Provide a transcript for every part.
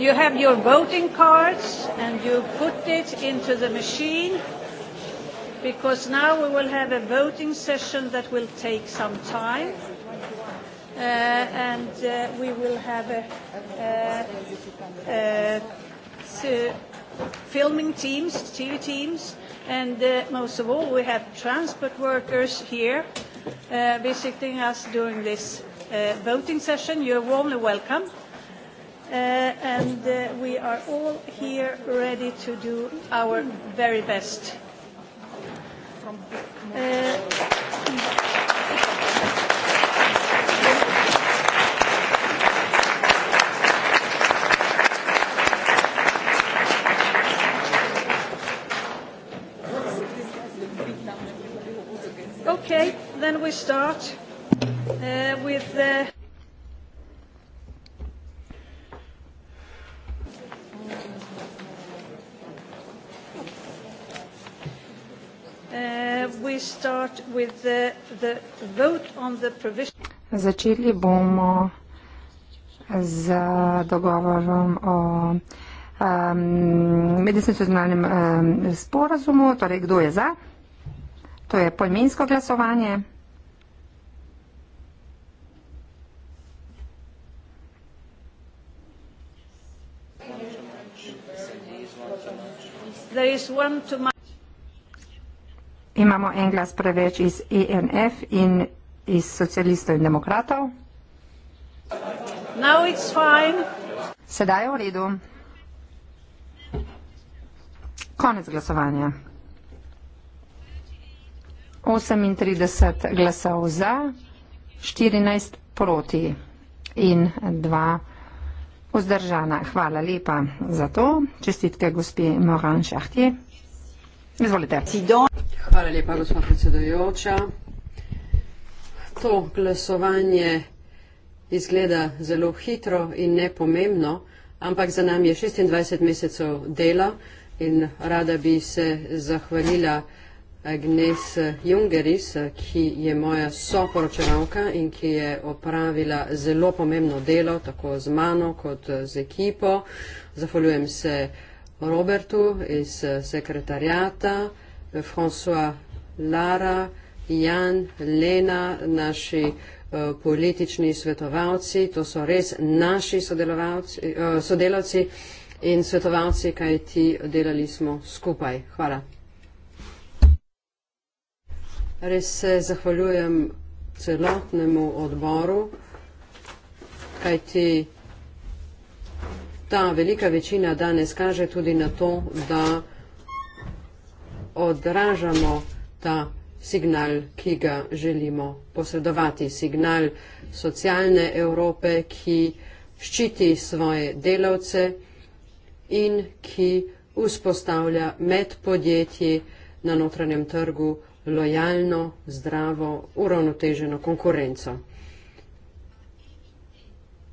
You have your voting cards and you put it into the machine because now we will have a voting session that will take some time. Uh, and uh, we will have a, a, a, a filming teams, TV teams, and uh, most of all, we have transport workers here uh, visiting us during this uh, voting session. You're warmly welcome uh, and uh, we are all here ready to do our very best. Uh, okay, then we start uh, with the uh, Začeli bomo z dogovorom o um, medinstitucionalnem um, sporazumu, torej kdo je za. To je poimensko glasovanje. There is one to my Imamo en glas preveč iz ENF in iz socialistov in demokratov. Sedaj je v redu. Konec glasovanja. 38 glasov za, 14 proti in 2 vzdržana. Hvala lepa za to. Čestitke gospi Moran Šahti. Izvolite. Hvala lepa, gospod predsedojoča. To glasovanje izgleda zelo hitro in nepomembno, ampak za nami je 26 mesecev dela in rada bi se zahvalila Agnes Jungeris, ki je moja soporočevalka in ki je opravila zelo pomembno delo, tako z mano kot z ekipo. Zahvaljujem se. Robertu iz eh, sekretarijata, eh, François Lara, Jan, Lena, naši eh, politični svetovalci, to so res naši sodelavci in svetovalci, kaj ti delali smo skupaj. Hvala. Res se zahvaljujem celotnemu odboru, kaj ti delali ta velika večina danes kaže tudi na to, da odražamo ta signal, ki ga želimo posredovati. Signal socialne Evrope, ki ščiti svoje delavce in ki vzpostavlja med podjetji na notranjem trgu lojalno, zdravo, uravnoteženo konkurenco.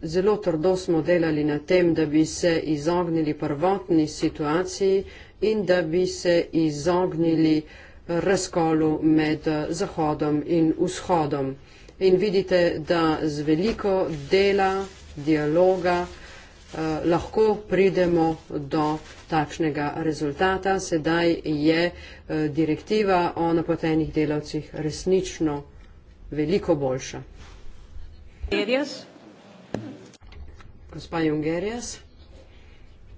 Zelo trdo smo delali na tem, da bi se izognili prvotni situaciji in da bi se izognili razkolu med Zahodom in Vzhodom. In vidite, da z veliko dela, dialoga eh, lahko pridemo do takšnega rezultata. Sedaj je eh, direktiva o napotenih delavcih resnično veliko boljša. Serios? gospa Jungerjas.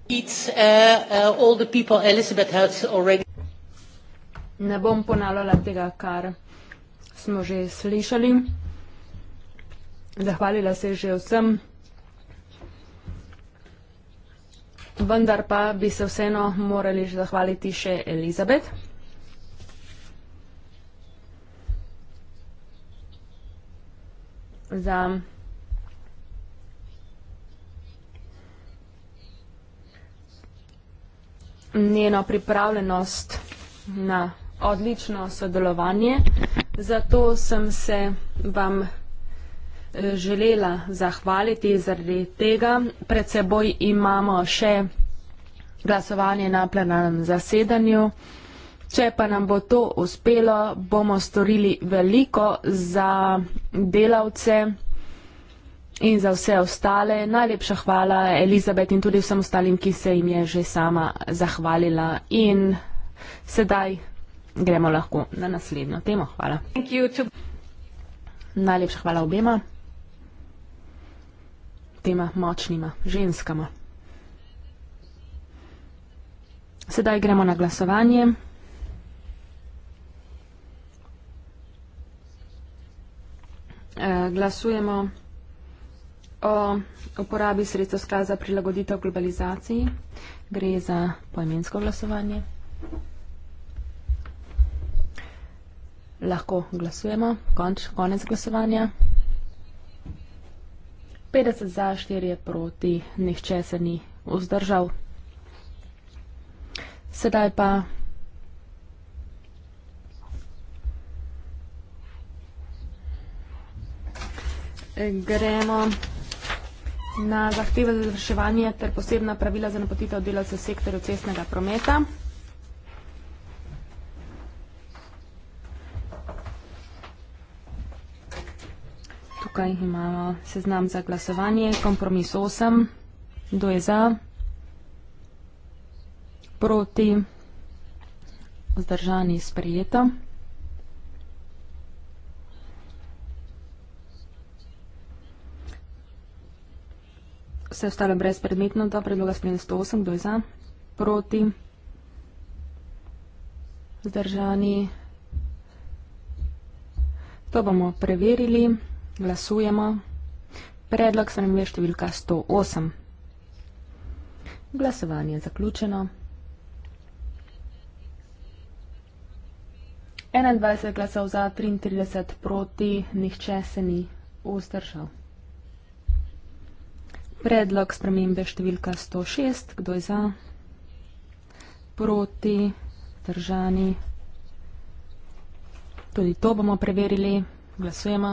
Uh, uh, ne bom ponavljala tega, kar smo že slišali. Zahvalila se že vsem. Vendar pa bi se vseeno morali zahvaliti še Elizabet. Za njeno pripravljenost na odlično sodelovanje. Zato sem se vam eh, želela zahvaliti zaradi tega. Pred seboj imamo še glasovanje na plenarnem zasedanju. Če pa nam bo to uspelo, bomo storili veliko za delavce. In za vse ostale najlepša hvala Elizabet in tudi vsem ostalim, ki se jim je že sama zahvalila. In sedaj gremo lahko na naslednjo temo. Hvala. Najlepša hvala obema. Tema močnima ženskama. Sedaj gremo na glasovanje. Eh, glasujemo o uporabi sredstev sklada za prilagoditev globalizaciji. Gre za poimensko glasovanje. Lahko glasujemo. Konč, konec glasovanja. 50 za, 4 je proti, nihče se ni vzdržal. Sedaj pa gremo na zahteve za završevanje ter posebna pravila za napotitev delavce v sektorju cestnega prometa. Tukaj imamo seznam za glasovanje, kompromis 8. Kdo je za? Proti? Vzdržani sprejeto. vse ostale brezpredmetno, da predloga sprejem 108, kdo je za, proti, zdržani. To bomo preverili, glasujemo. Predlog se nam je številka 108. Glasovanje je zaključeno. 21 glasov za, 33 proti, nihče se ni vzdržal. Predlog spremembe številka 106, kdo je za, proti, držani. Tudi to bomo preverili, glasujemo.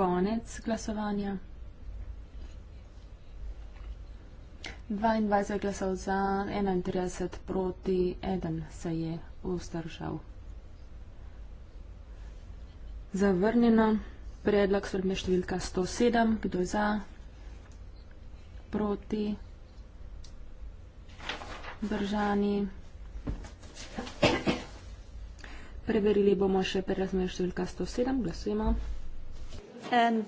Konec glasovanja. 22 glasov za, 31 proti, 1 se je vzdržal. Zavrnjeno predlog sprememb številka 107. Kdo je za? Proti? Zdržani? Preverili bomo še predlog sprememb številka 107. Glasujemo. And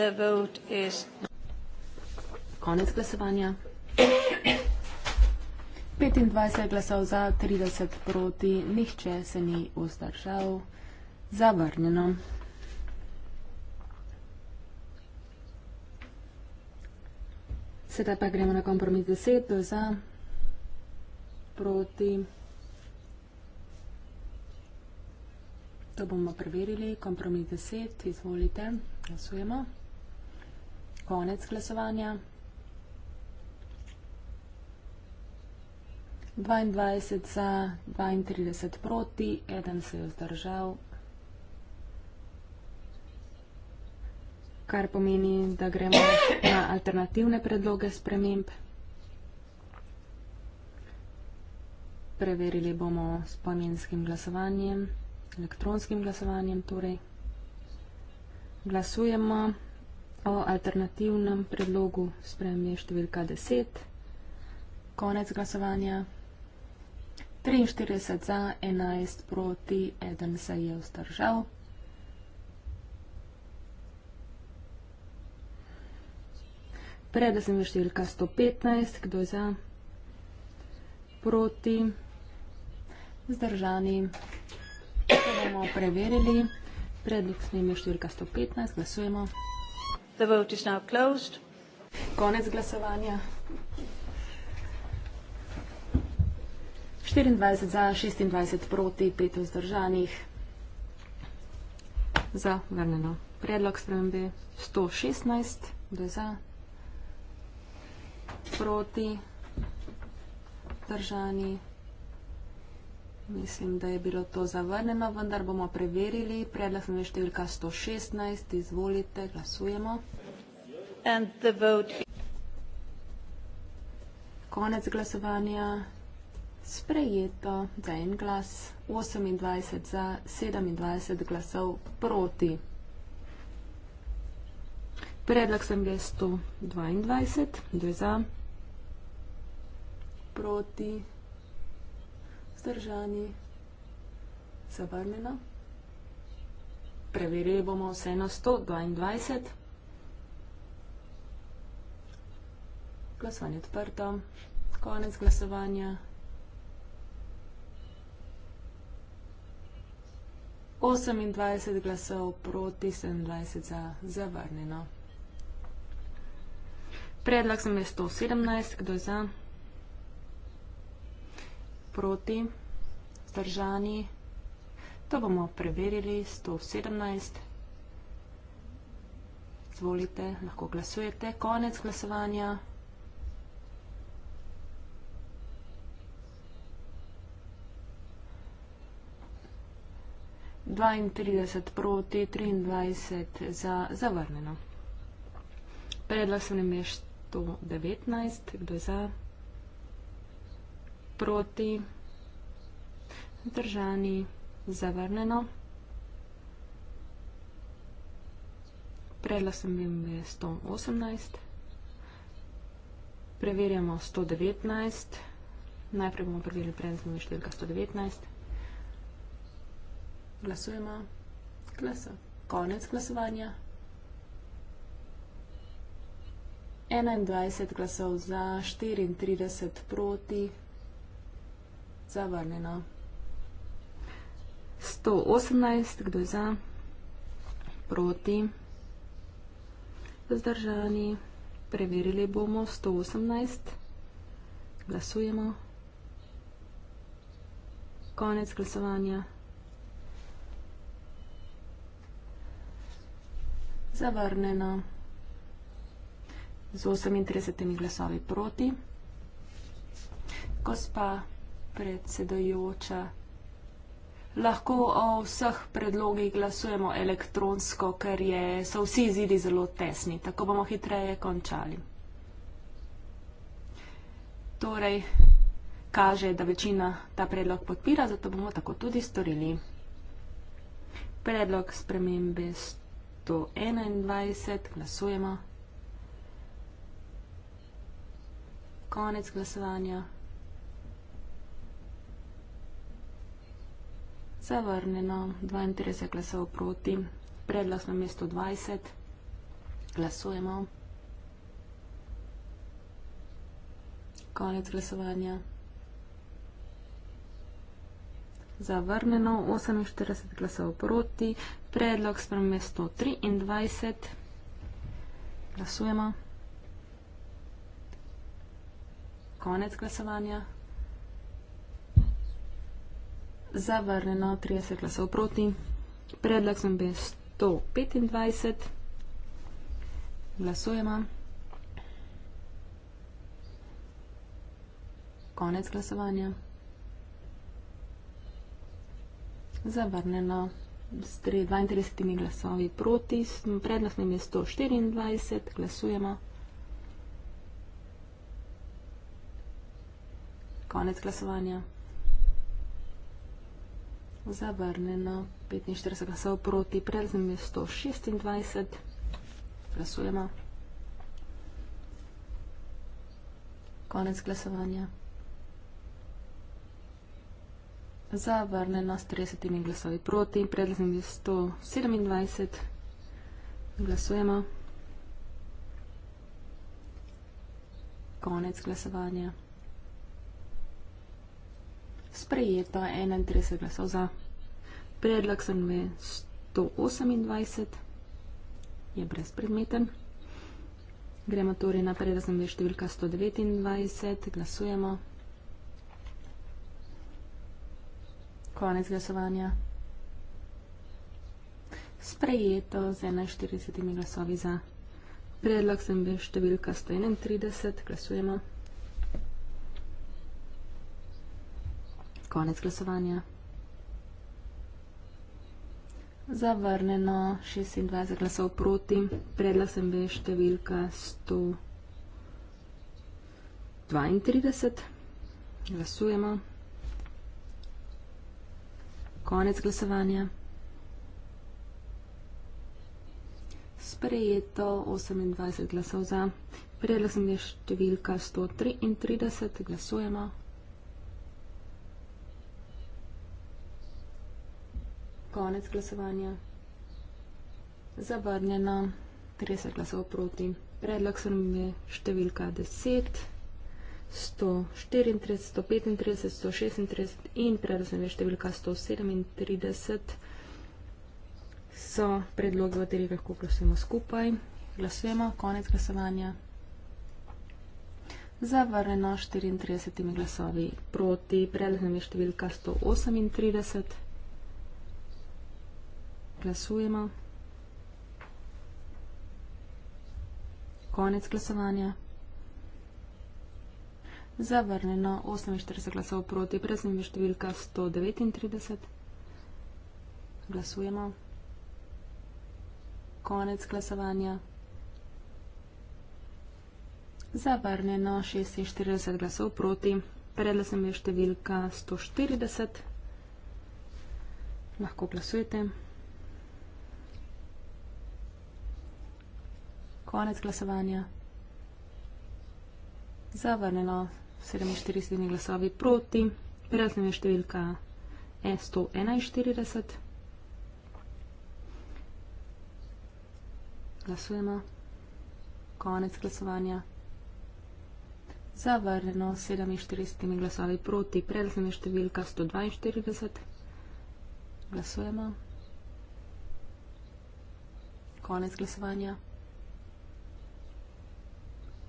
the vote is... Konec glasovanja. 25 glasov za, 30 proti, nihče se ni vzdržal. Zavrnjeno. Sedaj pa gremo na kompromis 10, to je za, proti. To bomo preverili. Kompromis 10, izvolite, glasujemo. Konec glasovanja. 22 za, 32 proti, 1 se je vzdržal, kar pomeni, da gremo na alternativne predloge sprememb. Preverili bomo s pomenskim glasovanjem, elektronskim glasovanjem torej. Glasujemo o alternativnem predlogu spremembe številka 10. Konec glasovanja. 43 za, 11 proti, eden se je vzdržal. Predla sem veštelka 115, kdo je za, proti, zdržani. To bomo preverili. Predlog snim veštelka 115, glasujemo. The vote is now closed. Konec glasovanja. 24 za, 26 proti, 5 vzdržanih. Za, vrneno. Predlog spremembe 116, kdo je za, proti proti držani. Mislim, da je bilo to zavrneno, vendar bomo preverili. Predlog je številka 116. Izvolite, glasujemo. Konec glasovanja. Sprejeto za en glas, 28 za, 27 glasov proti. Predlog sem ga 122, 2 za proti, zdržani, zavrnjena. Preverili bomo vse na 122. Glasovanje odprto, konec glasovanja. 28 glasov proti, 27 za zavrnjeno. Predlog sem je 117, kdo je za? proti, zdržani. To bomo preverili, 117. Zvolite, lahko glasujete. Konec glasovanja. Dvaintrideset proti, triindvajset za zavrneno. Predlasenim je 119, kdo je za? proti, zdržani, zavrneno. Predla sem bil 118, preverjamo 119, najprej bomo preverili predla sem bil 119. Glasujemo, glasa, konec glasovanja. 21 glasov za, 34 proti. Zavrnjeno. 118, kdo je za? Proti. Zdržani. Preverili bomo 118. Glasujemo. Konec glasovanja. Zavrnjeno. Z 38 glasovi proti. Gospa predsedojoča. Lahko o vseh predlogih glasujemo elektronsko, ker je, so vsi zidi zelo tesni. Tako bomo hitreje končali. Torej, kaže, da večina ta predlog podpira, zato bomo tako tudi storili. Predlog spremembe 121 glasujemo. Konec glasovanja. zavrnjeno, 32 glasov proti, predlas na mesto 20, glasujemo. Konec glasovanja. Zavrnjeno, 48 glasov proti, predlog spremembe 123, glasujemo. Konec glasovanja zavrnjeno 30 glasov proti. Predlog sem bil 125. Glasujemo. Konec glasovanja. Zavrnjeno s 32 glasovi proti. Predlog sem bil 124. Glasujemo. Konec glasovanja zavrnjeno 45 glasov proti, prelazimo 126, glasujemo. Konec glasovanja. Zavrnjeno s 30 glasovi proti, prelazimo 127, glasujemo. Konec glasovanja sprejeto 31 glasov za. Predlog sem ve 128, je brezpredmeten. Gremo torej na predlog sem ve številka 129, glasujemo. Konec glasovanja. Sprejeto z 41 glasovi za. Predlog sem ve številka 131, glasujemo. konec glasovanja. Zavrneno 26 glasov proti, predlog sem bil številka 132. Glasujemo. Konec glasovanja. Sprejeto 28 glasov za, predlog sem bil številka 133. Glasujemo. Konec glasovanja. Zavrnjeno. 30 glasov proti. Predlog se nam je številka 10, 134, 135, 136 in predlog se nam je številka 137. So predloge, v katerih lahko glasujemo skupaj. Glasujemo. Konec glasovanja. Zavrnjeno 34 glasovi proti. Predlog nam je številka 138 glasujemo. Konec glasovanja. Zavrnjeno 48 glasov proti, brez nimi številka 139. Glasujemo. Konec glasovanja. Zavrnjeno 46 glasov proti, predlog sem je številka 140. Lahko glasujete. Konec glasovanja. Zavrnilo 47 glasovi proti, prijaznjena številka E141. Glasujemo. Konec glasovanja. Zavrnjeno 47 glasovi proti, prijaznjena številka 142. Glasujemo. Konec glasovanja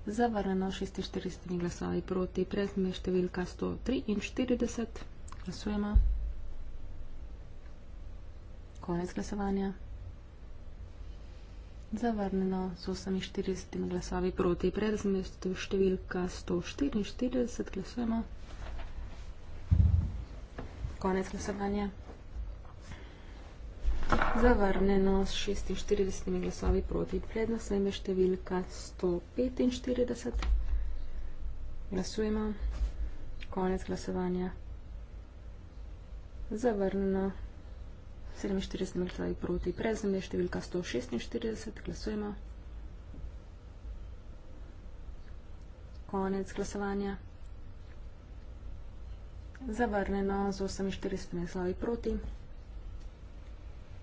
zavrnjeno 46 glasovi proti, predme številka 143. Glasujemo. Konec glasovanja. Zavrnjeno s 48 glasovi proti, predme številka 144. Glasujemo. Konec glasovanja. Zavrnjeno s 46 glasovi proti. Predno se je številka 145. Glasujemo. Konec glasovanja. Zavrnjeno. 47 glasovi proti. Predno se je številka 146. Glasujemo. Konec glasovanja. Zavrnjeno z 48 glasovi proti.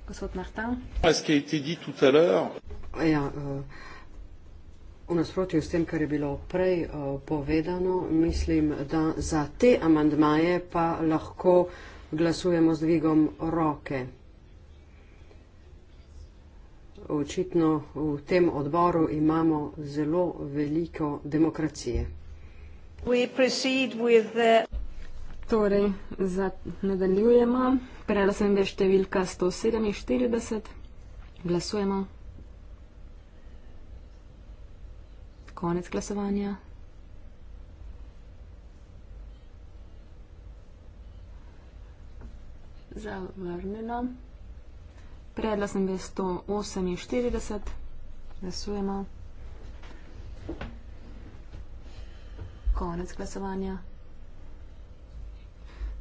Gospod Martin. Ce qui a été dit tout à l'heure. Ja, eh, v nasprotju s tem, kar je bilo prej eh, povedano, mislim, da za te amandmaje pa lahko glasujemo z dvigom roke. Očitno v tem odboru imamo zelo veliko demokracije. Torej, nadaljujemo. Prejela sem veš številka 147. Glasujemo. Konec glasovanja. Zavrnjeno. Prejela sem veš 148. Glasujemo. Konec glasovanja.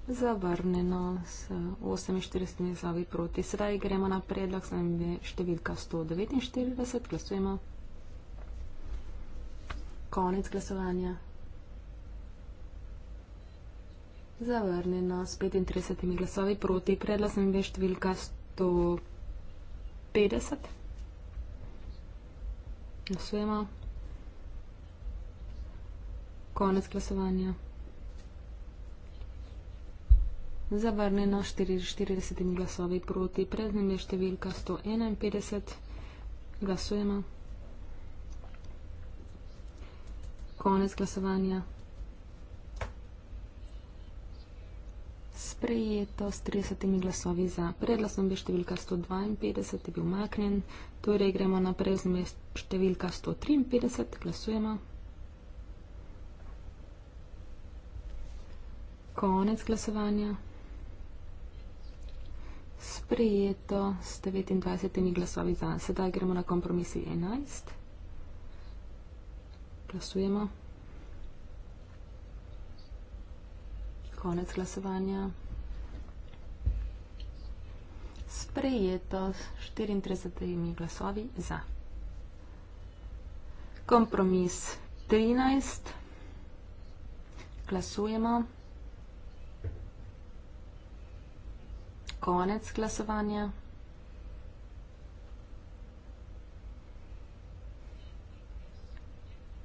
Zavrnjeno s 48 glasovi proti. Sedaj gremo na predlog sembe številka 149. Glasujemo. Konec glasovanja. Zavrnjeno s 35 glasovi proti. Predlog sembe številka 150. Glasujemo. Konec glasovanja zavrnjeno 44 glasovi proti, pred njim je številka 151, glasujemo. Konec glasovanja. Sprejeto s 30 glasovi za. Predlasom je številka 152, je bil maknjen. Torej gremo naprej z številka 153, glasujemo. Konec glasovanja sprejeto s 29 glasovi za. Sedaj gremo na kompromisi 11. Glasujemo. Konec glasovanja. Sprejeto s 34 glasovi za. Kompromis 13. Glasujemo. konec glasovanja.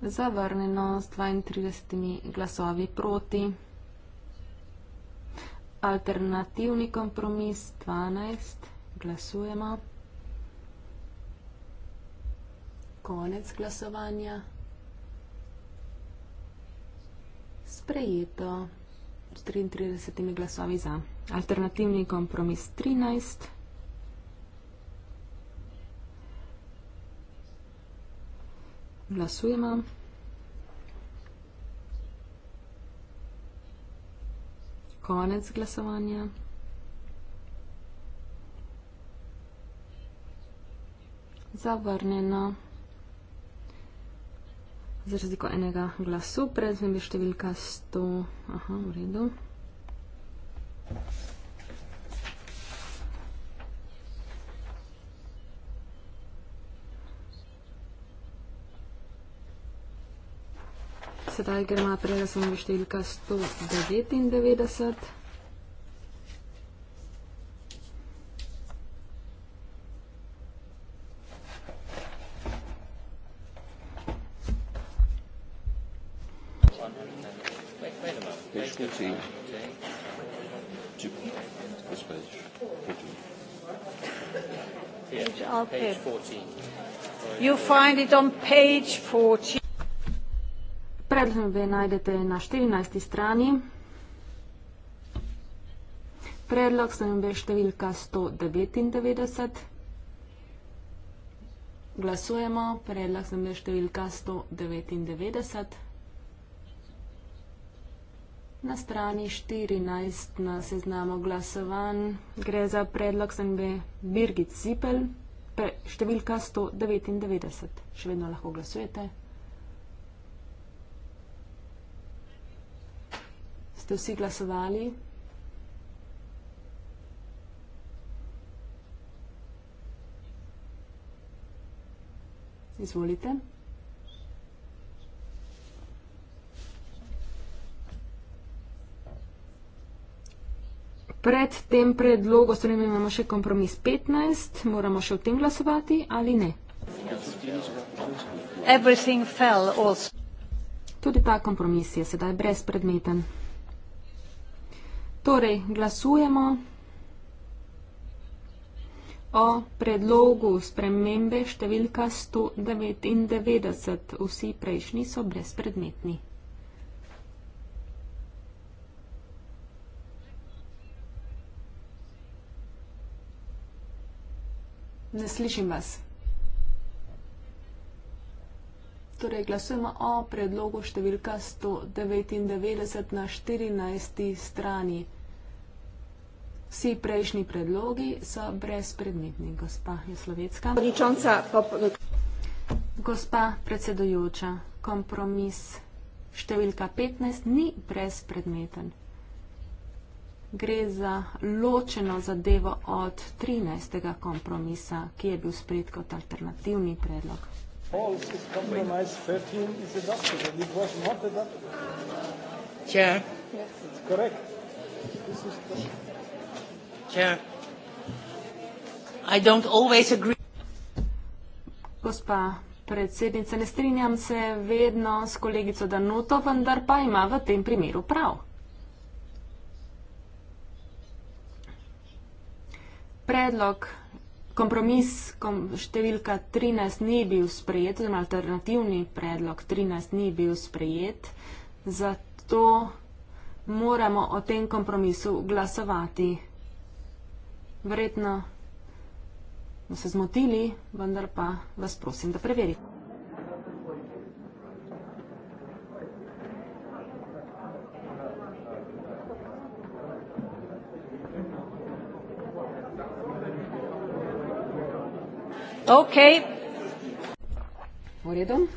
Zavrnjeno s 32 glasovi proti. Alternativni kompromis 12. Glasujemo. Konec glasovanja. Sprejeto. 33 glasovi za. Alternativni kompromis 13. Glasujemo. Konec glasovanja. Zavrnjeno. Za razliko enega glasu, predvsem je številka 100. Aha, v redu. Sedaj gremo naprej, da sem v številka 199. Predlogbe najdete na 14. strani. Predlog spremembe številka 199. Glasujemo. Predlog spremembe številka 199. Na strani 14 na seznamu glasovanj gre za predlog spremembe Birgit Zipel. Pe, številka 199, še vedno lahko glasujete. Ste vsi glasovali? Izvolite. pred tem predlogom, s tem imamo še kompromis 15, moramo še o tem glasovati ali ne. Tudi ta kompromis je sedaj brezpredmeten. Torej, glasujemo o predlogu spremembe številka 199. Vsi prejšnji so brezpredmetni. Ne slišim vas. Torej, glasujemo o predlogu številka 199 na 14. strani. Vsi prejšnji predlogi so brezpredmetni, gospa Jeslovecka. Gospa predsedujoča, kompromis številka 15 ni brezpredmeten gre za ločeno zadevo od 13. kompromisa, ki je bil spred kot alternativni predlog. Gospa predsednica, ne strinjam se vedno s kolegico Danuto, vendar pa ima v tem primeru prav. predlog, kompromis kom, številka 13 ni bil sprejet, oziroma alternativni predlog 13 ni bil sprejet, zato moramo o tem kompromisu glasovati. Verjetno smo se zmotili, vendar pa vas prosim, da preverite. Ok. V redu.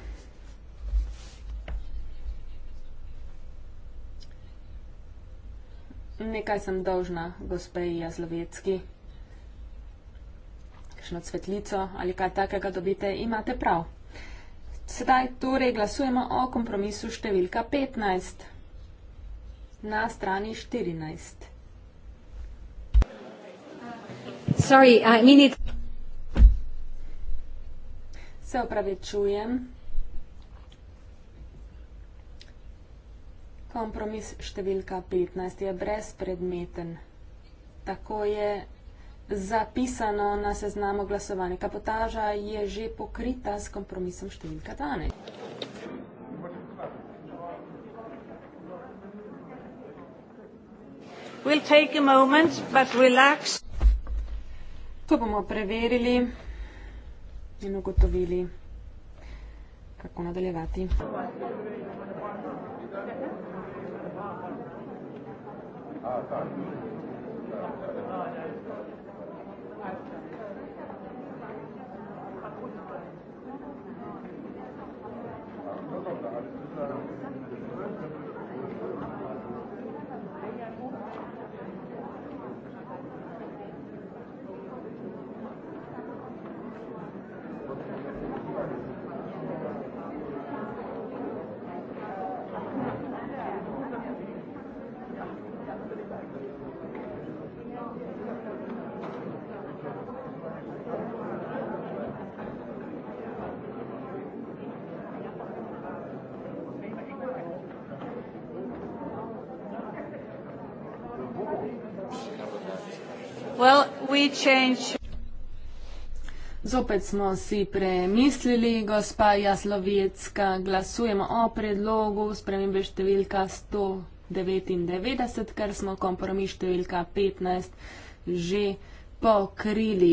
Nekaj sem dolžna gospeji Jazlovecki. Kakšno cvetlico ali kaj takega dobite, imate prav. Sedaj torej glasujemo o kompromisu številka 15 na strani 14. Sorry, I mean it. Se opravičujem. Kompromis številka 15 je brezpredmeten. Tako je zapisano na seznamu glasovanja. Kapotaža je že pokrita s kompromisom številka 12. We'll take a moment, but relax. To bomo preverili in ugotovili, kako nadaljevati. Ah, Thank you. Zopet smo si premislili, gospa Jaslovecka, glasujemo o predlogu spremembe številka 199, ker smo kompromis številka 15 že pokrili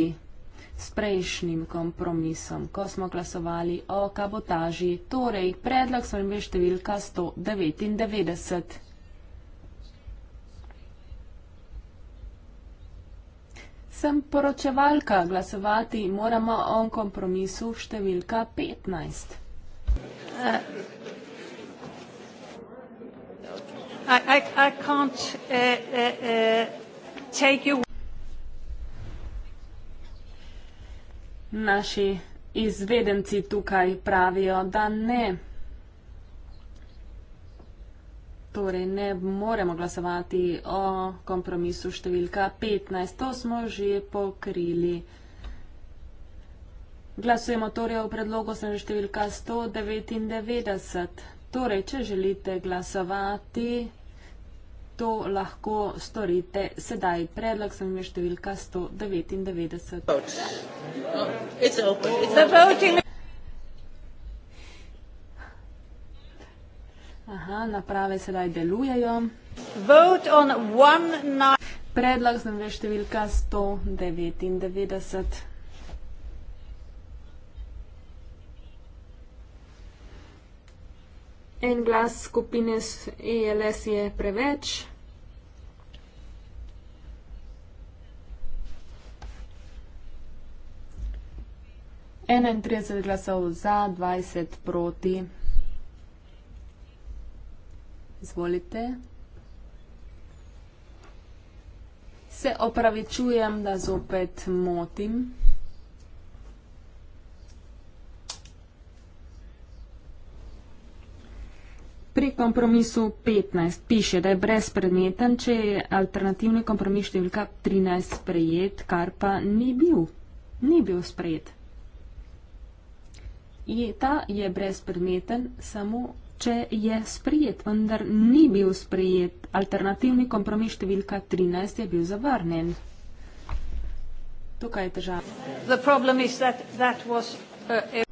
s prejšnjim kompromisom, ko smo glasovali o kabotaži, torej predlog spremembe številka 199. Sem poročevalka, glasovati moramo o kompromisu številka 15. Uh, I, I, I uh, uh, uh Naši izvedenci tukaj pravijo, da ne. Torej, ne moremo glasovati o kompromisu številka 15. To smo že pokrili. Glasujemo torej o predlogu številka 199. Torej, če želite glasovati, to lahko storite sedaj. Predlog sem je številka 199. It's open. It's Aha, naprave sedaj delujejo. Predlog za nove številka 199. En glas skupine s ELS je preveč. Enaintrideset glasov za, dvajset proti. Izvolite. Se opravičujem, da zopet motim. Pri kompromisu 15 piše, da je brezpredmeten, če je alternativni kompromis številka 13 sprejet, kar pa ni bil. Ni bil sprejet. Je, ta je brezpredmeten samo če je sprijet, vendar ni bil sprijet. Alternativni kompromis številka 13 je bil zavrnen. Tukaj je težava. Uh,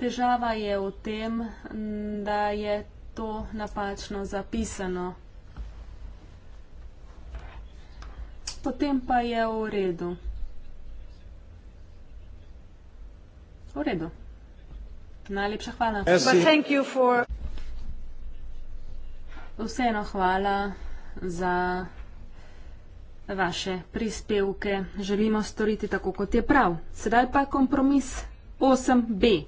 težava je v tem, da je to napačno zapisano. Potem pa je v redu. V redu. Najlepša hvala. Vseeno hvala za vaše prispevke. Želimo storiti tako, kot je prav. Sedaj pa kompromis 8b.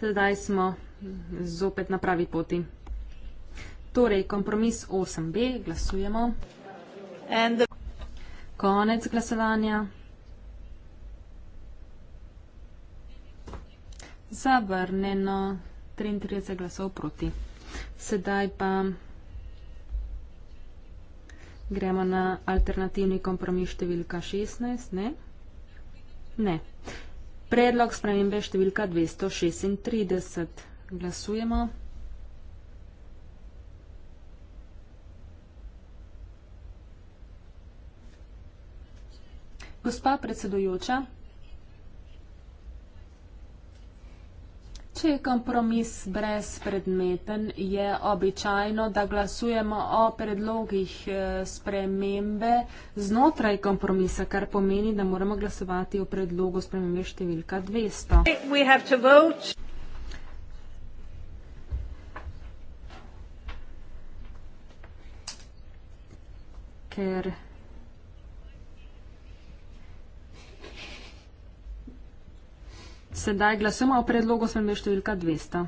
Sedaj smo zopet na pravi poti. Torej, kompromis 8b glasujemo. Konec glasovanja. Zavrnjeno 33 glasov proti. Sedaj pa gremo na alternativni kompromis številka 16, ne? Ne. Predlog spremembe številka 236. Glasujemo. Gospa predsedujoča, Če je kompromis brezpredmeten, je običajno, da glasujemo o predlogih eh, spremembe znotraj kompromisa, kar pomeni, da moramo glasovati o predlogu spremembe številka 200. Ker Sedaj glasujemo o predlogu spremembe številka 200.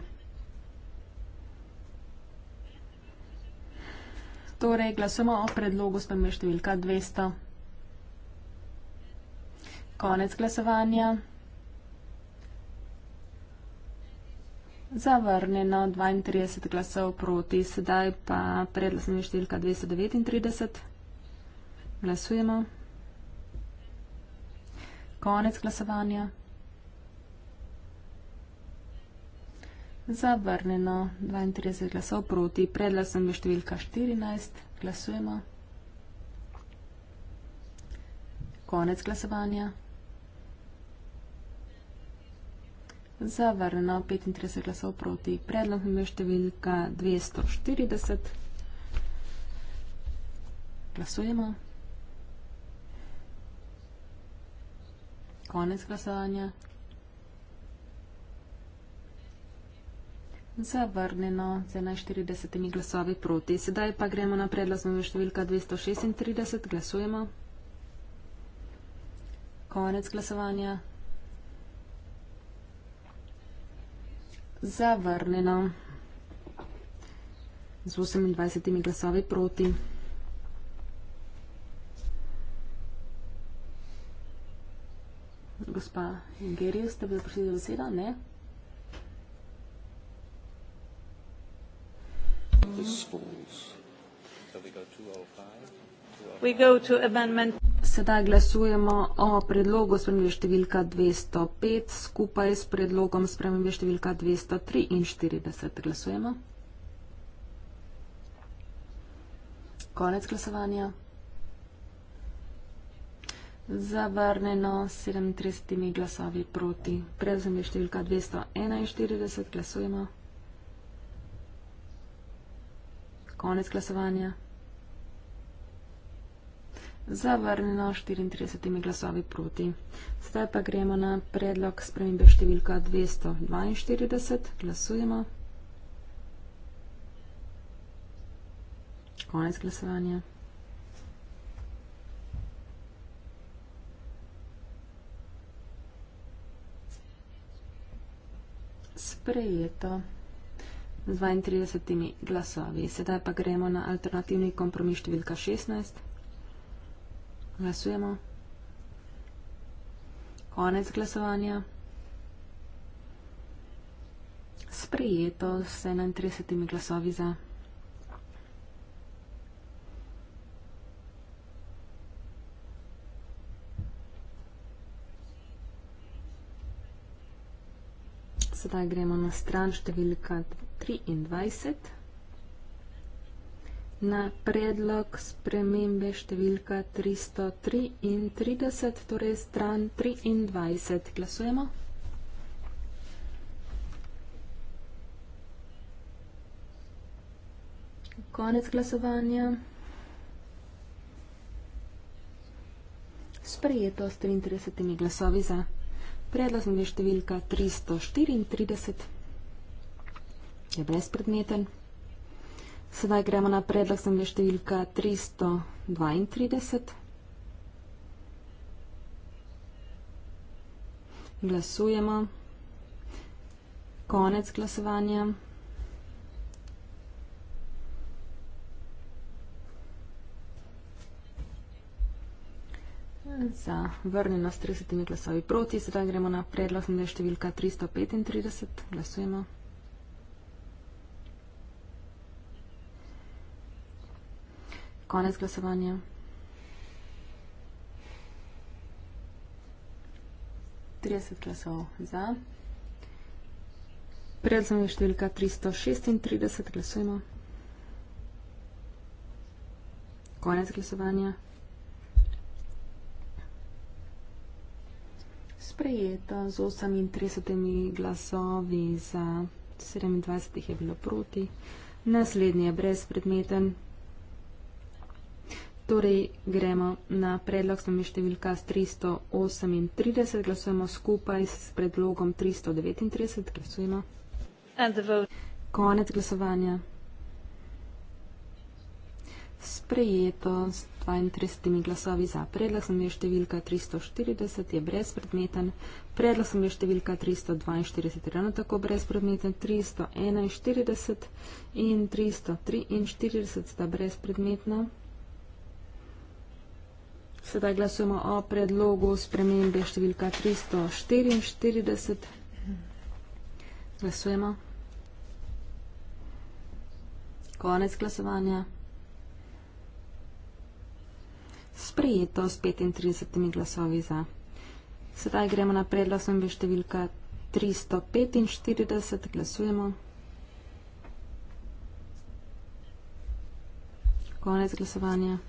Torej, glasujemo o predlogu spremembe številka 200. Konec glasovanja. Zavrnjeno 32 glasov proti, sedaj pa predlog spremembe številka 239. Glasujemo. Konec glasovanja. Zavrnjeno. 32 glasov proti. Predla sem je številka 14. Glasujemo. Konec glasovanja. Zavrnjeno. 35 glasov proti. Predla sem je številka 240. Glasujemo. Konec glasovanja. Zavrnjeno z 41 glasovi proti. Sedaj pa gremo na predlog znove številka 236. Glasujemo. Konec glasovanja. Zavrnjeno z 28 glasovi proti. Gospa Ingerijo, ste bili prišli do beseda? Ne. Mm-hmm. the schools. So we go 205. Sedaj glasujemo o predlogu spremembe številka 205 skupaj s predlogom spremembe številka 243. Glasujemo. Konec glasovanja. Zavrneno 37 glasovi proti. Predlog spremembe številka 241. Glasujemo. Konec glasovanja. Zavrnjeno 34 glasovi proti. Zdaj pa gremo na predlog spremembe številka 242. Glasujemo. Konec glasovanja. Sprejeto z 32 glasovi. Sedaj pa gremo na alternativni kompromis številka 16. Glasujemo. Konec glasovanja. Sprejeto s 31 glasovi za. Sedaj gremo na stran številka 2. 23 na predlog spremembe številka 333, torej stran 23. Glasujemo. Konec glasovanja. Sprejeto s 33 glasovi za. Predlog spremembe številka 334 je brezpredmeten. Sedaj gremo na predlog zemlje številka 332. Glasujemo. Konec glasovanja. Za vrnjeno s 30 glasovi proti, sedaj gremo na predlog zemlje številka 335. Glasujemo. Konec glasovanja. Trideset glasov za. Predzem je številka 336. Glasujemo. Konec glasovanja. Sprejeto z 38 glasovi za 27 je bilo proti. Naslednji je brezpredmeten. Torej gremo na predlog sami številka 338. Glasujemo skupaj s predlogom 339. Glasujemo. Konec glasovanja. Sprejeto s 32 glasovi za. Predlog sem je številka 340, je brezpredmeten. Predlog sem je številka 342, je ravno tako brezpredmeten. 341 in 343 sta brezpredmetna. Sedaj glasujemo o predlogu spremembe številka 344. Glasujemo. Konec glasovanja. Sprejeto s 35 glasovi za. Sedaj gremo na predlog spremembe številka 345. Glasujemo. Konec glasovanja.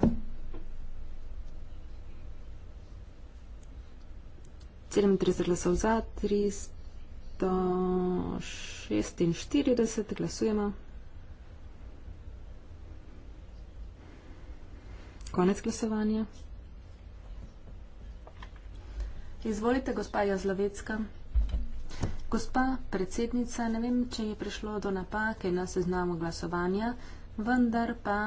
37 glasov za, 346 glasujemo. Konec glasovanja. Izvolite, gospa Jazlovecka. Gospa predsednica, ne vem, če je prišlo do napake na seznamu glasovanja, vendar pa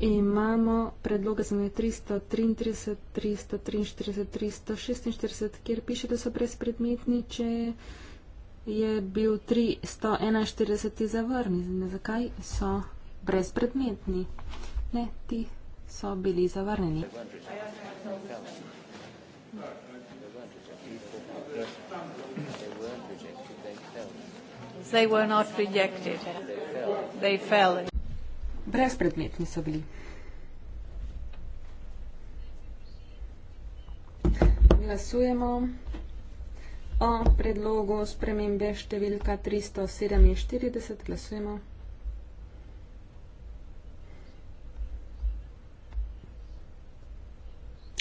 Imamo predloge za ne 333, 343, 346, kjer piše, da so brezpredmetni, če je bil 341 zavrnjen. Zakaj so brezpredmetni? Ne, ti so bili zavrnjeni. They were not rejected. They fell brezpredmetni so bili. Glasujemo o predlogu spremembe številka 347. Glasujemo.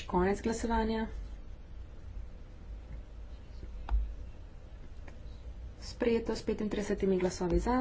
Konec glasovanja. Sprejeto s 35 glasovi za.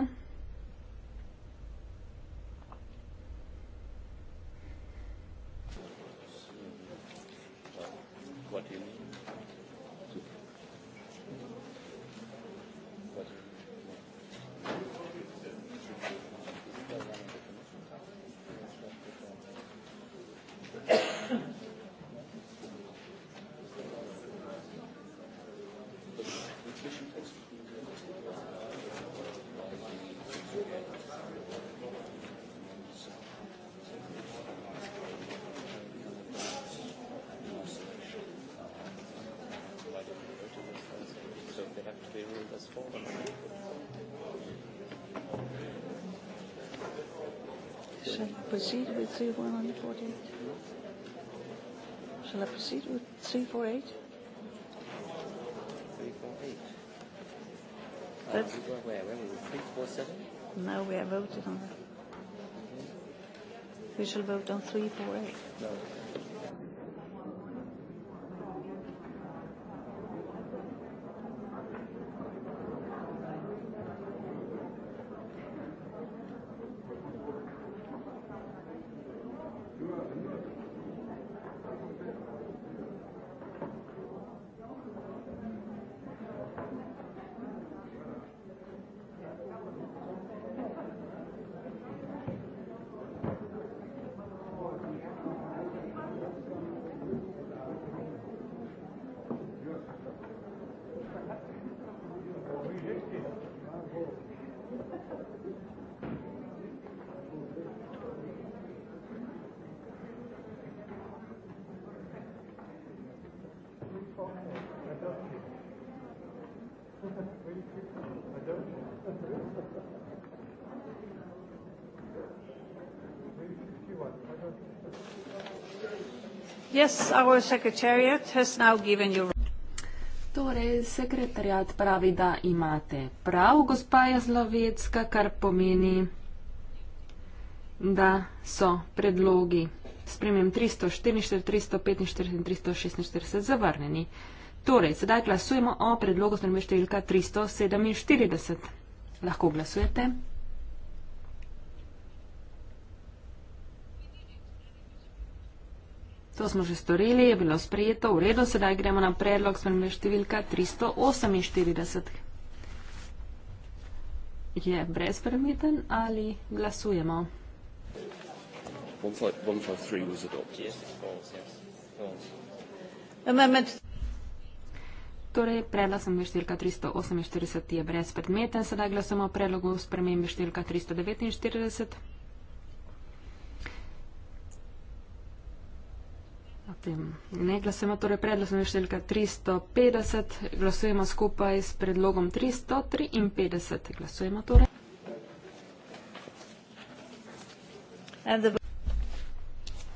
341 on the 14. Shall I proceed with 348? 348. Uh, where, where were we? 347? No, we have voted on that. Mm-hmm. We shall vote on 348. No. Yes, our secretariat has now given you... Torej, sekretariat pravi, da imate prav, gospa Jazlovecka, kar pomeni, da so predlogi spremem 344, 345 in 346 zavrneni. Torej, sedaj glasujemo o predlogu spremembe številka 347. Lahko glasujete. To smo že storili, je bilo sprejeto, v redu, sedaj gremo na predlog spremembe številka 348. Je brezpredmeten ali glasujemo? Torej, predlog spremembe številka 348 je brezpredmeten, sedaj glasujemo o predlogu spremembe številka 349. tem. Ne glasujemo torej predlog številka 350, glasujemo skupaj s predlogom 353. Glasujemo torej.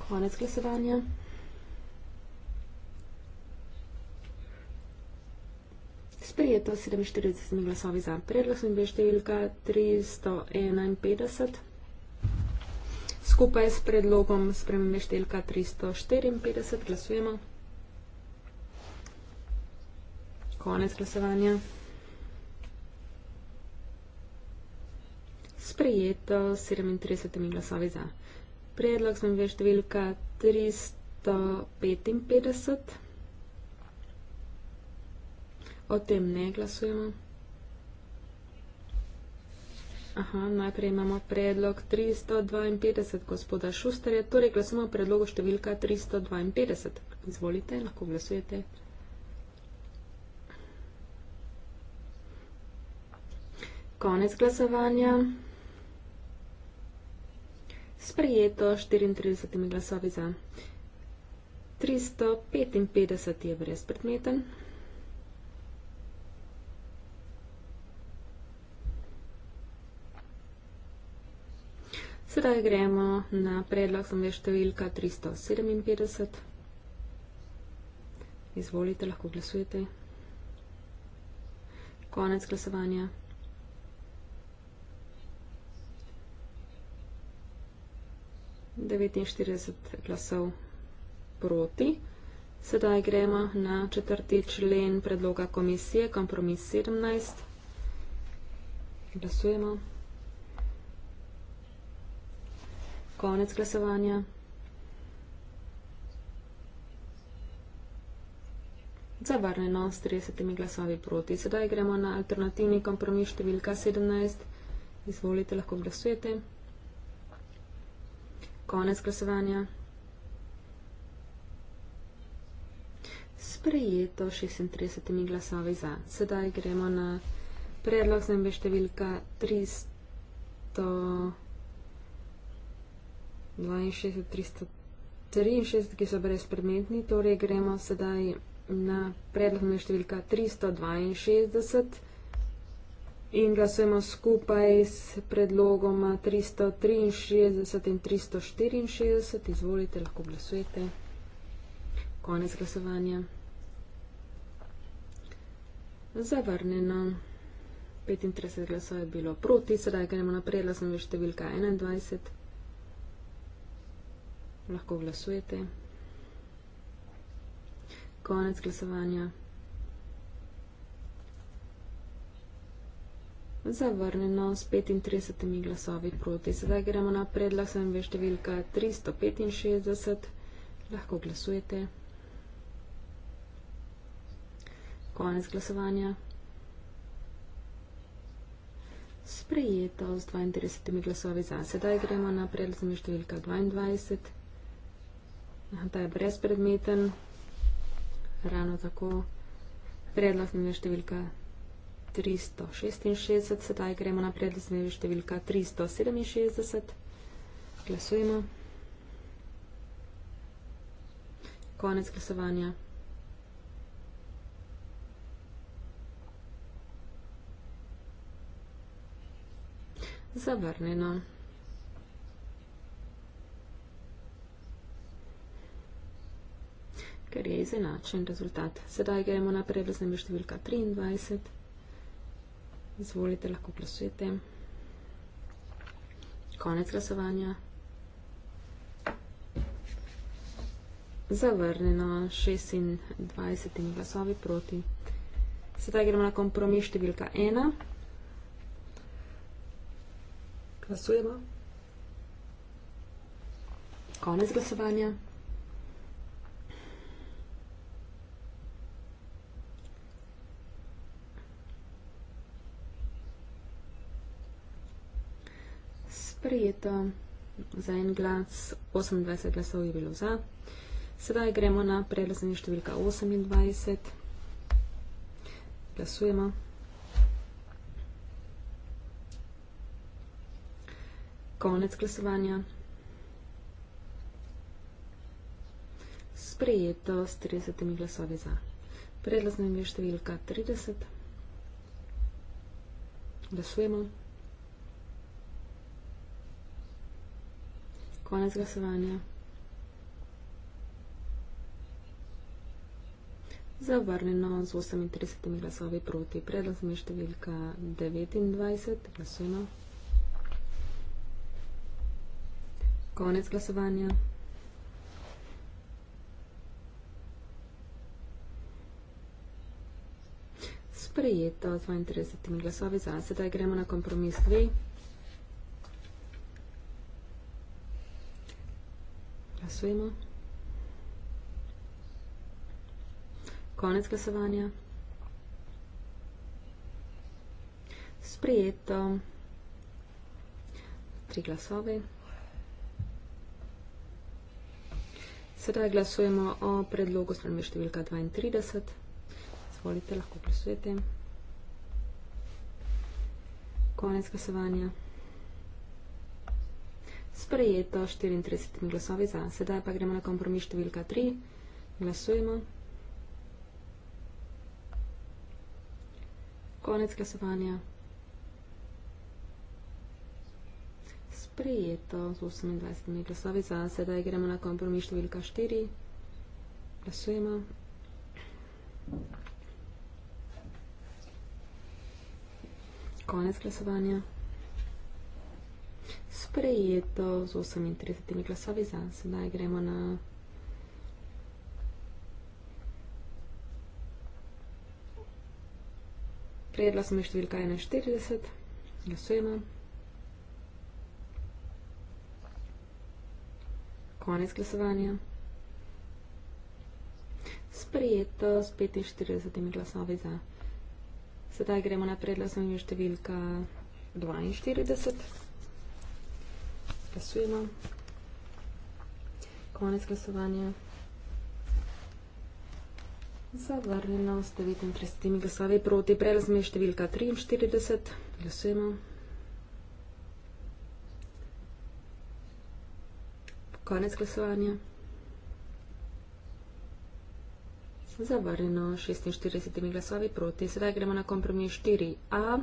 Konec glasovanja. Sprijeto 47 glasovi za predlog, sem bil številka 351 skupaj s predlogom spremembe številka 354 glasujemo. Konec glasovanja. Sprejeto 37 glasovi za. Predlog spremembe številka 355. O tem ne glasujemo. Aha, najprej imamo predlog 352 gospoda Šusterja, torej glasujemo o predlogu številka 352. Izvolite, lahko glasujete. Konec glasovanja. Sprejeto 34 glasovi za. 355 je brezpredmeten. Sedaj gremo na predlog samve številka 357. Izvolite, lahko glasujete. Konec glasovanja. Devetinštirideset glasov proti. Sedaj gremo na četrti člen predloga komisije, kompromis 17. Glasujemo. Konec glasovanja. Zavrnjeno s 30 glasovi proti. Sedaj gremo na alternativni kompromis številka 17. Izvolite, lahko glasujete. Konec glasovanja. Sprejeto 36 glasovi za. Sedaj gremo na predlog znembe številka 300. 363, ki so brezpredmetni, torej gremo sedaj na predlogne številka 362 in glasujemo skupaj s predlogoma 363 in 364. Izvolite, lahko glasujete. Konec glasovanja. Zavrnjeno. 35 glasov je bilo proti, sedaj gremo na predlogne številka 21 lahko glasujete. Konec glasovanja. Zavrneno s 35 glasovi proti. Sedaj gremo na predlog sem ve številka 365. Lahko glasujete. Konec glasovanja. Sprejeto s 32 glasovi za. Sedaj gremo na predlog sem ve številka 22. Ta je brezpredmeten, ravno tako predlog nam je številka 366, sedaj gremo na predlog nam je številka 367. Glasujemo. Konec glasovanja. Zavrnjeno. ker je izenačen rezultat. Sedaj gremo naprej v znamenju številka 23. Izvolite, lahko glasujete. Konec glasovanja. Zavrnjeno 26 glasovi proti. Sedaj gremo na kompromis številka 1. Glasujemo. Konec glasovanja. sprejeto. Za en glas 28 glasov je bilo za. Sedaj gremo na predlazanje številka 28. Glasujemo. Konec glasovanja. Sprejeto s 30 glasovi za. Predlazanje številka 30. Glasujemo. Glasujemo. Konec glasovanja. Zavrnjeno z 38 glasovi proti. Predlog mi je številka 29. Glasujemo. Konec glasovanja. Sprejeto z 32 glasovi za. Sedaj gremo na kompromis 2. Glasujemo. Konec glasovanja. Sprijeto. Tri glasove. Sedaj glasujemo o predlogu spremembe številka 32. Izvolite, lahko glasujete. Konec glasovanja sprejeto 34 glasovi za. Sedaj pa gremo na kompromis številka 3. Glasujemo. Konec glasovanja. Sprejeto z 28 glasovi za. Sedaj gremo na kompromis številka 4. Glasujemo. Konec glasovanja naprej je do 38. glasovi za. Sedaj gremo na... Prejedla sem je številka 41. Glasujemo. Konec glasovanja. Sprejeto s 45. glasovi za. Sedaj gremo na predlasno številka 42. Glasujemo. Konec glasovanja. Zavrnjeno s 39 glasovi proti. Prelazme številka 43. Glasujemo. Konec glasovanja. Zavrnjeno 46 glasovi proti. Sedaj gremo na kompromis 4a.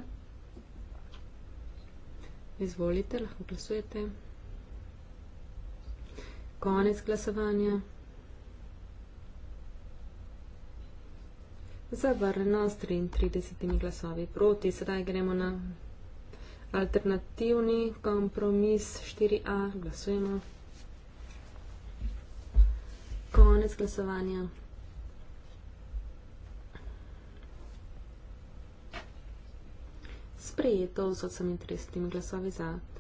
Izvolite, lahko glasujete konec glasovanja. Zavrljeno s 33 glasovi proti, sedaj gremo na alternativni kompromis 4a, glasujemo. Konec glasovanja. Sprejeto z 38 glasovi za proti.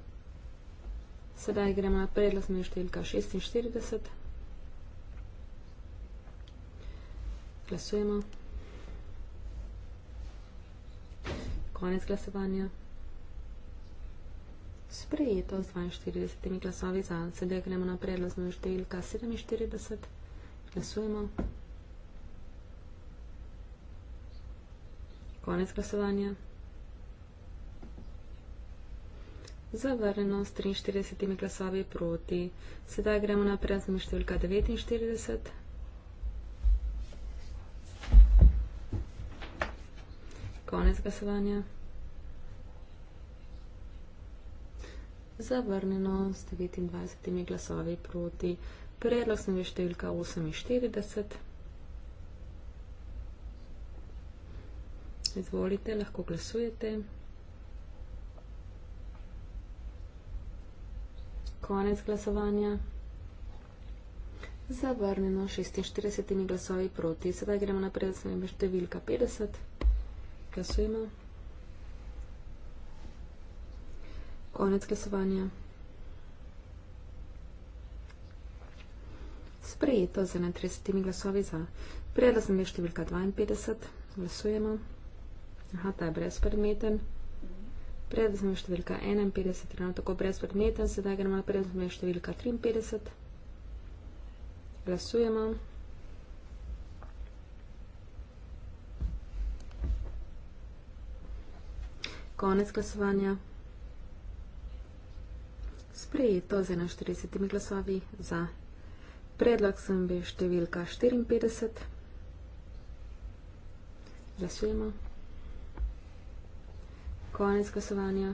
Sedaj gremo na predlasno številka 46. Glasujemo. Konec glasovanja. Sprejeto z 42 glasovi za. Sedaj gremo na predlasno številka 47. Glasujemo. Konec glasovanja. zavrnjeno s 43 glasovi proti. Sedaj gremo na predzmo številka 49. Konec glasovanja. Zavrnjeno s 29 glasovi proti. Predlog smo je številka 48. Izvolite, lahko glasujete. konec glasovanja. Zavrnjeno 46 glasovi proti. Sedaj gremo naprej, da se ne bi številka 50. Glasujemo. Konec glasovanja. Sprejeto z 31 glasovi za. Predlog sem je številka 52. Glasujemo. Aha, ta je brezpredmeten predvsem številka 51, ravno tako brez predmeta, sedaj gremo predvsem številka 53. Glasujemo. Konec glasovanja. Sprejeto z 41 glasovi za. Predlog sem bil številka 54. Glasujemo konec glasovanja.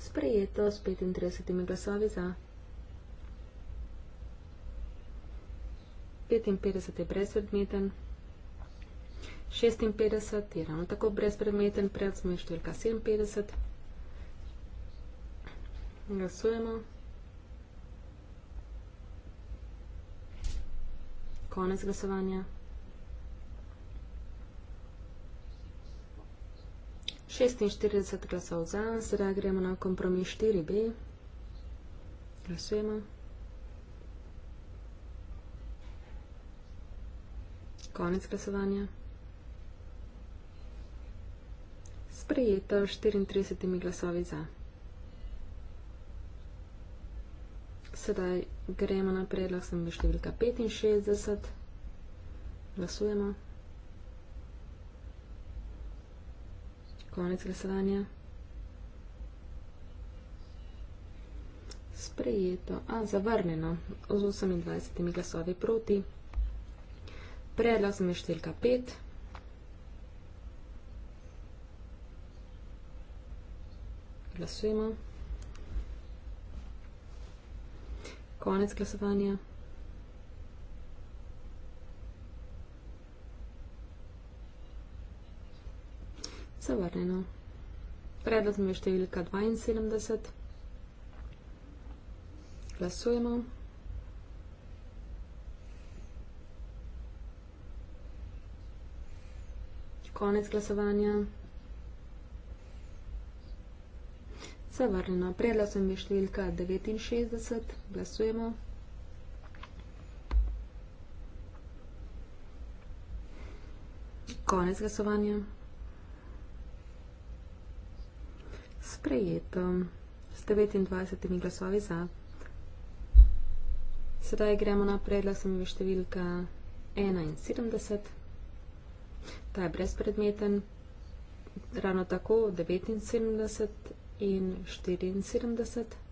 Sprejeto s 35 glasovi za. 55 je brezpredmeten, 56 je ravno tako brezpredmeten, pred smo je številka 57. Glasujemo. Konec glasovanja. 46 glasov za, sedaj gremo na kompromis 4b. Glasujemo. Konec glasovanja. Sprejeto 34 glasovi za. Sedaj gremo na predlog sem številka 65. Glasujemo. konec glasovanja. Sprejeto, a zavrnjeno z 28 glasovi proti. Predlog sem je številka 5. Glasujemo. Konec glasovanja. zavrnjeno. Predlog mi je številka 72. Glasujemo. Konec glasovanja. Zavrnjeno. Predlog sem je številka 69. Glasujemo. Konec glasovanja. sprejeto. S 29 glasovi za. Sedaj gremo na predlog samega številka 71. Ta je brezpredmeten. Ravno tako 79 in 74.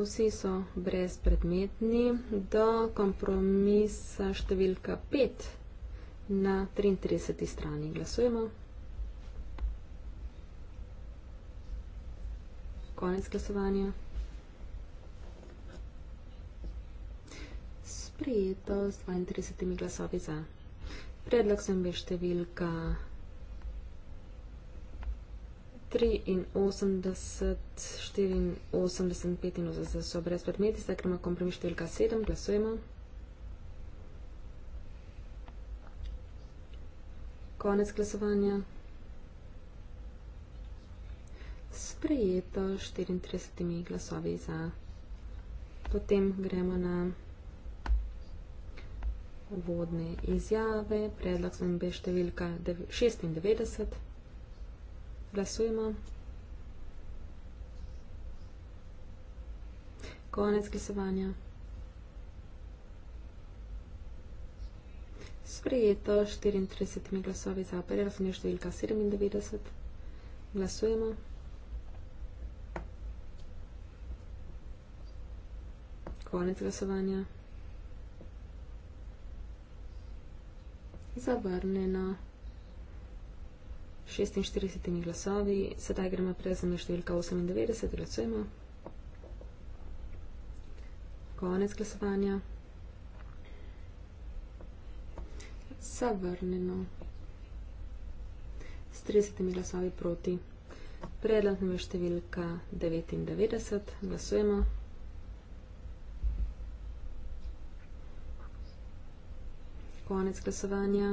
Vsi so brezpredmetni do kompromisa številka 5 na 33. strani. Glasujemo. Konec glasovanja. Sprejeto s 32. glasovi za. Predlog sem bil številka 83, 84, 85 so brez predmeti, zdaj imamo kompromis številka 7, glasujemo. Konec glasovanja. Sprejeto 34 glasovi za. Potem gremo na vodne izjave. Predlog sem be številka 96. Glasujemo. Konec glasovanja. Sprejeto 34 glasovi za operer, v številka 97. Glasujemo. Konec glasovanja. Zavrnjeno. 46 glasovi. Sedaj gremo prezemno številka 98. Glasujemo. Konec glasovanja. zavrnjeno. S 30 glasovi proti. Predlog nam je številka 99. Glasujemo. Konec glasovanja.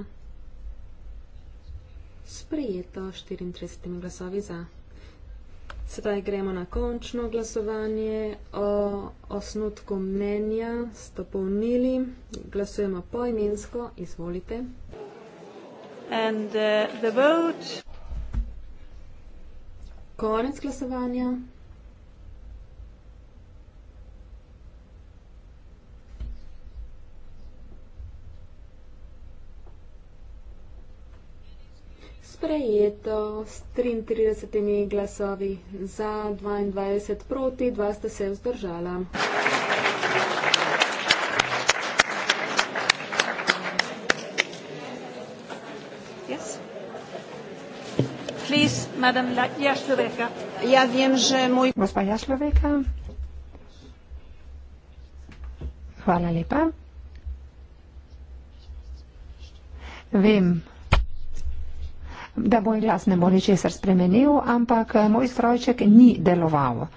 Sprejeto 34 glasovi za. Sedaj gremo na končno glasovanje o osnutku mnenja s dopolnili. Glasujemo poimensko, izvolite. And, uh, the vote. Konec glasovanja. sprejeto s 33 glasovi za 22 proti, dva sta se vzdržala. Ja vem, že moj. Gospa Jašloveka. Hvala lepa. Vem, da moj glas ne bo ničesar spremenil, ampak eh, moj strojček ni deloval.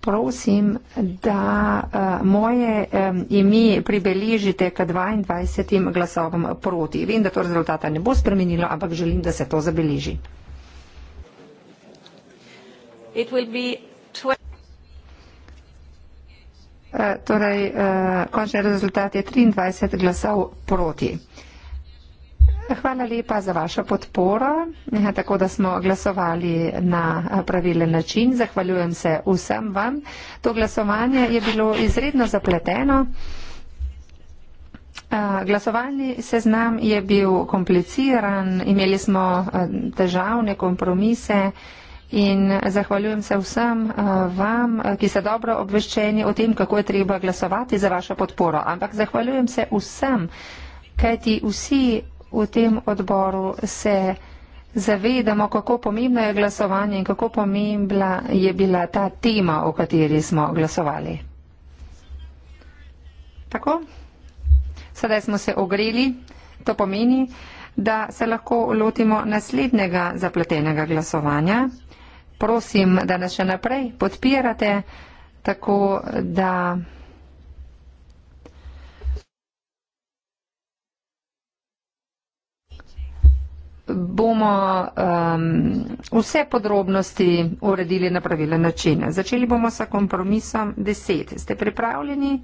Prosim, da uh, moje um, ime pribeležite k 22 glasovom proti. Vem, da to rezultata ne bo spremenilo, ampak želim, da se to zabeleži. Uh, torej, uh, končni rezultat je 23 glasov proti. Uh, Hvala lepa za vašo podporo. Ja, tako da smo glasovali na pravilen način. Zahvaljujem se vsem vam. To glasovanje je bilo izredno zapleteno. Glasovalni seznam je bil kompliciran, imeli smo težavne kompromise. In zahvaljujem se vsem vam, ki ste dobro obveščeni o tem, kako je treba glasovati za vašo podporo. Ampak zahvaljujem se vsem, kajti vsi v tem odboru se zavedamo, kako pomembno je glasovanje in kako pomembna je bila ta tema, o kateri smo glasovali. Tako, sedaj smo se ogreli, to pomeni, da se lahko lotimo naslednjega zapletenega glasovanja. Prosim, da nas še naprej podpirate, tako da. bomo um, vse podrobnosti uredili na pravilen način. Začeli bomo sa kompromisom 10. Ste pripravljeni?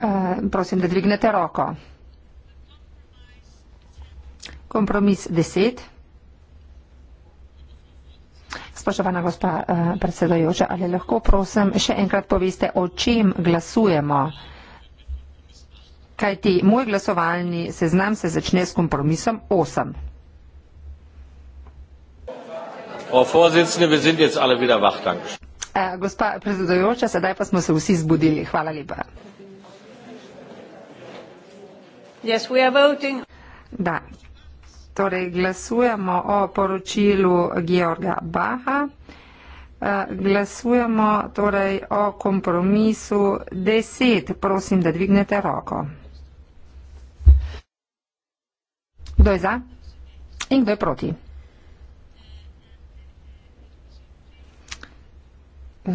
Uh, prosim, da dvignete roko. Kompromis 10. Spoštovana gospa uh, predsedojoča, ali lahko prosim še enkrat poveste, o čem glasujemo? kajti moj glasovalni seznam se začne s kompromisom 8. Eh, gospa predsedujoča, sedaj pa smo se vsi zbudili. Hvala lepa. Da, torej glasujemo o poročilu Georga Baha, eh, glasujemo torej o kompromisu 10, prosim, da dvignete roko. Kdo je za in kdo je proti? Eh,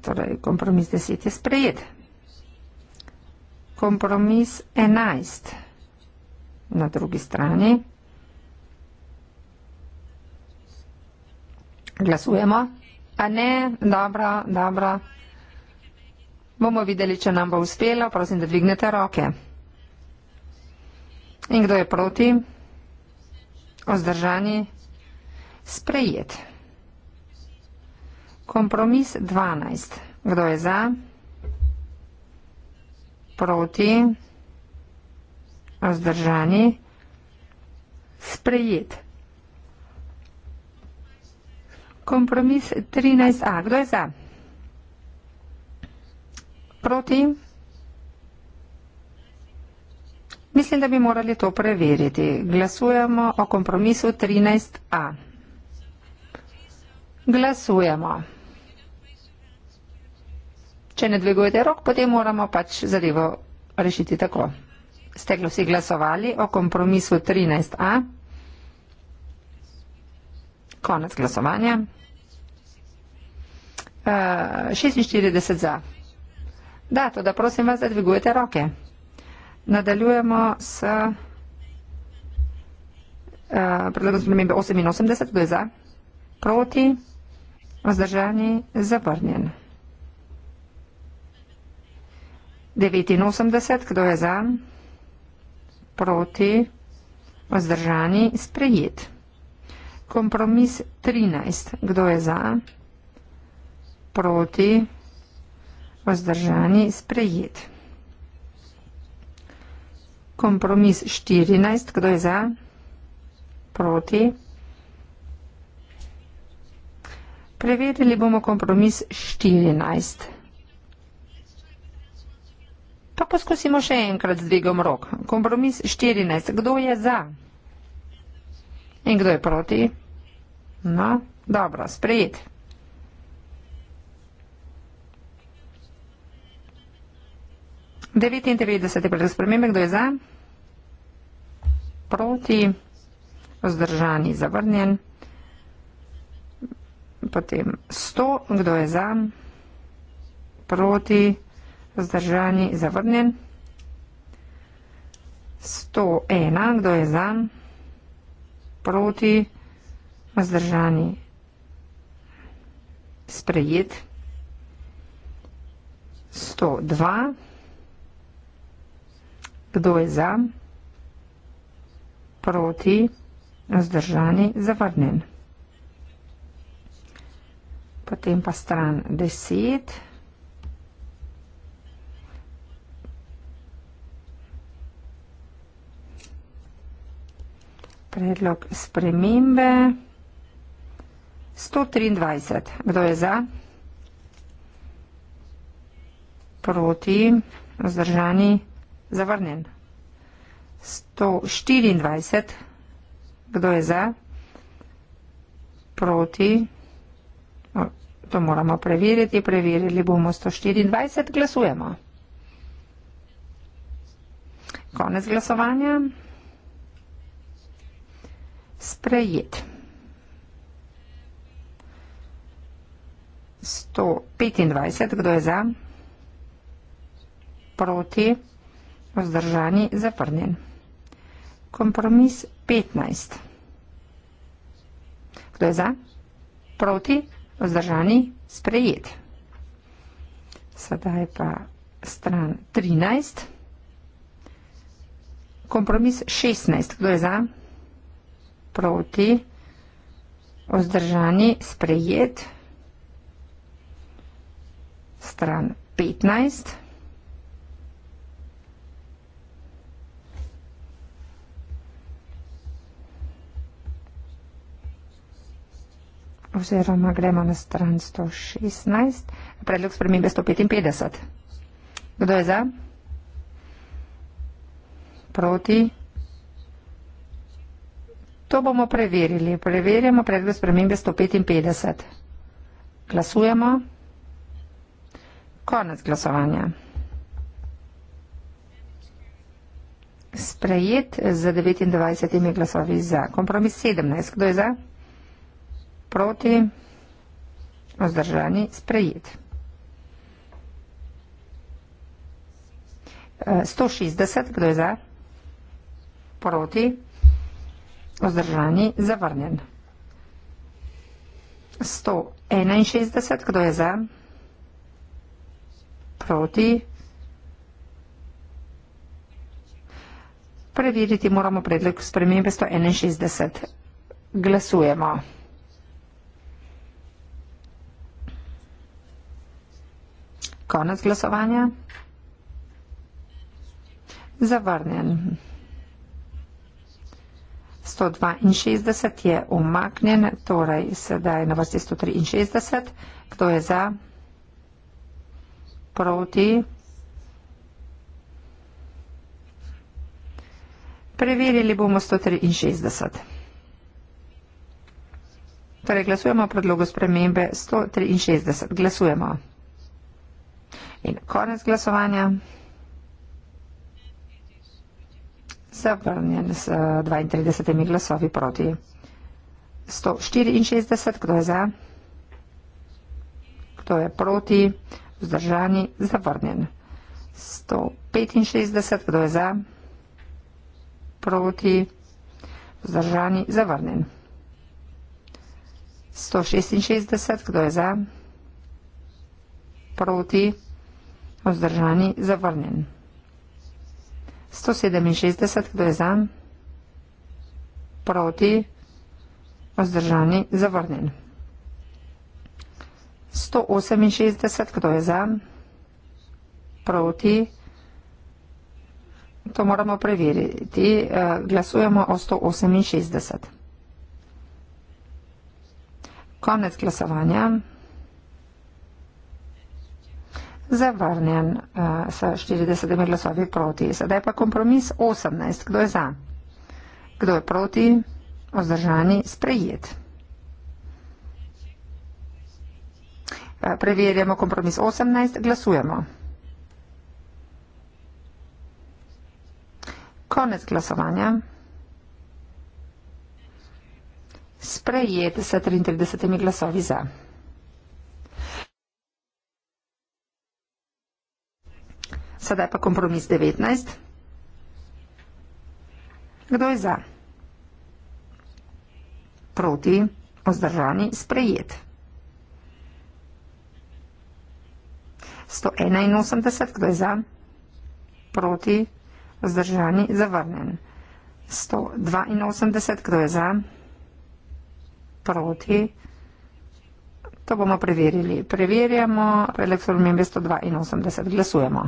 torej, kompromis 10 je sprejet. Kompromis 11 na drugi strani. Glasujemo. A ne, dobro, dobro. Bomo videli, če nam bo uspelo. Prosim, da dvignete roke. Okay. In kdo je proti? Ozdržani? Sprejet. Kompromis 12. Kdo je za? Proti? Ozdržani? Sprejet. Kompromis 13a. Kdo je za? Proti? Proti? Mislim, da bi morali to preveriti. Glasujemo o kompromisu 13a. Glasujemo. Če ne dvigujete rok, potem moramo pač zadevo rešiti tako. Ste vsi glasovali o kompromisu 13a? Konec glasovanja. Uh, eh, 46 za. Da, to da prosim vas, da dvigujete roke. Nadaljujemo s eh, predlogom spremembe 88, kdo je za, proti, vzdržani, zavrnjen. 89, kdo je za, proti, vzdržani, sprejet. Kompromis 13, kdo je za, proti, vzdržani, sprejet. 90. Kompromis 14, kdo je za? Proti. Preverili bomo kompromis 14. Pa poskusimo še enkrat z dvigom rok. Kompromis 14, kdo je za? In kdo je proti? No, dobro, sprejeti. 99 je predlog spremembe. Kdo je za? Proti? Vzdržani? Zavrnjen? Potem 100. Kdo je za? Proti? Vzdržani? Zavrnjen? 101. Kdo je za? Proti? Vzdržani? Sprejet? 102. Kdo je za? Proti? Zdržani? Zavrnen. Potem pa stran 10. Predlog spremembe 123. Kdo je za? Proti? Zdržani? Zavrnen. Zavrnjen. 124. Kdo je za? Proti. No, to moramo preveriti. Preverili bomo 124. Glasujemo. Konec glasovanja. Sprejet. 125. Kdo je za? Proti vzdržani, zaprnjen. Kompromis 15. Kdo je za? Proti, vzdržani, sprejet. Sedaj pa stran 13. Kompromis 16. Kdo je za? Proti, vzdržani, sprejet. Stran 15. 15. oziroma gremo na stran 116, predlog spremembe 155. Kdo je za? Proti? To bomo preverili. Preverjamo predlog spremembe 155. Glasujemo. Konec glasovanja. Sprejet za 29 glasovi za. Kompromis 17. Kdo je za? proti, vzdržani, sprejet. 160, e, kdo je za, proti, vzdržani, zavrnjen. 161, kdo je za, proti, preveriti moramo predlog spremembe 161. Glasujemo. Konec glasovanja. Zavrnjen. 162 je umaknjen, torej sedaj na vrsti 163. Kdo je za? Proti? Preverili bomo 163. Torej glasujemo o predlogu spremembe 163. Glasujemo. In konec glasovanja. Zavrnjen eh, s 32 glasovi proti. 164, kdo je za? Kdo je proti? Vzdržani, zavrnjen. 165, kdo je za? Proti? Vzdržani, zavrnjen. 166, kdo je za? Proti? Vzdržani zavrnjen. 167, kdo je za? Proti. Vzdržani zavrnjen. 168, kdo je za? Proti. To moramo preveriti. Eh, glasujemo o 168. Konec glasovanja zavrnjen uh, s 40 glasovi proti. Sedaj pa kompromis 18. Kdo je za? Kdo je proti? Ozdržani sprejet. Eh, preverjamo kompromis 18, glasujemo. Konec glasovanja. Sprejet s 33 glasovi za. Sedaj pa kompromis 19. Kdo je za? Proti, ozdržani, sprejet. 181. Kdo je za? Proti, ozdržani, zavrnen. 182. Kdo je za? Proti. To bomo preverili. Preverjamo elektromembe 182. Glasujemo.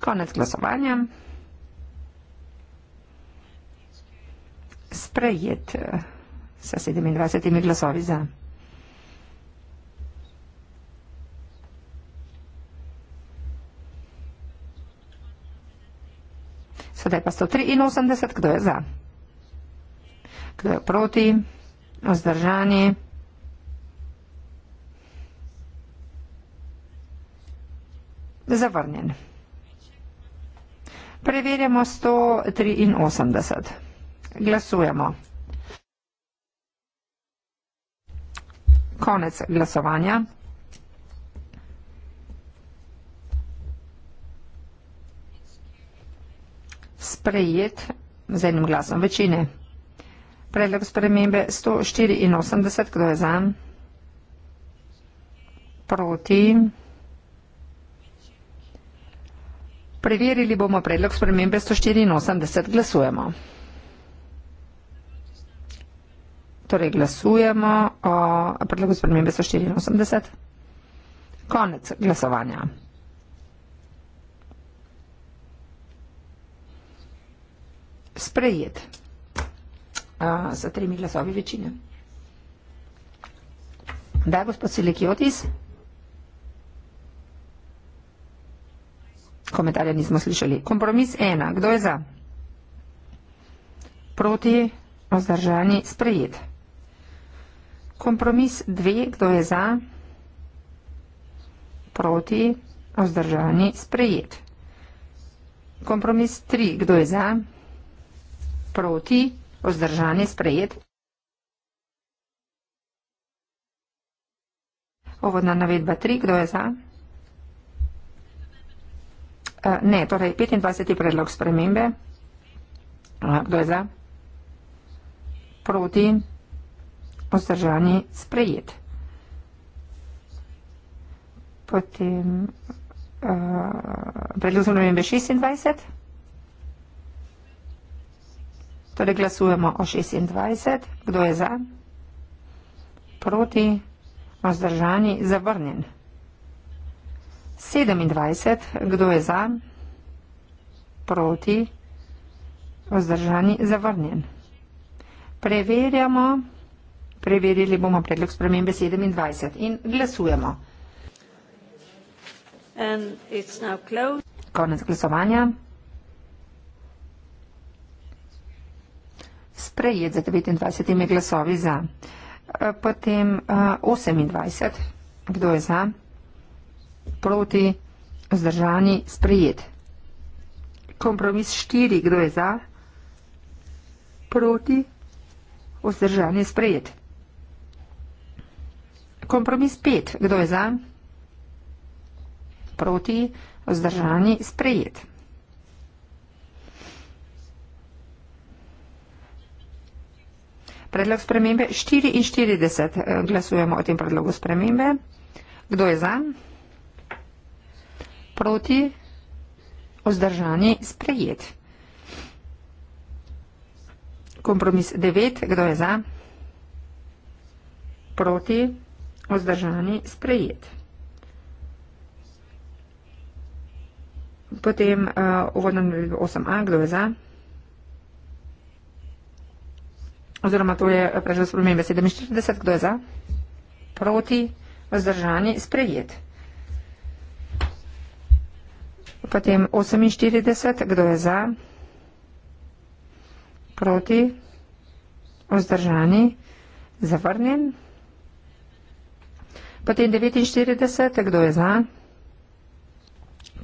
Konec glasovanja. Sprejet eh, sa 27 glasovi za. Sedaj pa 183, kdo je za? Kdo je proti? Ozdržani? Zavrnjen. Preverjamo 183. Glasujemo. Konec glasovanja. Sprejet z enim glasom večine. Predlog spremembe 184. Kdo je za? Proti. Preverili bomo predlog spremembe 184. Glasujemo. Torej glasujemo o predlogu spremembe 184. Konec glasovanja. Sprejet. Za tremi glasovi večine. Da, gospod Silikiotis. komentarja nismo slišali. Kompromis ena. Kdo je za? Proti vzdržani sprejet. Kompromis dve. Kdo je za? Proti vzdržani sprejet. Kompromis tri. Kdo je za? Proti vzdržani sprejet. Ovodna navedba 3. Kdo je za? Eh, ne, torej 25. predlog spremembe. Eh, kdo je za? Proti. Ostržani sprejet. Potem eh, predlog spremembe 26. Torej glasujemo o 26. Kdo je za? Proti. Ostržani zavrnjen. Proti. 27, kdo je za, proti, vzdržani, zavrnjen. Preverjamo, preverili bomo predlog spremembe 27 in glasujemo. Konec glasovanja. Sprejet za 29 glasovi za. Potem 28, eh, kdo je za? proti vzdržani sprejet. Kompromis štiri, kdo je za, proti vzdržani sprejet. Kompromis pet, kdo je za, proti vzdržani sprejet. Predlog spremembe 44 glasujemo o tem predlogu spremembe. Kdo je za? proti vzdržani sprejet. Kompromis 9. Kdo je za? Proti vzdržani sprejet. Potem eh, uvodno naredbo 8a. Kdo je za? Oziroma to je eh, prežel spremembe 47. Kdo je za? Proti vzdržani sprejet. Kompromis 9. Potem 48, kdo je za, proti, vzdržani, zavrnjen. Potem 49, kdo je za,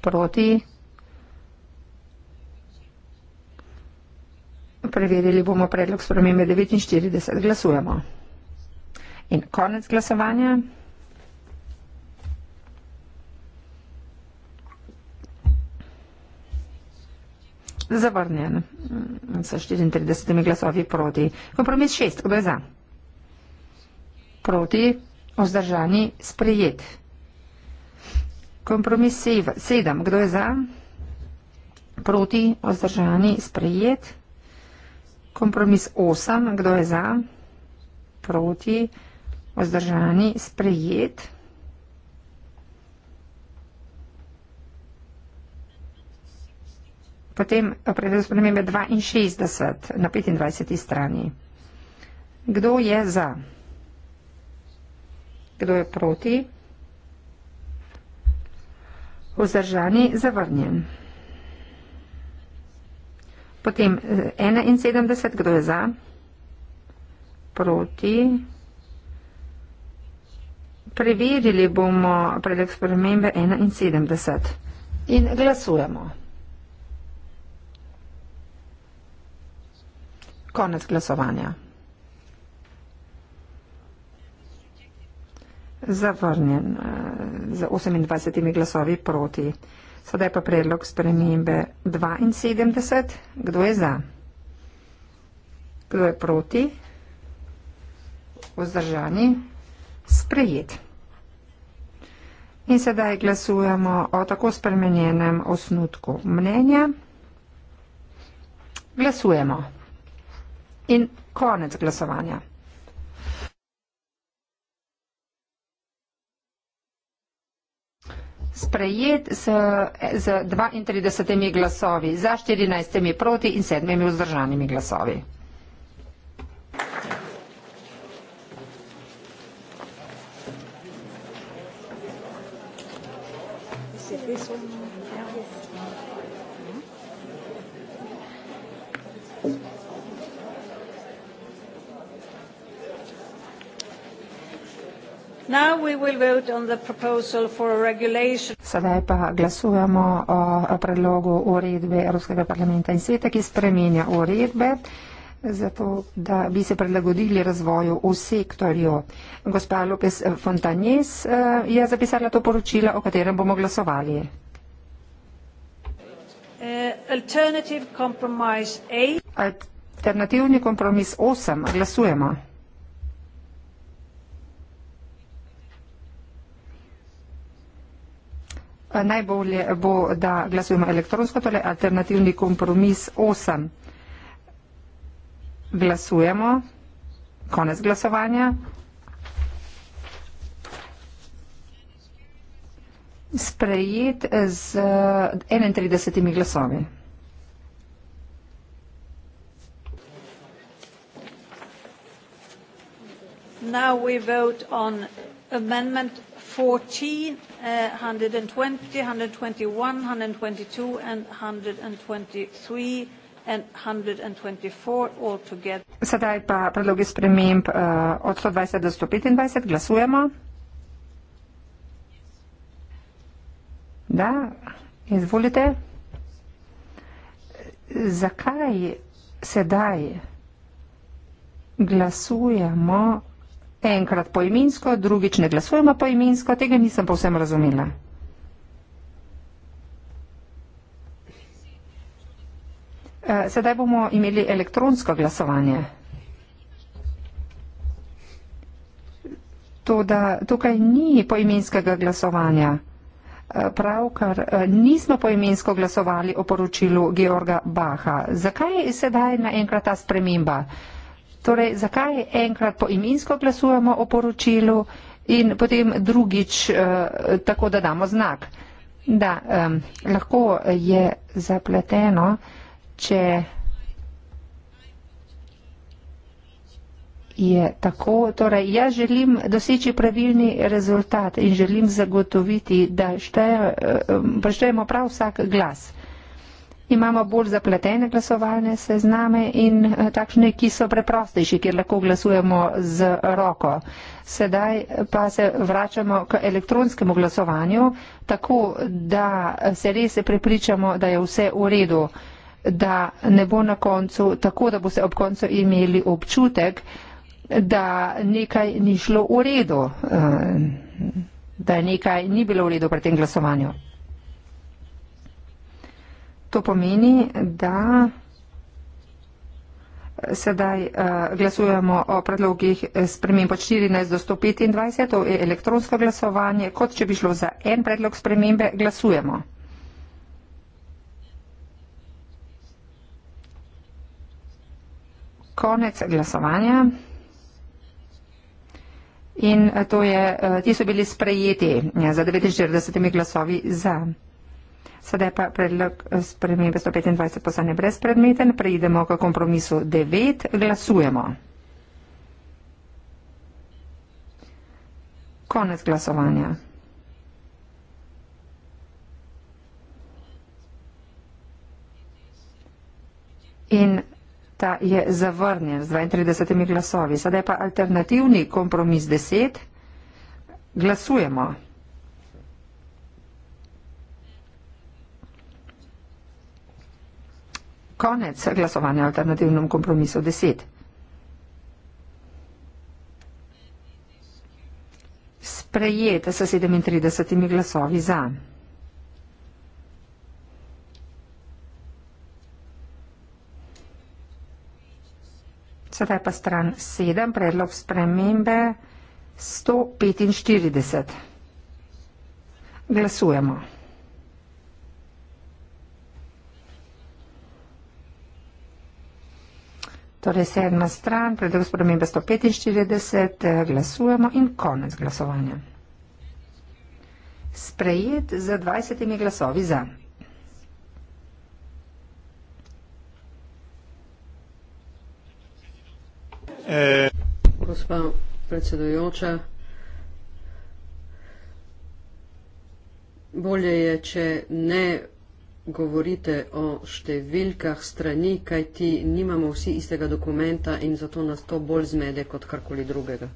proti, preverili bomo predlog spremembe 49, glasujemo. In konec glasovanja. Zavrnjen. S 34 glasovi proti. Kompromis 6. Kdo je za? Proti. Ozdržani. Sprejet. Kompromis 7. Kdo je za? Proti. Ozdržani. Sprejet. Kompromis 8. Kdo je za? Proti. Ozdržani. Sprejet. Kompromis 9. Potem predlog spremembe 62 na 25. strani. Kdo je za? Kdo je proti? Vzdržani zavrnjen. Potem 71, eh, kdo je za? Proti. Preverili bomo predlog spremembe 71 in glasujemo. Konec glasovanja. Zavrnjen eh, z 28 glasovi proti. Sedaj pa predlog spremembe 72. Kdo je za? Kdo je proti? Vzdržani? Sprejet. In sedaj glasujemo o tako spremenjenem osnutku mnenja. Glasujemo in konec glasovanja. Sprejet z, z 32 glasovi, za 14 proti in 7 vzdržanimi glasovi. Sedaj pa glasujemo o predlogu uredbe Evropskega parlamenta in sveta, ki spremenja uredbe zato, da bi se prilagodili razvoju v sektorju. Gospa Lopez Fontanjes eh, je zapisala to poročilo, o katerem bomo glasovali. Eh, Alternativni kompromis 8, glasujemo. najbolje bo, da glasujemo elektronsko, torej alternativni kompromis 8. Glasujemo. Konec glasovanja. Sprejet z 31 glasovi. Now we vote on amendment 14, uh, 120, 121, 122, and 123. Sedaj pa predlogi sprememb uh, od 120 do 125. Glasujemo. Da, izvolite. Zakaj sedaj glasujemo enkrat poimensko, drugič ne glasujemo poimensko, tega nisem povsem razumela. Eh, sedaj bomo imeli elektronsko glasovanje. To, da tukaj ni poimenskega glasovanja. Eh, pravkar eh, nismo poimensko glasovali o poročilu Georga Baha. Zakaj sedaj naenkrat ta sprememba? Torej, zakaj enkrat poimensko glasujemo o poročilu in potem drugič eh, tako, da damo znak? Da, um, lahko je zapleteno, če je tako. Torej, jaz želim doseči pravilni rezultat in želim zagotoviti, da šteje, preštejemo prav vsak glas imamo bolj zapletene glasovalne sezname in eh, takšne, ki so preprostejši, kjer lahko glasujemo z roko. Sedaj pa se vračamo k elektronskemu glasovanju, tako da se res prepričamo, da je vse v redu, da ne bo na koncu tako, da bo se ob koncu imeli občutek, da nekaj ni šlo v redu, eh, da nekaj ni bilo v redu pri tem glasovanju. To pomeni, da sedaj uh, glasujemo o predlogih sprememb od 14 do 125, to je elektronsko glasovanje, kot če bi šlo za en predlog spremembe, glasujemo. Konec glasovanja. In eh, to je, eh, ti so bili sprejeti za 49 glasovi za sedaj pa predlog eh, spremembe 125 postane brezpredmeten, preidemo k kompromisu 9, glasujemo. Konec glasovanja. In ta je zavrnjen z 32 glasovi. Sedaj pa alternativni kompromis 10. Glasujemo. Konec glasovanja o alternativnem kompromisu 10. Sprejete s 37 glasovi za. Sedaj pa stran 7, predlog spremembe 145. Glasujemo. Torej sedma stran, predlog spremembe 145, eh, glasujemo in konec glasovanja. Sprejet za 20 glasovi za. E... Gospa predsedujoča, bolje je, če ne govorite o številkah strani, kaj ti nimamo vsi istega dokumenta in zato nas to bolj zmede kot karkoli drugega.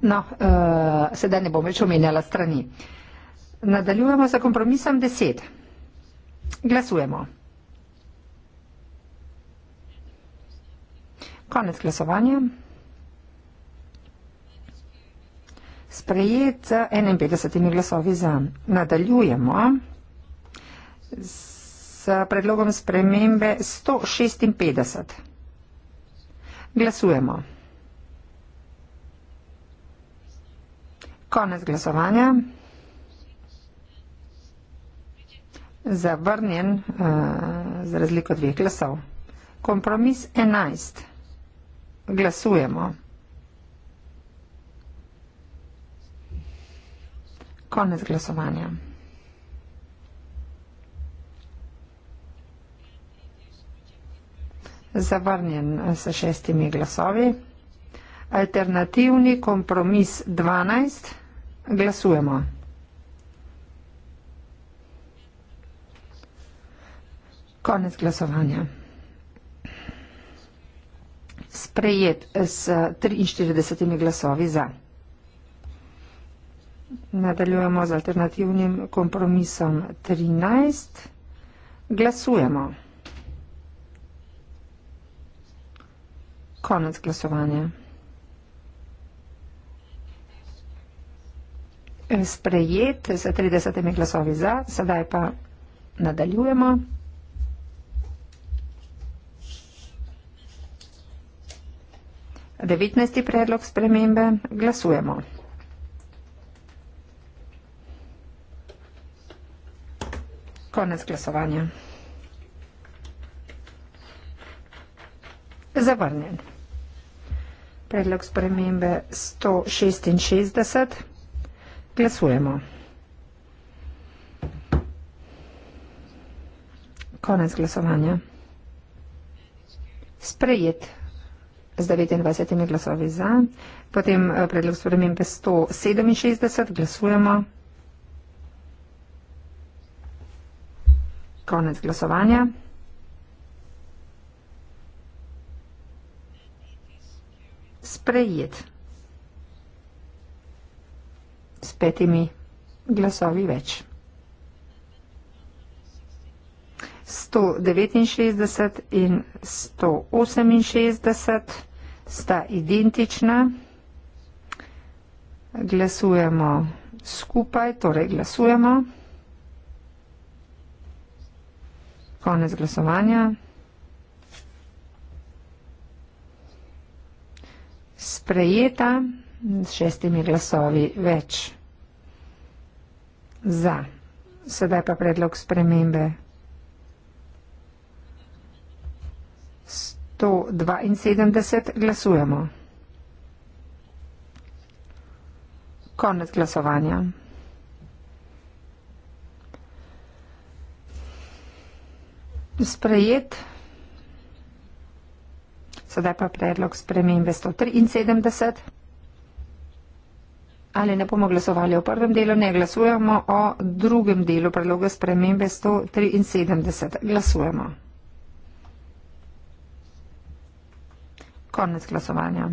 No, uh, sedaj ne bom več omenjala strani. Nadaljujemo za kompromisom deset. Glasujemo. Konec glasovanja. sprejet z 51 glasovi za. Nadaljujemo s predlogom spremembe 156. Glasujemo. Konec glasovanja. Zavrnjen uh, z razliko dveh glasov. Kompromis 11. Glasujemo. Konec glasovanja. Zavrnjen s šestimi glasovi. Alternativni kompromis 12. Glasujemo. Konec glasovanja. Sprejet s 43 glasovi za. Nadaljujemo z alternativnim kompromisom 13. Glasujemo. Konec glasovanja. Sprejet z 30 glasovi za, sedaj pa nadaljujemo. Devetnajsti predlog spremembe. Glasujemo. Konec glasovanja. Zavrnjen. Predlog spremembe 166. Glasujemo. Konec glasovanja. Sprejet z 29 glasovi za. Potem eh, predlog spremembe 167. Glasujemo. Konec glasovanja. Sprejet. S petimi glasovi več. 169 in 168 sta identična. Glasujemo skupaj, torej glasujemo. Konec glasovanja. Sprejeta s šestimi glasovi več za. Sedaj pa predlog spremembe 172 glasujemo. Konec glasovanja. sprejet. Sedaj pa predlog spremembe 173. Ali ne bomo glasovali o prvem delu, ne glasujemo o drugem delu predloga spremembe 173. Glasujemo. Konec glasovanja.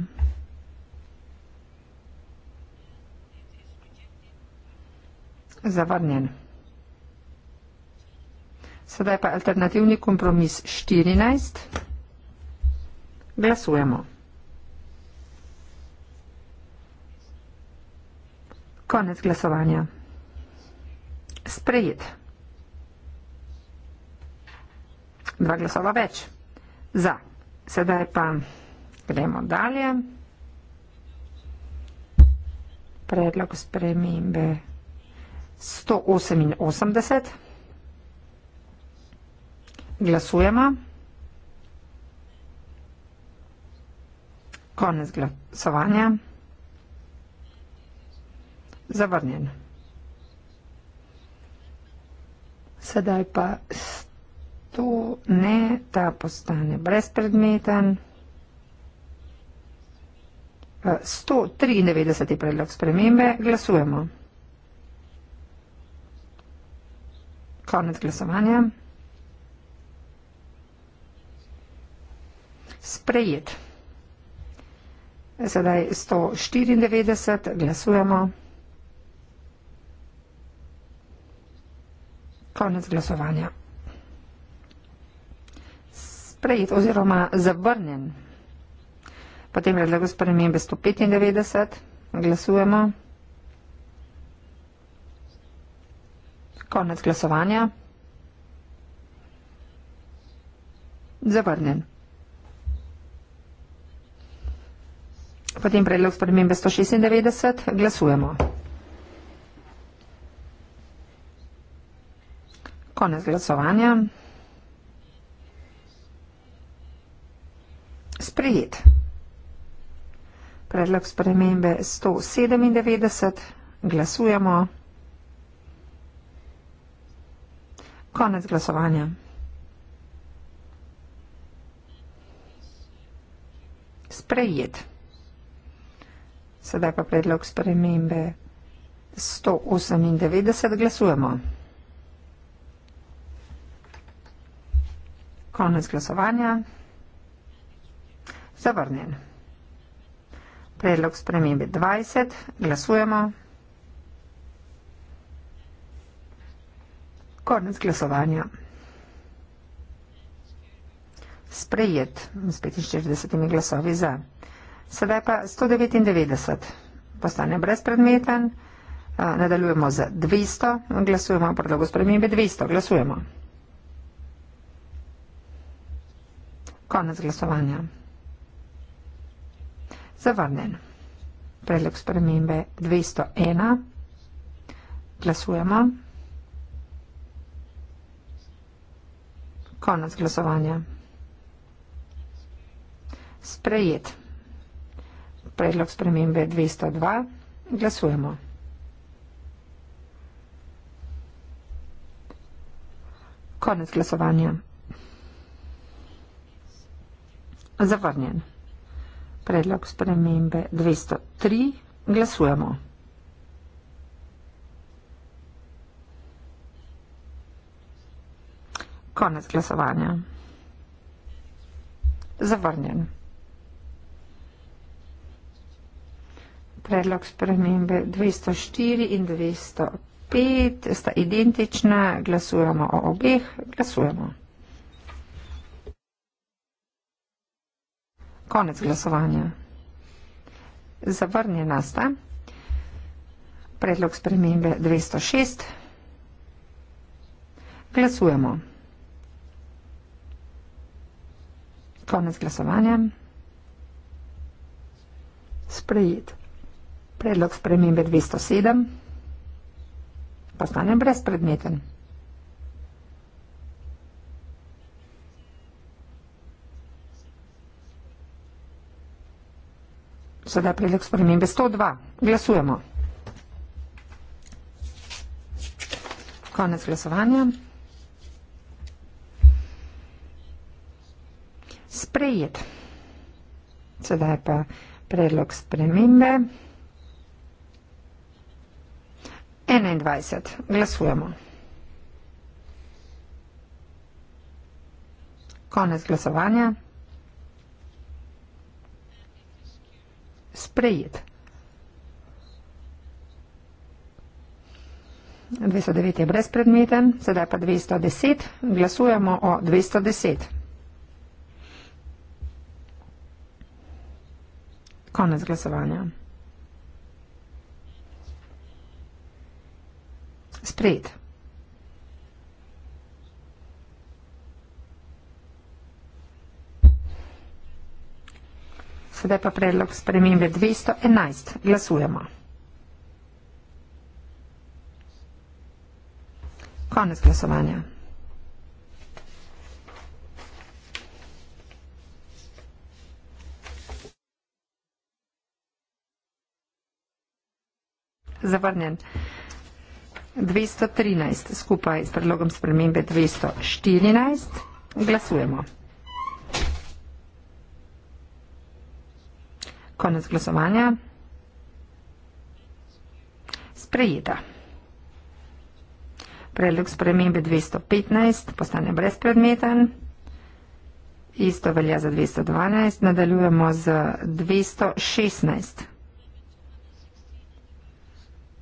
Zavrnjen. Sedaj pa alternativni kompromis 14. Glasujemo. Konec glasovanja. Sprejet. Dva glasova več. Za. Sedaj pa gremo dalje. Predlog spremembe 188. Glasujemo. Konec glasovanja. Zavrnjen. Sedaj pa to ne, ta postane brezpredmeten. 193. predlog spremembe. Glasujemo. Konec glasovanja. sprejet. Sedaj 194, glasujemo. Konec glasovanja. Sprejet oziroma zavrnjen. Potem predlog spremembe 195, glasujemo. Konec glasovanja. Zavrnjen. potem predlog spremembe 196. Glasujemo. Konec glasovanja. Sprejet. Predlog spremembe 197. Glasujemo. Konec glasovanja. Sprejet. Sedaj pa predlog spremembe 198 glasujemo. Konec glasovanja. Zavrnjen. Predlog spremembe 20. Glasujemo. Konec glasovanja. Sprejet. S 45 glasovi za. Sedaj pa 199 postane brezpredmeten. Nadaljujemo z 200, glasujemo o predlogu spremembe 200, glasujemo. Konec glasovanja. Zavrnen. Predlog spremembe 201. Glasujemo. Konec glasovanja. Sprejet predlog spremembe 202. Glasujemo. Konec glasovanja. Zavrnjen. Predlog spremembe 203. Glasujemo. Konec glasovanja. Zavrnjen. predlog spremembe 204 in 205 sta identična, glasujemo o obeh, glasujemo. Konec glasovanja. Zavrnjena sta predlog spremembe 206. Glasujemo. Konec glasovanja. Sprejet predlog spremembe 207 postane brezpredmeten. Sedaj predlog spremembe 102. Glasujemo. Konec glasovanja. Sprejet. Sedaj pa predlog spremembe. 21. Glasujemo. Konec glasovanja. Sprejet. 209 je brezpredmeten, sedaj pa 210. Glasujemo o 210. Konec glasovanja. sprejet. Sedaj pa predlog spremembe 211. Glasujemo. Konec glasovanja. Zavrnjen. 213 skupaj s predlogom spremembe 214. Glasujemo. Konec glasovanja. Sprejeta. Predlog spremembe 215 postane brezpredmeten. Isto velja za 212. Nadaljujemo z 216.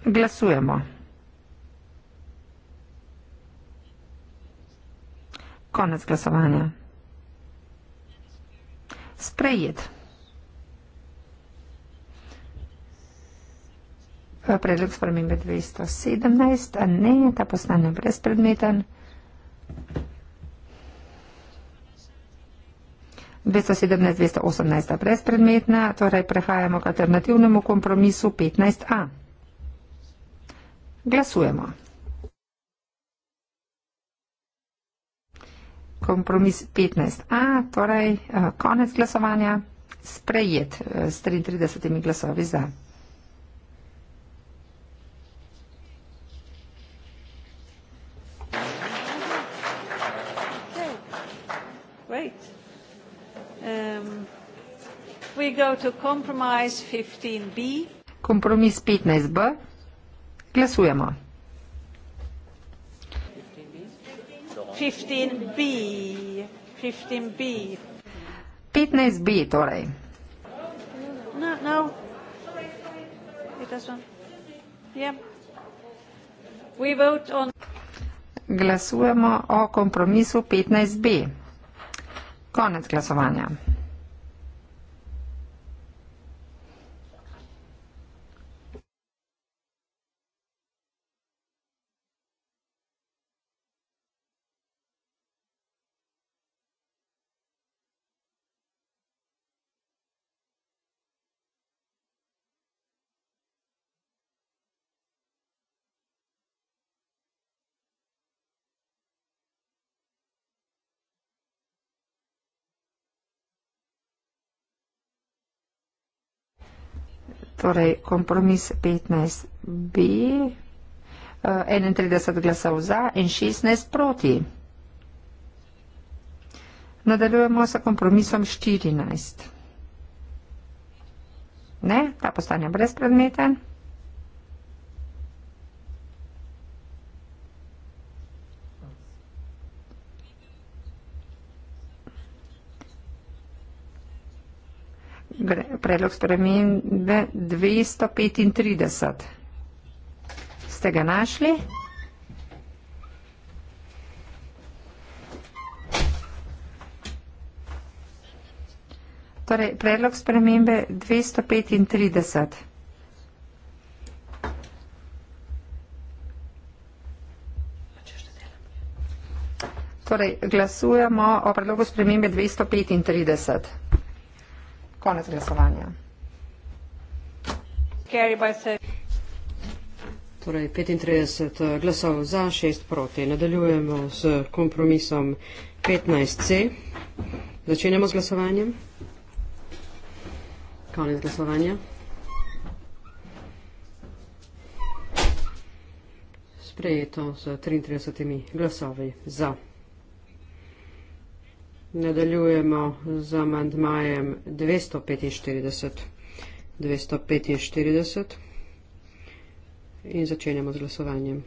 Glasujemo. Konec glasovanja. Sprejet. Predlog spremembe 217, ne, ta postane brezpredmeten. 217, 218 je brezpredmetna, torej prehajamo k alternativnemu kompromisu 15a. Glasujemo. kompromis 15. A, torej eh, konec glasovanja, sprejet eh, s 33 glasovi za. Um, kompromis 15b. Glasujemo. 15B. 15B. 15B torej. No, no. Yeah. We vote on... Glasujemo o kompromisu 15B. Konec glasovanja. torej kompromis 15B, 31 eh, glasov za in 16 proti. Nadaljujemo sa kompromisom 14. Ne, ta postanja brezpredmeten. predlog spremembe 235. Ste ga našli? Torej, predlog spremembe 235. Torej, glasujemo o predlogu spremembe 235 konec glasovanja. Torej 35 eh, glasov za, 6 proti. Nadaljujemo s kompromisom 15c. Začenjamo z glasovanjem. Konec glasovanja. Sprejeto s 33 glasovi za. Nadaljujemo z amandmajem 245. 245. In začenjamo z glasovanjem.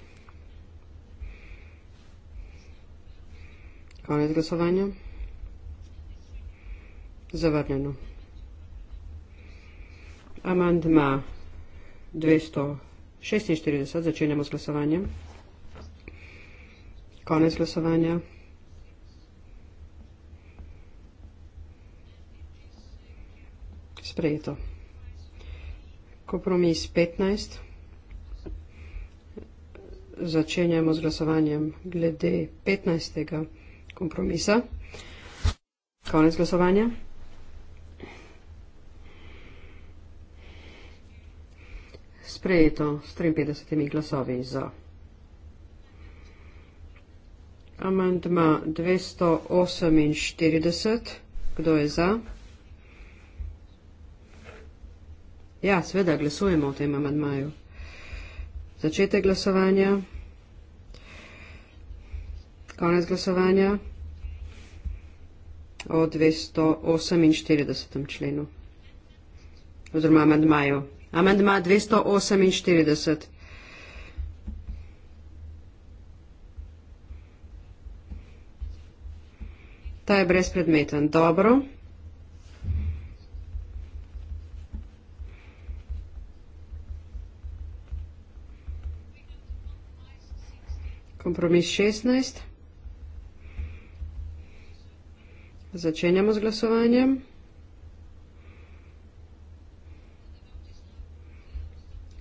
Konec glasovanja. Zavrnjeno. Amandma 246. Začenjamo z glasovanjem. Konec glasovanja. sprejeto. Kompromis 15. Začenjamo z glasovanjem glede 15. kompromisa. Konec glasovanja. Sprejeto s 53 glasovi za. Amandma 248. Kdo je za? Ja, sveda, glasujemo o tem amadmaju. Začete glasovanja. Konec glasovanja o 248. členu. Oziroma amadmaju. Amadma 248. Ta je brezpredmeten. Dobro. Kompromis 16. Začenjamo z glasovanjem.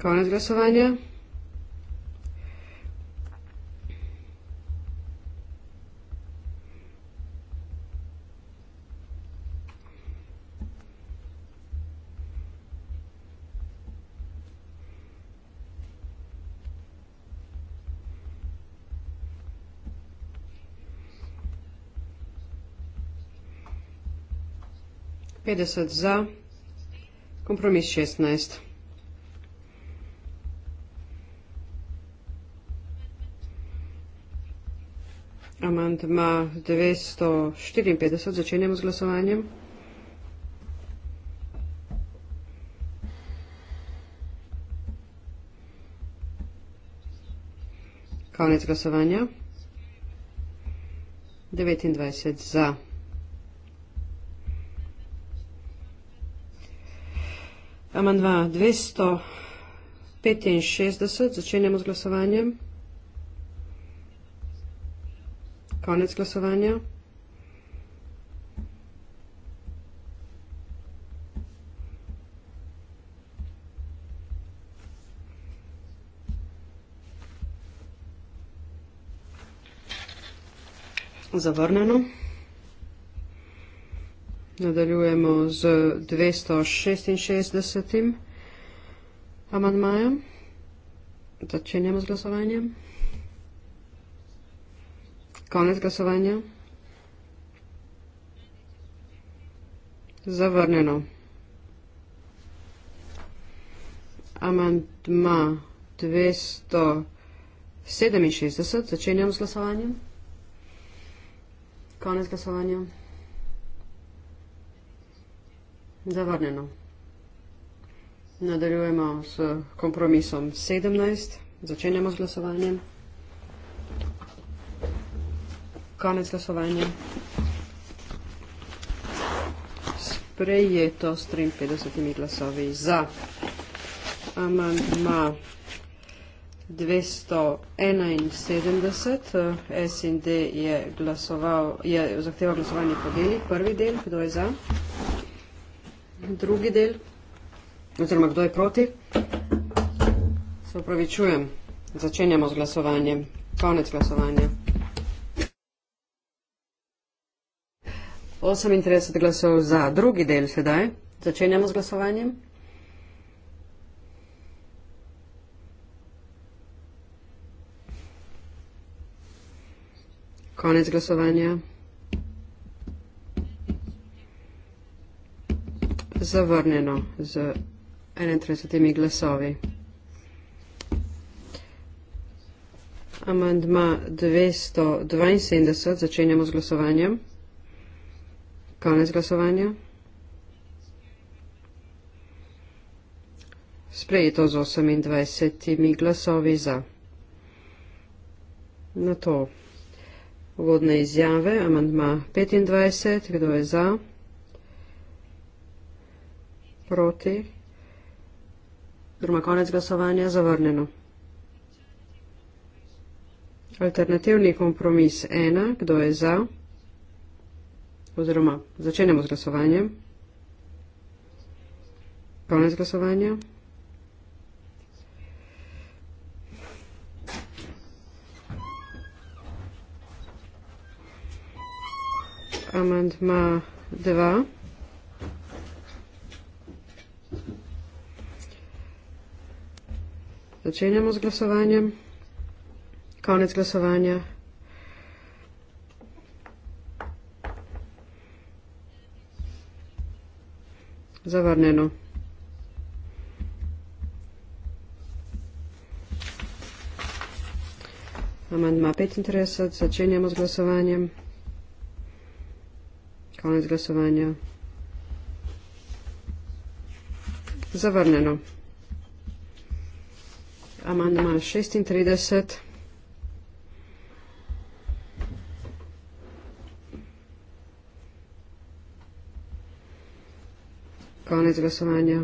Konec glasovanja. 50 za, kompromis 16. Amandma 954, začenjamo z glasovanjem. Konec glasovanja. 29 za. Amandma 265, začenjamo z glasovanjem. Konec glasovanja. Zavrneno. Nadaljujemo z 266. amandmajem. Začenjamo z glasovanjem. Konec glasovanja. Zavrnjeno. Amandma 267. Začenjam z glasovanjem. Konec glasovanja zavrnjeno. Nadaljujemo s kompromisom 17, začenjamo z glasovanjem. Konec glasovanja. Sprejeto s 53 glasovi za amandma 271. SND je, glasoval, je zahteval glasovanje po deli, prvi del, kdo je za drugi del, oziroma kdo je proti. Se upravičujem, začenjamo z glasovanjem. Konec glasovanja. 38 glasov za drugi del sedaj. Začenjamo z glasovanjem. Konec glasovanja. zavrnjeno z 31 glasovi. Amandma 272, začenjamo z glasovanjem. Konec glasovanja. Sprejeto z 28 glasovi za. Na to. Vodne izjave, amandma 25, kdo je za? proti, druga konec glasovanja zavrnjeno. Alternativni kompromis ena, kdo je za, oziroma začenjamo z glasovanjem. Konec glasovanja. Amendma 2. Začenjamo z glasovanjem. Konec glasovanja. Zavrneno. Amandma 35. Začenjamo z glasovanjem. Konec glasovanja. Zavrneno amandma 36. Konec glasovanja.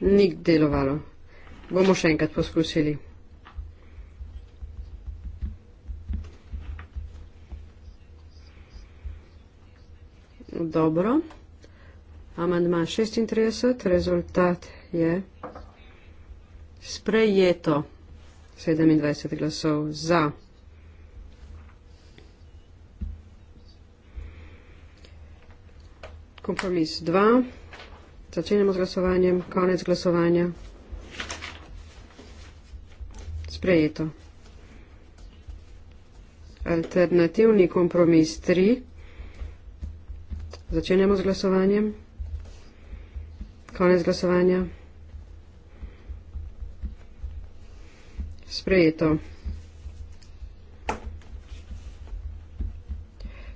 Ni delovalo. Bomo še enkrat poskusili. Dobro. Amandma 36, rezultat je sprejeto 27 glasov za. Kompromis 2. Začenjamo z glasovanjem. Konec glasovanja. Sprejeto. Alternativni kompromis 3. Začenjamo z glasovanjem. Konec glasovanja. Sprejeto.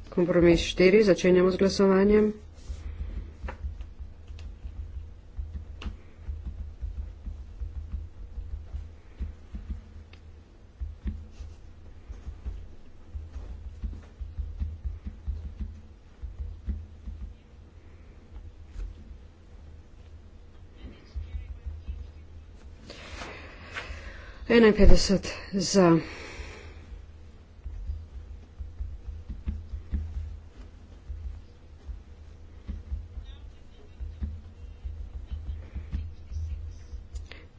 Kompromis 4. Začenjamo z glasovanjem. 51 za.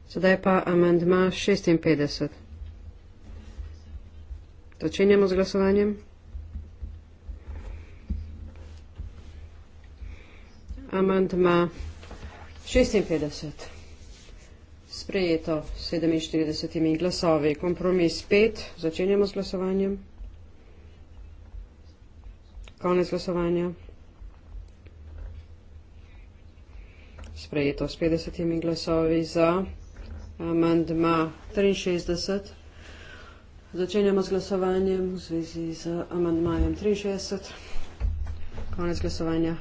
Zdaj pa amendma 56. Začenjamo z glasovanjem. Amendma 56 sprejeto 47 glasovi. Kompromis 5. Začenjamo z glasovanjem. Konec glasovanja. Sprejeto s 50 glasovi za amandma 63. Začenjamo z glasovanjem v zvezi z amandmajem 63. Konec glasovanja.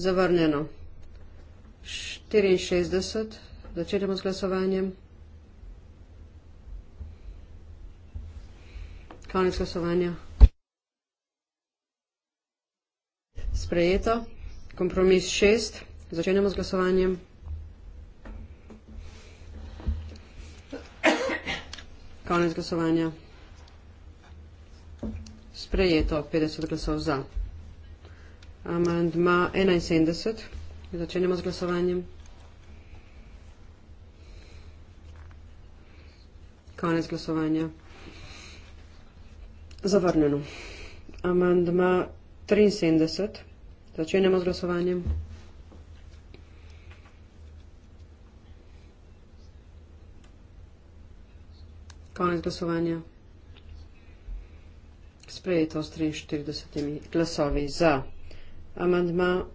Zavrnjeno. 64. Začenjamo z glasovanjem. Konec glasovanja. Sprejeto. Kompromis 6. Začenjamo z glasovanjem. Konec glasovanja. Sprejeto. 50 glasov za amandma 71. Začenjamo z glasovanjem. Konec glasovanja. Zavrnjeno. Amandma 73. Začenjamo z glasovanjem. Konec glasovanja. Sprejeto s 43 glasovi za. Amandma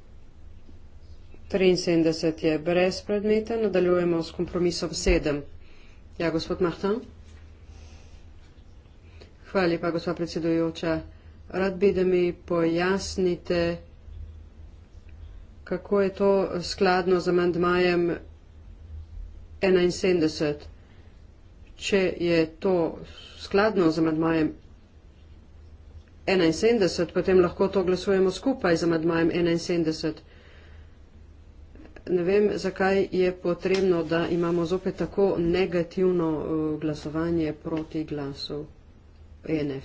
73 je brez predmeta. Nadaljujemo s kompromisom 7. Ja, gospod Martin. Hvala lepa, gospa predsedujoča. Rad bi, da mi pojasnite, kako je to skladno z amandmajem 71. Če je to skladno z amandmajem 71. 71, potem lahko to glasujemo skupaj z amadmajem 71. Ne vem, zakaj je potrebno, da imamo zopet tako negativno eh, glasovanje proti glasov ENF.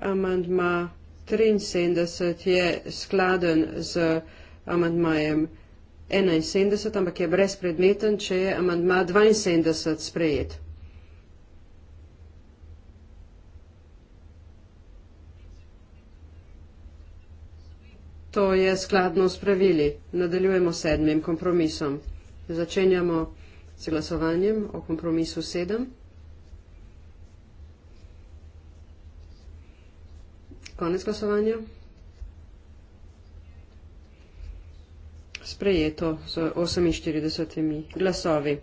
Amandma 73 je skladen z amandmajem 71, ampak je brezpredmeten, če je amandma 72 sprejet. To je skladno s pravili. Nadaljujemo sedmim kompromisom. Začenjamo s glasovanjem o kompromisu sedem. Konec glasovanja. Sprejeto z 48 glasovi.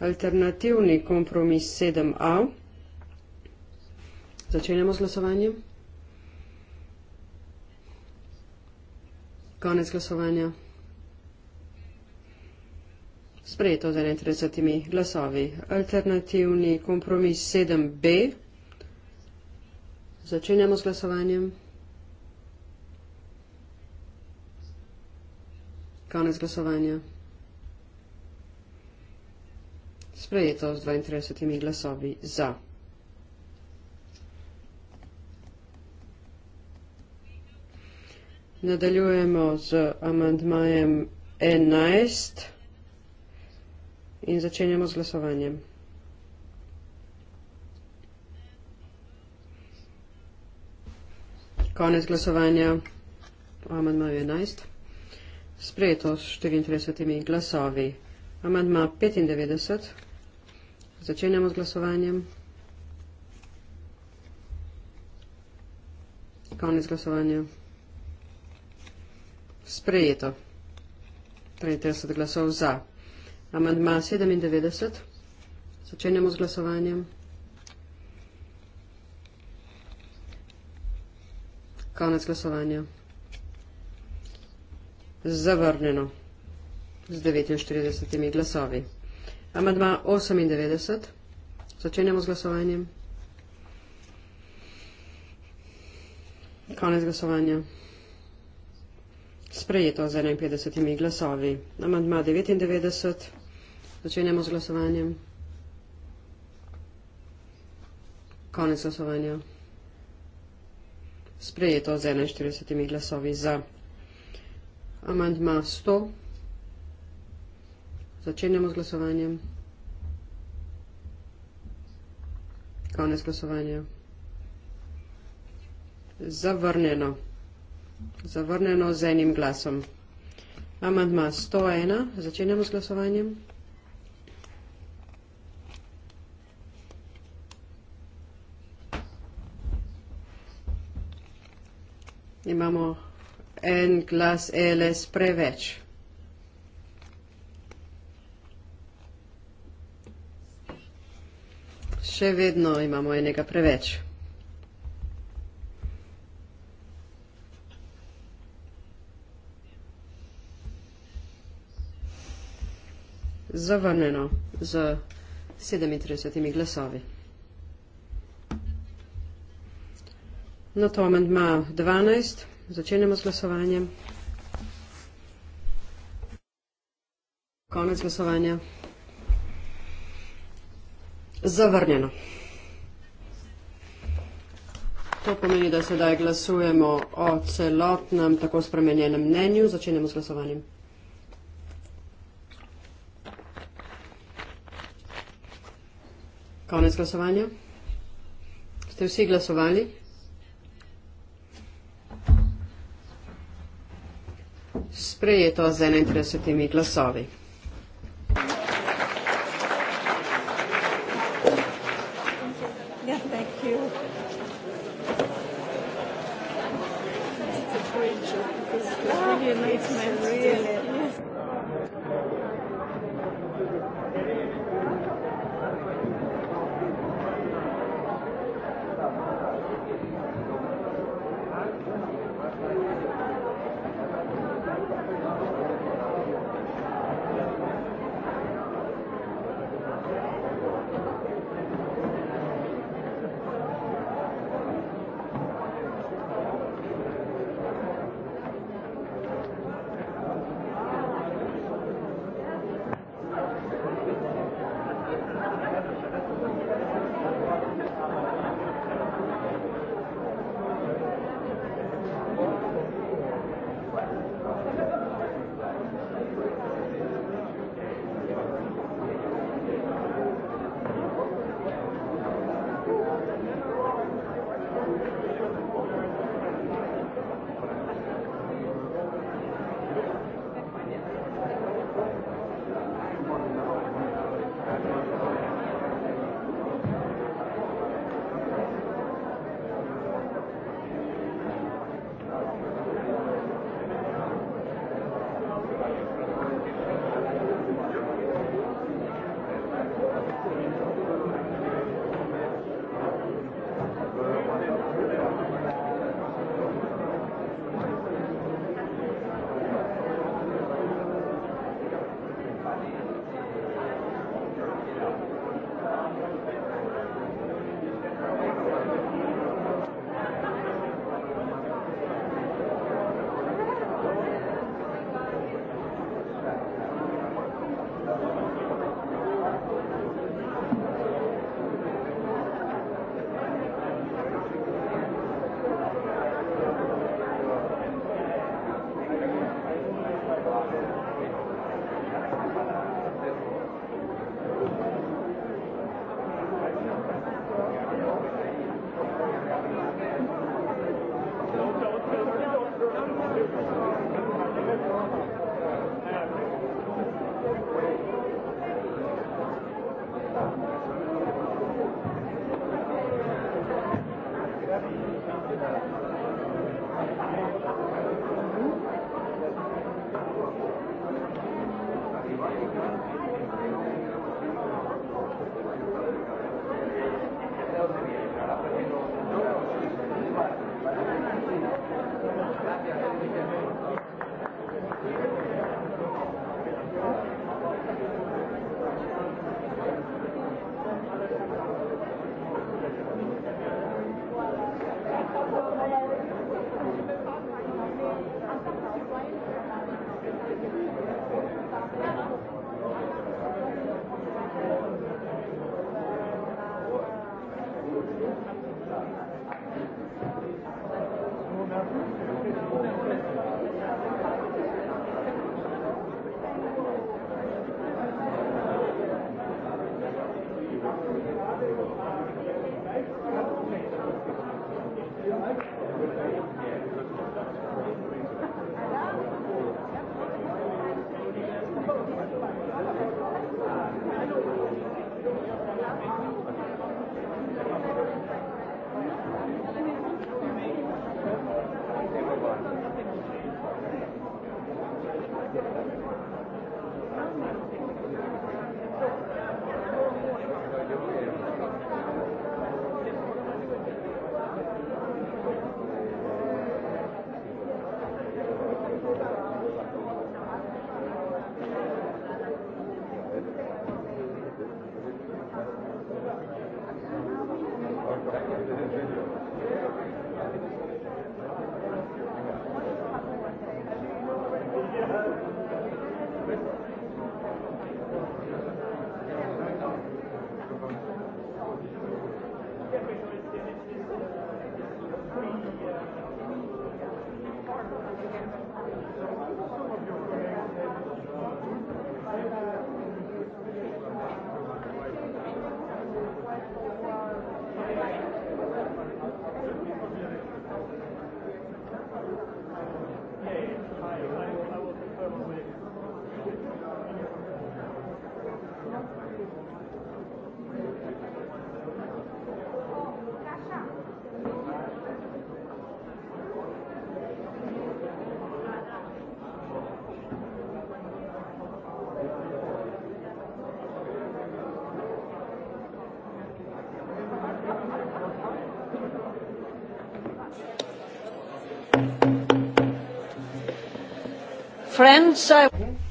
Alternativni kompromis 7a. Začenjamo s glasovanjem. Konec glasovanja. Sprejeto z 31 glasovi. Alternativni kompromis 7b. Začenjamo s glasovanjem. Konec glasovanja. Sprejeto z 32 glasovi za. Nadaljujemo z amandmajem 11 in začenjamo z glasovanjem. Konec glasovanja o amandmaju 11. Sprejeto s 34 glasovi. Amandma 95. Začenjamo z glasovanjem. Konec glasovanja sprejeto. 30 glasov za. Amandma 97. Začenjamo z glasovanjem. Konec glasovanja. Zavrnjeno z 49 glasovi. Amandma 98. Začenjamo z glasovanjem. Konec glasovanja sprejeto z 51 glasovi. Amandma 99. Začenjamo z glasovanjem. Konec glasovanja. Sprejeto z 41 glasovi za. Amandma 100. Začenjamo z glasovanjem. Konec glasovanja. Zavrnjeno. Zavrnjeno z enim glasom. Amandma 101. Začenjamo s glasovanjem. Imamo en glas LS preveč. Še vedno imamo enega preveč. zavrnjeno z 37 glasovi. Na to amendma 12. Začenjamo s glasovanjem. Konec glasovanja. Zavrnjeno. To pomeni, da sedaj glasujemo o celotnem tako spremenjenem mnenju. Začenjamo s glasovanjem. Konec glasovanja. Ste vsi glasovali? Sprejeto z 31 glasovi.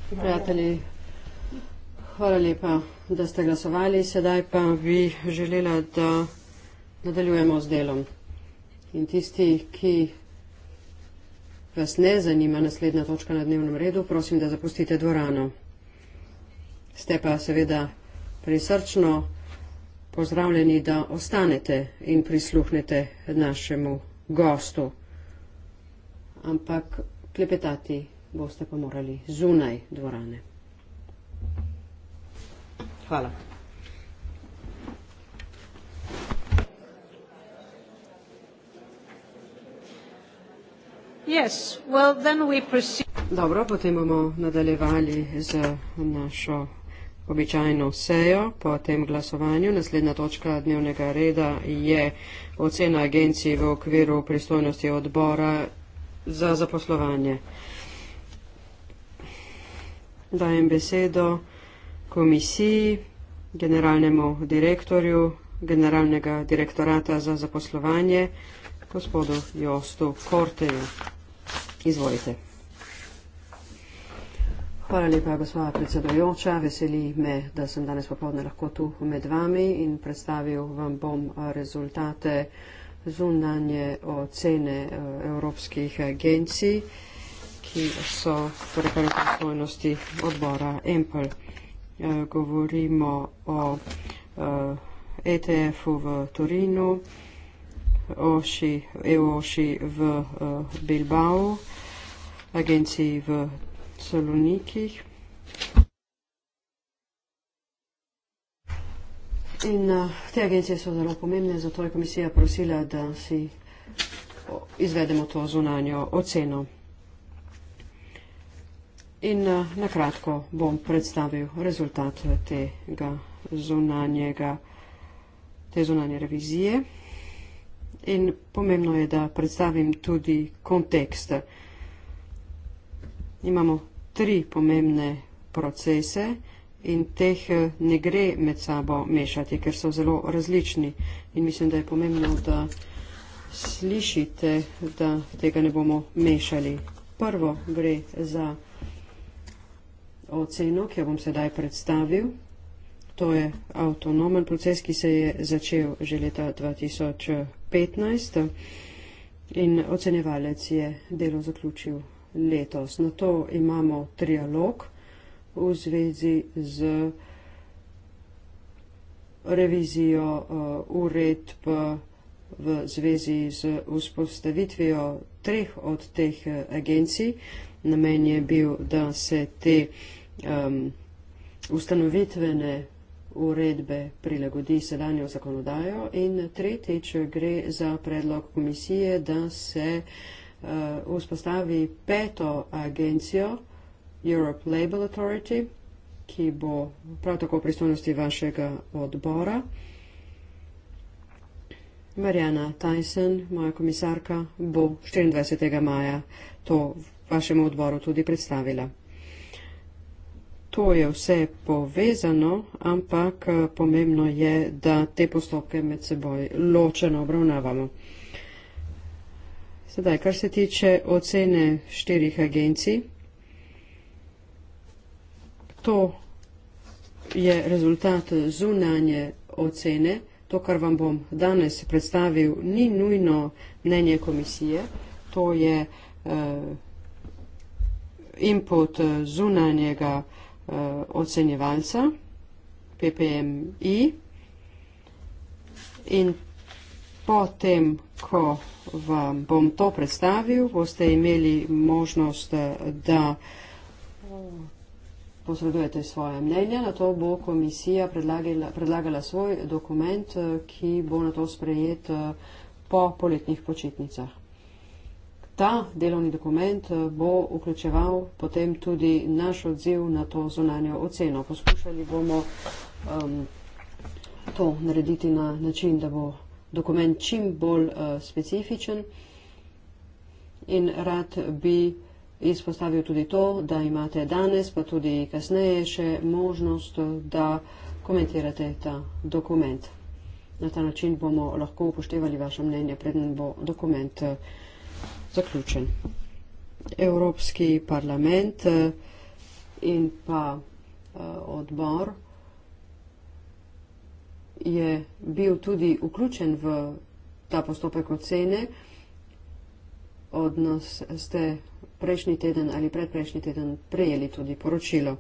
Prijatelji, hvala lepa, da ste glasovali. Sedaj pa bi želela, da nadaljujemo z delom. In tisti, ki vas ne zanima naslednja točka na dnevnem redu, prosim, da zapustite dvorano. Ste pa seveda prisrčno pozdravljeni, da ostanete in prisluhnete našemu gostu. Ampak klepetati boste pa morali zunaj dvorane. Hvala. Yes, well, Dobro, potem bomo nadaljevali z našo običajno sejo po tem glasovanju. Naslednja točka dnevnega reda je ocena agencije v okviru pristojnosti odbora za zaposlovanje dajem besedo komisiji, generalnemu direktorju, generalnega direktorata za zaposlovanje, gospodu Jostu Korteju. Izvolite. Hvala lepa, gospoda predsedojoča. Veseli me, da sem danes popovdne lahko tu med vami in predstavil vam bom eh, rezultate zunanje ocene eh, evropskih agencij ki so torej prekaj pristojnosti odbora EMPL. Eh, govorimo o ETF-u eh, e v Torinu, EOSHI EU -OSHI v eh, Bilbao, agenciji v Solunikih. In te agencije so zelo pomembne, zato je komisija prosila, da si izvedemo to zunanjo oceno. In eh, na kratko bom predstavil rezultat eh, tega zunanjega, te zunanje revizije. In pomembno je, da predstavim tudi kontekst. Imamo tri pomembne procese in teh eh, ne gre med sabo mešati, ker so zelo različni. In mislim, da je pomembno, da slišite, da tega ne bomo mešali. Prvo gre za proces oceno, ki jo bom sedaj predstavil. To je avtonomen proces, ki se je začel že leta 2015 in ocenjevalec je delo zaključil letos. Na to imamo trialog v zvezi z revizijo eh, uredb v zvezi z vzpostavitvijo treh od teh eh, agencij. Namen je bil, da se te uh, um, ustanovitvene uredbe prilagodi sedanjo zakonodajo in tretjič gre za predlog komisije, da se uh, vzpostavi peto agencijo Europe Label Authority, ki bo prav tako v pristojnosti vašega odbora. Marjana Tyson, moja komisarka, bo 24. maja to vašemu odboru tudi predstavila to je vse povezano, ampak eh, pomembno je, da te postopke med seboj ločeno obravnavamo. Sedaj, kar se tiče ocene štirih agencij, to je rezultat zunanje ocene. To, kar vam bom danes predstavil, ni nujno mnenje komisije, to je uh, input eh, zunanjega uh, Eh, ocenjevalca, PPMI. In potem, ko vam bom to predstavil, boste imeli možnost, eh, da eh, posredujete svoje mnenje. Na to bo komisija predlagala, predlagala svoj dokument, ki bo na to sprejet po poletnih počitnicah. Ta delovni dokument eh, bo vključeval potem tudi naš odziv na to zunanjo oceno. Poskušali bomo um, to narediti na način, da bo dokument čim bolj uh, specifičen in rad bi izpostavil tudi to, da imate danes, pa tudi kasneje še možnost, eh, da komentirate ta dokument. Na ta način bomo lahko upoštevali vaše mnenje, preden bo dokument. Uh, zaključen. Evropski parlament eh, in pa eh, odbor je bil tudi vključen v ta postopek ocene. Od nas ste prejšnji teden ali predprejšnji teden prejeli tudi poročilo.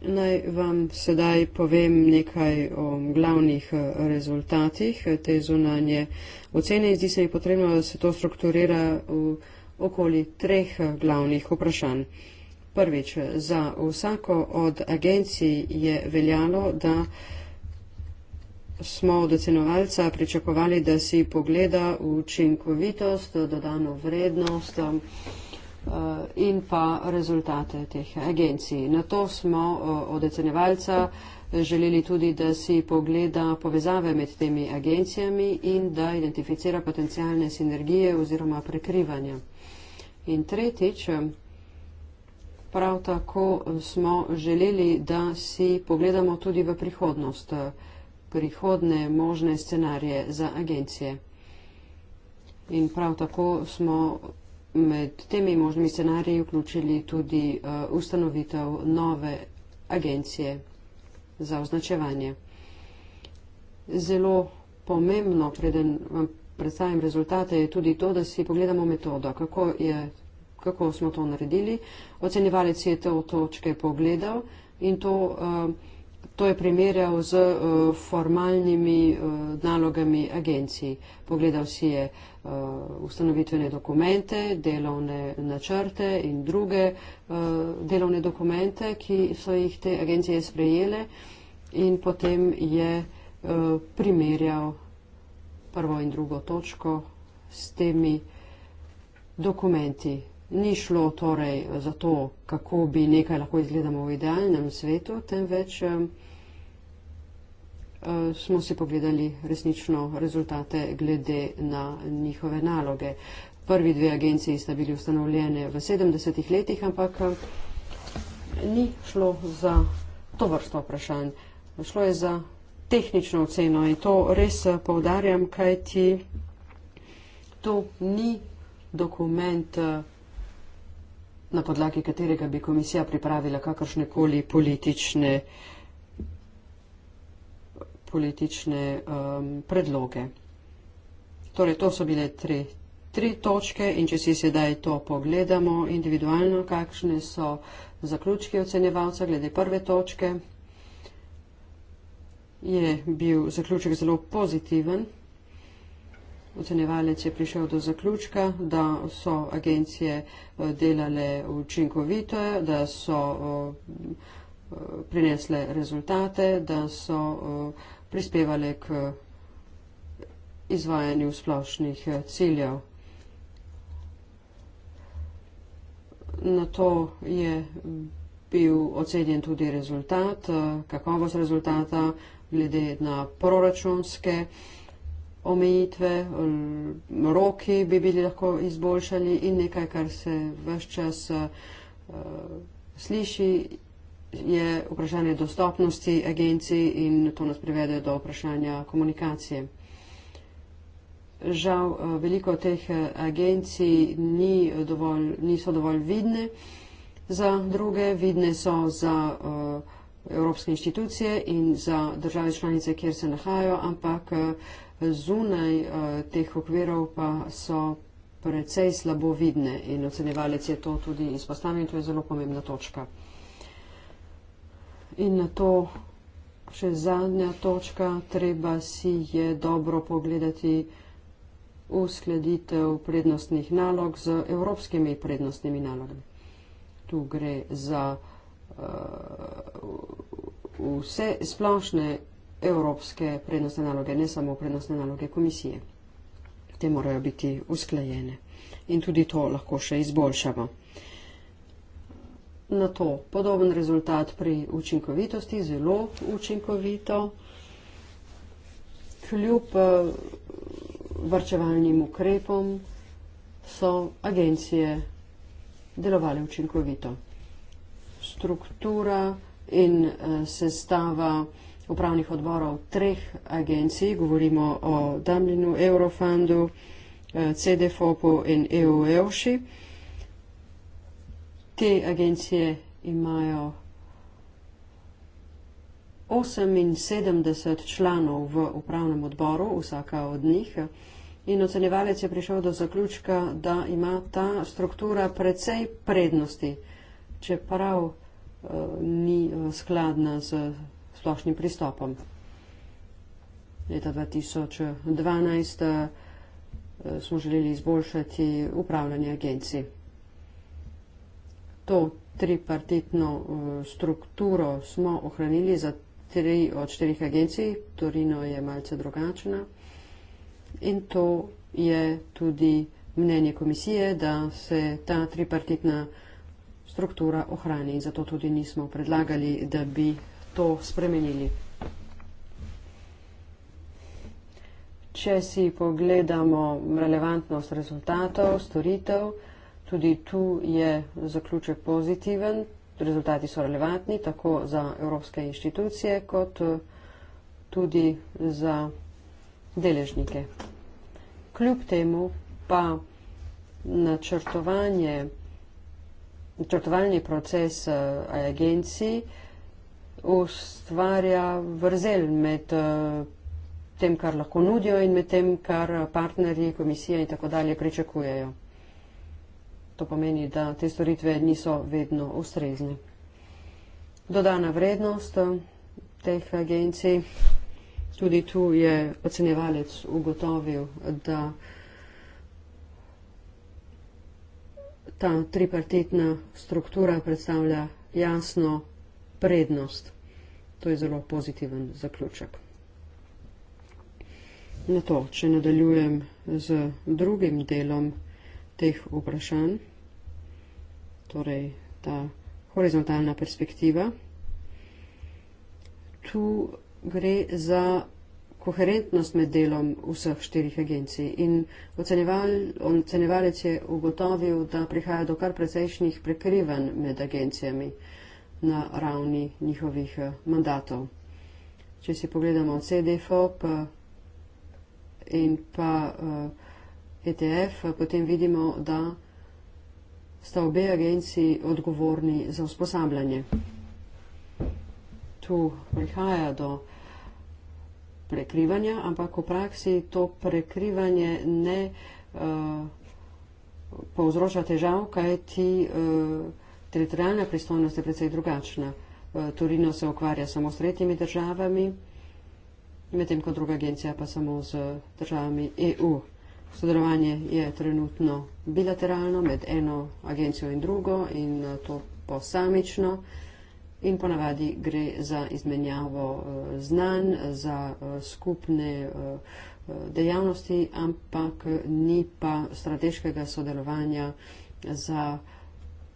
Naj vam sedaj povem nekaj o glavnih eh, rezultatih eh, te zunanje ocene. Zdi se mi potrebno, da se to strukturira v okoli treh eh, glavnih vprašanj. Prvič, za vsako od agencij je veljalo, da smo od ocenovalca pričakovali, da si pogleda učinkovitost, dodano vrednost. Eh, in pa rezultate teh agencij. Na to smo eh, od ocenevalca eh, želeli tudi, da si pogleda povezave med temi agencijami in da identificira potencijalne sinergije oziroma prekrivanja. In tretjič, prav tako smo želeli, da si pogledamo tudi v prihodnost, prihodne možne scenarije za agencije. In prav tako smo med temi možnimi scenariji vključili tudi uh, ustanovitev nove agencije za označevanje. Zelo pomembno, preden vam predstavim rezultate, je tudi to, da si pogledamo metodo, kako, je, kako smo to naredili. Ocenjevalec je to točke pogledal in to, uh, to je primerjal z uh, formalnimi uh, nalogami agencij. Pogledal si je uh, Eh, ustanovitvene dokumente, delovne načrte in druge eh, delovne dokumente, ki so jih te agencije sprejele in potem je eh, primerjal prvo in drugo točko s temi dokumenti. Ni šlo torej za to, kako bi nekaj lahko izgledamo v idealnem svetu, temveč Eh, smo si pogledali resnično rezultate glede na njihove naloge. Prvi dve agenciji sta bili ustanovljene v 70-ih letih, ampak eh, ni šlo za to vrsto vprašanj. Šlo je za tehnično oceno in to res eh, povdarjam, kaj ti to ni dokument, na podlagi katerega bi komisija pripravila kakršne koli politične uh, politične um, predloge. Torej, to so bile tri, tri točke in če si sedaj to pogledamo individualno, kakšne so zaključki ocenjevalca glede prve točke, je bil zaključek zelo pozitiven. Ocenevalec je prišel do zaključka, da so agencije uh, delale učinkovito, da so uh, uh, prinesle rezultate, da so. Uh, prispevale k eh, izvajanju splošnih eh, ciljev. Na to je bil ocenjen tudi rezultat, eh, kakovost rezultata glede na proračunske omejitve, roki bi bili lahko izboljšali in nekaj, kar se vse čas uh, sliši, je vprašanje dostopnosti agencij in to nas privede do vprašanja komunikacije. Žal, eh, veliko teh eh, agencij ni dovolj, niso dovolj vidne za druge, vidne so za uh, evropske inštitucije in za države članice, kjer se nahajajo, ampak uh, zunaj uh, teh okvirov pa so precej slabo vidne in ocenevalec je to tudi izpostavljen, to je zelo pomembna točka. In na to še zadnja točka, treba si je dobro pogledati uskladitev prednostnih nalog z evropskimi prednostnimi nalogami. Tu gre za uh, vse splošne evropske prednostne naloge, ne samo prednostne naloge komisije. Te morajo biti usklajene in tudi to lahko še izboljšamo na to. Podoben rezultat pri učinkovitosti, zelo učinkovito, kljub eh, vrčevalnim ukrepom so agencije delovali učinkovito. Struktura in eh, sestava upravnih odborov treh agencij, govorimo o Dublinu, Eurofundu, eh, CDFOP-u in EU-EUSHIP, te agencije imajo 78 članov v upravnem odboru, vsaka od njih, in ocenjevalec je prišel do zaključka, da ima ta struktura precej prednosti, čeprav eh, ni eh, skladna z splošnim pristopom. Leta 2012 eh, smo želeli izboljšati upravljanje agencije to tripartitno uh, strukturo smo ohranili za tri od štirih agencij, Torino je malce drugačna in to je tudi mnenje komisije, da se ta tripartitna struktura ohrani. Zato tudi nismo predlagali, da bi to spremenili. Če si pogledamo relevantnost rezultatov, storitev, Tudi tu je zaključek pozitiven, rezultati so relevantni tako za evropske inštitucije, kot eh, tudi za deležnike. Kljub temu pa načrtovanje, načrtovalni proces eh, agencij ustvarja vrzel med eh, tem, kar lahko nudijo in med tem, kar partnerji, komisija in tako dalje pričakujejo. To pomeni, da te storitve niso vedno ustrezne. Dodana vrednost eh, teh agencij, tudi tu je ocenjevalec ugotovil, da ta tripartitna struktura predstavlja jasno prednost. To je zelo pozitiven zaključek. Na to, če nadaljujem z drugim delom teh vprašanj torej ta horizontalna perspektiva. Tu gre za koherentnost med delom vseh štirih agencij in ocenjevalec je ugotovil, da prihaja do kar precejšnjih prekrivanj med agencijami na ravni njihovih eh, mandatov. Če si pogledamo CDFOP eh, in pa ETF, eh, e potem vidimo, da sta obe agenciji odgovorni za usposabljanje. Tu prihaja do prekrivanja, ampak v praksi to prekrivanje ne uh, povzroča težav, kaj ti uh, eh, teritorijalna pristojnost je precej drugačna. Uh, Torino se ukvarja samo s tretjimi državami, medtem ko druga agencija pa samo z državami EU. Sodelovanje je trenutno bilateralno med eno agencijo in drugo in eh, to posamično in ponavadi gre za izmenjavo eh, znanj, za eh, skupne dejavnosti, ampak ni pa strateškega sodelovanja za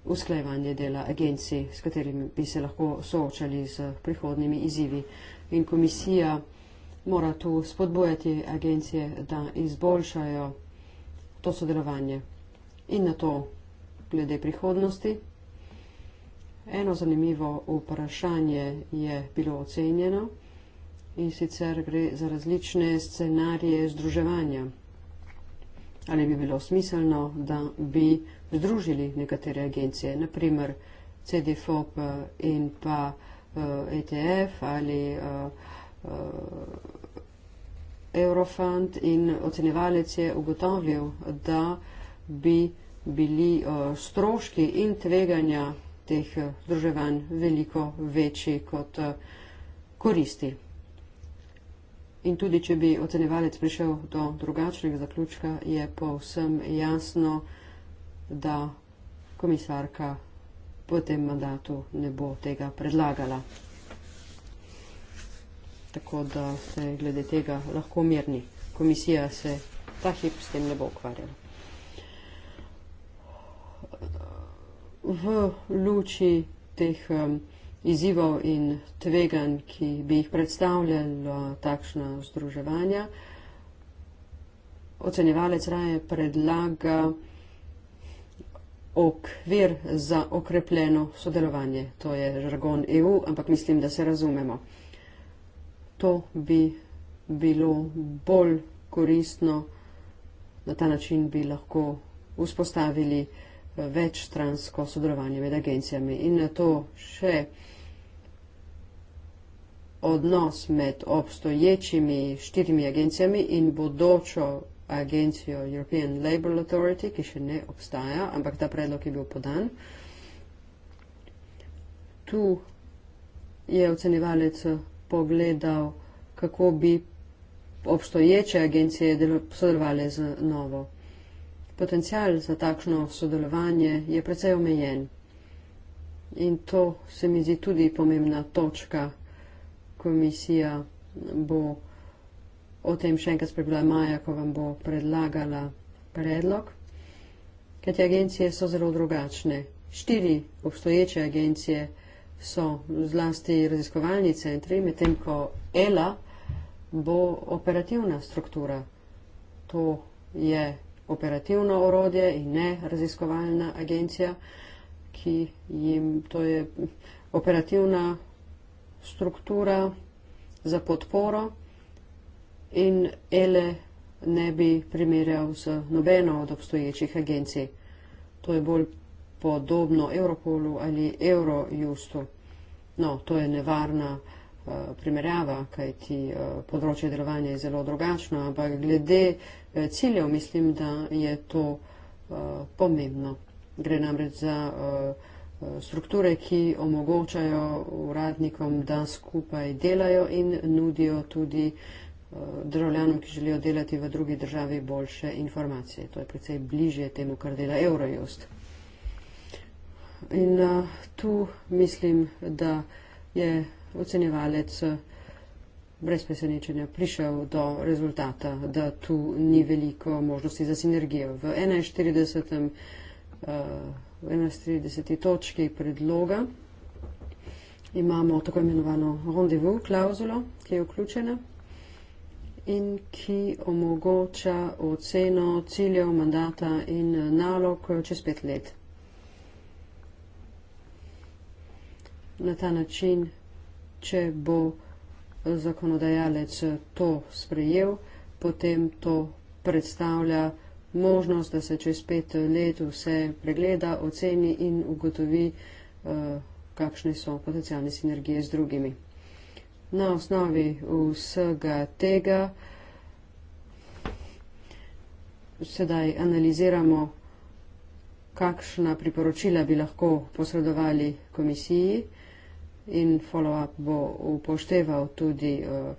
usklajevanje dela agencij, s katerimi bi se lahko soočali z prihodnimi izzivi. In komisija mora tu spodbojati agencije, da izboljšajo to sodelovanje. In na to, glede prihodnosti, eno zanimivo vprašanje je bilo ocenjeno in sicer gre za različne scenarije združevanja. Ali bi bilo smiselno, da bi združili nekatere agencije, naprimer CDFOP in pa uh, eh, ETF ali uh, uh, Eurofund in ocenjevalec je ugotovil, da bi bili uh, stroški in tveganja teh eh, združevanj veliko večji kot uh, koristi. In tudi, če bi ocenjevalec prišel do drugačnega zaključka, je povsem jasno, da komisarka po tem mandatu ne bo tega predlagala tako da se glede tega lahko mirni. Komisija se ta hip s tem ne bo ukvarjala. V luči teh um, izzivov in tvegan, ki bi jih predstavljala takšna združevanja, ocenjevalec raje predlaga okvir za okrepljeno sodelovanje. To je žargon EU, ampak mislim, da se razumemo to bi bilo bolj koristno, na ta način bi lahko vzpostavili eh, večstransko sodelovanje med agencijami in na to še odnos med obstoječimi štirimi agencijami in bodočo agencijo European Labour Authority, ki še ne obstaja, ampak ta predlog je bil podan. Tu je ocenjevalec pogledal, kako bi obstoječe agencije sodelovali z novo. Potencial za takšno sodelovanje je precej omejen. In to se mi zdi tudi pomembna točka. Komisija bo o tem še enkrat spregovorila maja, ko vam bo predlagala predlog. Ker te agencije so zelo drugačne. Štiri obstoječe agencije so zlasti raziskovalni centri, medtem ko ELA bo operativna struktura. To je operativno orodje in ne raziskovalna agencija, ki jim to je operativna struktura za podporo in ELE ne bi primerjal z nobeno od obstoječih agencij. To je bolj podobno Europolu ali Eurojustu. No, to je nevarna uh, primerjava, kaj ti uh, eh, področje delovanja je zelo drugačno, ampak glede uh, ciljev mislim, da je to uh, pomembno. Gre namreč za uh, strukture, ki omogočajo uradnikom, da skupaj delajo in nudijo tudi državljanom, ki želijo delati v drugi državi, boljše informacije. To je precej bliže temu, kar dela Eurojust. In eh, tu mislim, da je ocenjevalec eh, brez presenečenja prišel do rezultata, da tu ni veliko možnosti za sinergijo. V 41. V 31. točki predloga imamo tako imenovano rendezvous klauzulo, ki je vključena in ki omogoča oceno ciljev, mandata in eh, nalog čez pet let. na ta način, če bo zakonodajalec to sprejel, potem to predstavlja možnost, da se čez pet let vse pregleda, oceni in ugotovi, eh, kakšne so potencijalne sinergije z drugimi. Na osnovi vsega tega sedaj analiziramo, kakšna priporočila bi lahko posredovali komisiji in follow-up bo upošteval tudi uh,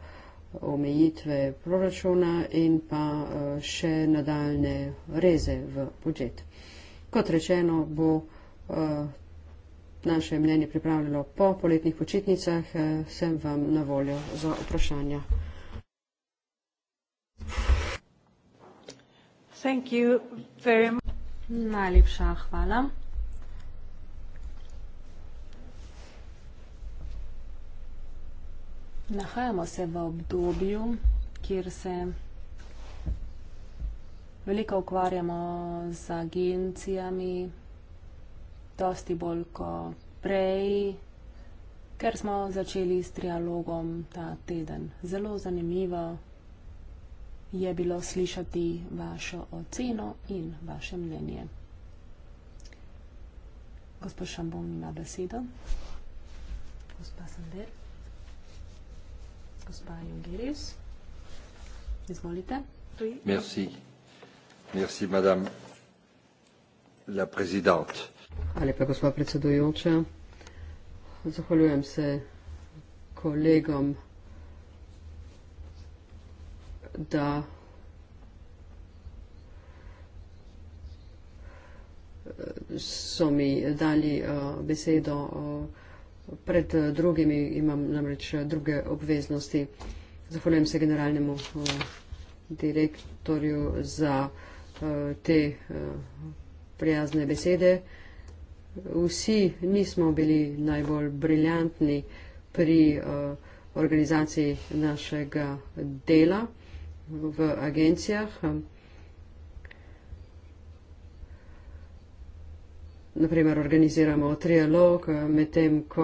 omejitve proračuna in pa uh, še nadaljne reze v budžet. Kot rečeno, bo uh, naše mnenje pripravljeno po poletnih počitnicah, uh, sem vam na voljo za vprašanja. Najlepša hvala. Nahajamo se v obdobju, kjer se veliko ukvarjamo z agencijami, dosti bolj kot prej, ker smo začeli s trialogom ta teden. Zelo zanimivo je bilo slišati vašo oceno in vaše mnenje. Gospod Šambon ima besedo. Gospod Sander gospa Jungirius. Izvolite. Oui. Merci. Merci, madame la présidente. Hvala lepa, gospod predsedujoča. Zahvaljujem se kolegom, da so mi dali uh, besedo uh, pred eh, drugimi, imam namreč eh, druge obveznosti. Zahvaljujem se generalnemu eh, direktorju za te prijazne besede. Vsi nismo bili najbolj briljantni pri organizaciji našega dela v agencijah. naprimer organiziramo trialog, medtem ko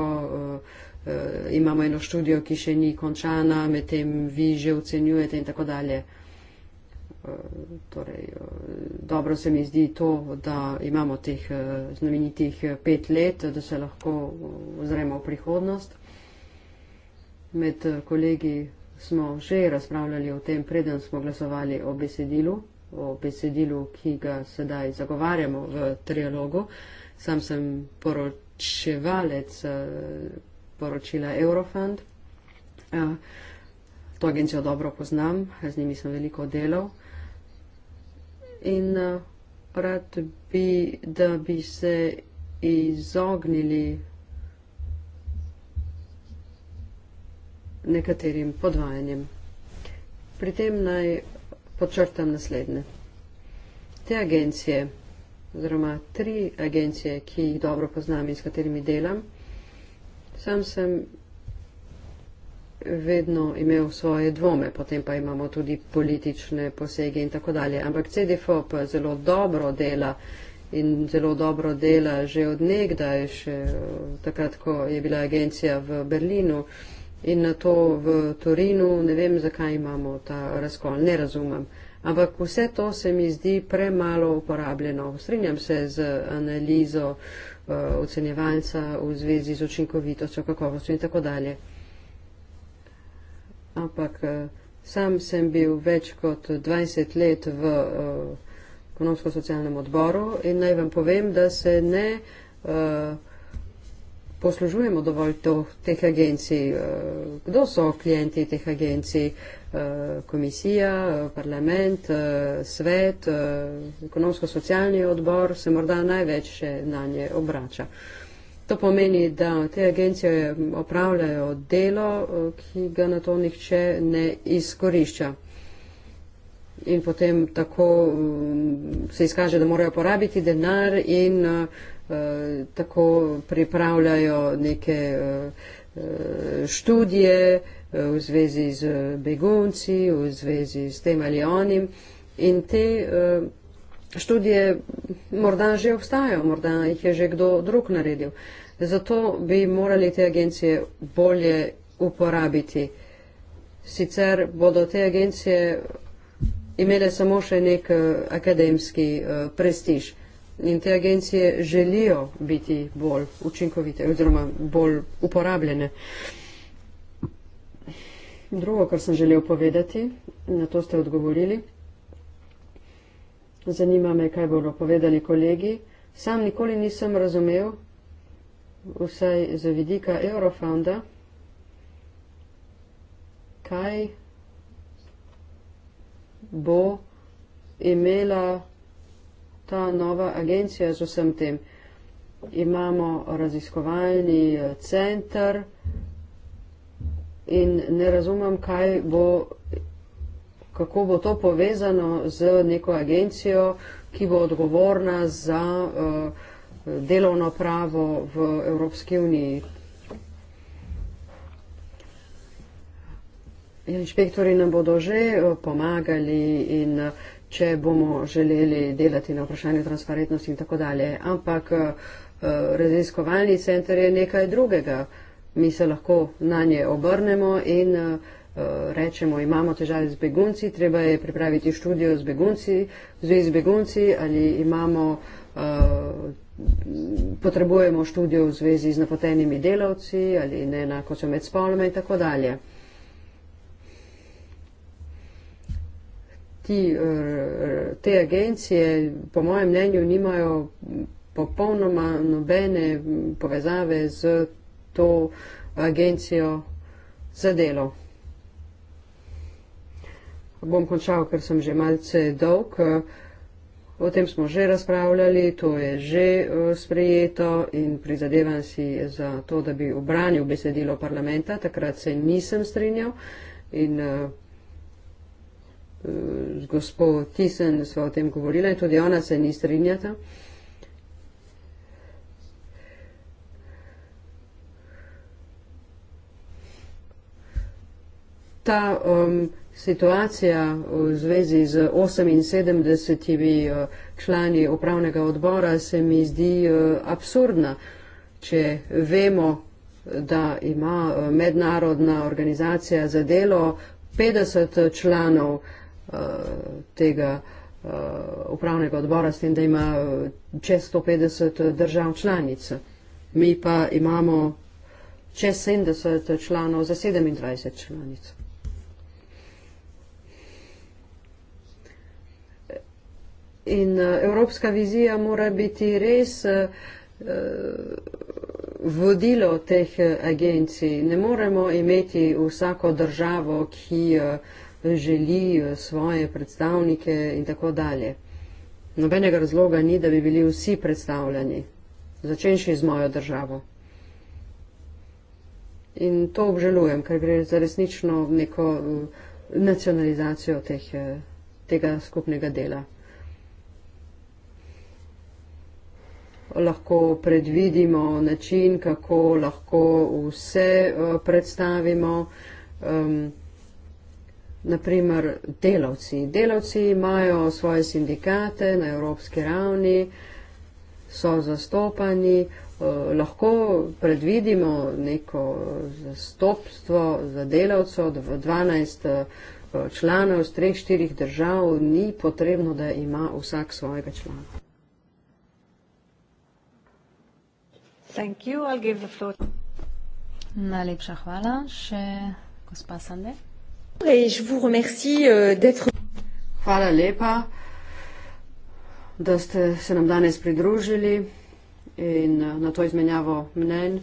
eh, eh, imamo eno študijo, ki še ni končana, medtem vi že ocenjujete in tako dalje. Eh, torej, dobro se mi zdi to, da imamo teh znamenitih pet let, da se lahko ozremo v prihodnost. Med kolegi smo že razpravljali o tem, preden smo glasovali o besedilu, o besedilu, ki ga sedaj zagovarjamo v trialogu. Uh, sam sem poročevalec eh, poročila Eurofund. To agencijo dobro poznam, z njimi sem veliko delal. In eh, rad bi, da bi se izognili nekaterim podvajanjem. Pri tem naj podčrtam naslednje. Te agencije oziroma tri agencije, ki jih dobro poznam in s katerimi delam. Sam sem vedno imel svoje dvome, potem pa imamo tudi politične posege in tako dalje. Ampak CDFOP zelo dobro dela in zelo dobro dela že od nekdaj, še takrat, ko je bila agencija v Berlinu in na to v Torinu. Ne vem, zakaj imamo ta razkol, ne razumem. Ampak vse to se mi zdi premalo uporabljeno. Strinjam se z analizo eh, ocenjevalca v zvezi z učinkovitostjo, kakovostjo in tako dalje. Ampak eh, sam sem bil več kot 20 let v eh, ekonomsko-socialnem odboru in naj vam povem, da se ne poslužujemo dovolj to, teh agencij. Kdo so klienti teh agencij? Eh, komisija, eh, parlament, eh, svet, ekonomsko-socialni odbor se morda največ še na nje obrača. To pomeni, da te agencije opravljajo delo, ki ga na to nihče ne izkorišča. In potem tako mm, se izkaže, da morajo porabiti denar in tako pripravljajo neke študije, Eh, v zvezi z eh, begunci, v zvezi s tem ali onim. In te eh, študije morda že obstajajo, morda jih je že kdo drug naredil. Zato bi morali te agencije bolje uporabiti. Sicer bodo te agencije imele samo še nek akademski prestiž. In te agencije želijo biti bolj učinkovite oziroma bolj uporabljene. Uh, Drugo, kar sem želel povedati, na to ste odgovorili. Zanima me, kaj bodo povedali kolegi. Sam nikoli nisem razumel, vsaj za vidika Eurofonda, kaj bo imela ta nova agencija z vsem tem. Imamo raziskovalni eh, center, in ne razumem, kaj bo, kako bo to povezano z neko agencijo, ki bo odgovorna za uh, delovno pravo v Evropski uniji. Inšpektori nam bodo že eh, pomagali in eh, če bomo želeli delati na vprašanju transparentnosti in tako dalje. Ampak raziskovalni center je nekaj drugega mi se lahko na nje obrnemo in eh, rečemo, imamo težave z begunci, treba je pripraviti študijo z begunci, zvezi z begunci ali imamo, eh, potrebujemo študijo v zvezi z napotenimi delavci ali neenako so med spoloma in tako dalje. Ti, eh, te agencije, po mojem mnenju, nimajo popolnoma nobene povezave z to agencijo za delo. Bom končal, ker sem že malce dolg. O tem smo že razpravljali, to je že eh, sprejeto in prizadevam si za to, da bi obranil besedilo parlamenta. Takrat se nisem strinjal in eh, z gospod Tisen sva o tem govorila in tudi ona se ni strinjata. ta um, situacija v zvezi z 78 uh, člani upravnega odbora se mi zdi uh, absurdna, če vemo, da ima uh, mednarodna organizacija za delo 50 članov tega upravnega odbora, s tem, da ima čez 150 držav članic. Mi pa imamo čez 70 članov za 27 članic. In eh, evropska vizija mora biti res eh, eh, vodilo teh agencij. Ne moremo imeti vsako državo, ki želi svoje predstavnike in tako dalje. Nobenega razloga ni, da bi bili vsi predstavljeni, začenši z mojo državo. In to obžalujem, ker gre za resnično neko nacionalizacijo teh, tega skupnega dela. lahko predvidimo način, kako lahko vse eh, predstavimo. Um, naprimer, delavci. Delavci imajo svoje sindikate na evropski ravni, so zastopani, uh, lahko predvidimo neko zastopstvo za delavco, 12 eh, članov iz 3-4 držav, ni potrebno, da ima vsak svojega člana. Thank you. I'll give the floor. Najlepša hvala. Še gospa Sande. Euh, hvala lepa, da ste se nam danes pridružili in eh, na to izmenjavo mnen.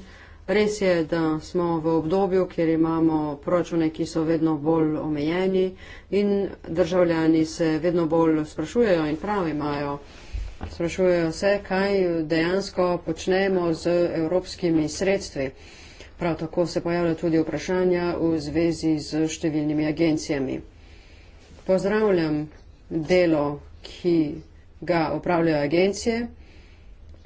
Res je, da smo v obdobju, kjer imamo proračune, ki so vedno bolj omejeni in državljani se vedno bolj sprašujejo in prav imajo Sprašujejo se, kaj dejansko počnemo z evropskimi sredstvi. Prav tako se pojavlja tudi vprašanja v zvezi z številnimi agencijami. Pozdravljam delo, ki ga upravljajo agencije.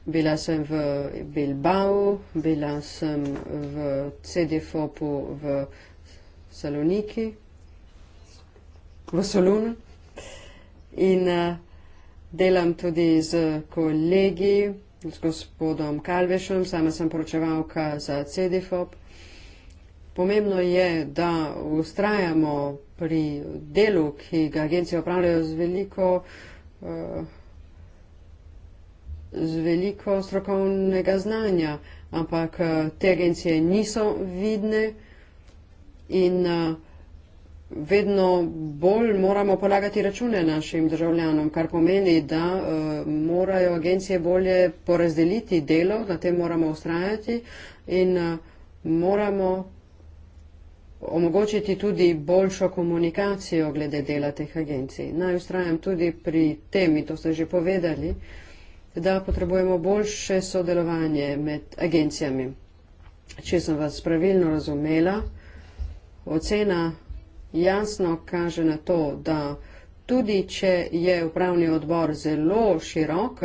Bila sem v Bilbao, bila sem v CDFOP-u v Saloniki, v Solunu. In uh, delam tudi z kolegi, z gospodom Kalvešom, sama sem poročevalka za CDFOP. Pomembno je, da ustrajamo pri delu, ki ga agencije opravljajo z veliko, eh, z veliko strokovnega znanja, ampak eh, te agencije niso vidne in uh, vedno bolj moramo polagati račune našim državljanom, kar pomeni, da uh, morajo agencije bolje porazdeliti delo, na tem moramo ustrajati in uh, moramo omogočiti tudi boljšo komunikacijo glede dela teh agencij. Naj ustrajam tudi pri temi, to ste že povedali, da potrebujemo boljše sodelovanje med agencijami. Če sem vas pravilno razumela, ocena jasno kaže na to, da tudi če je upravni odbor zelo širok,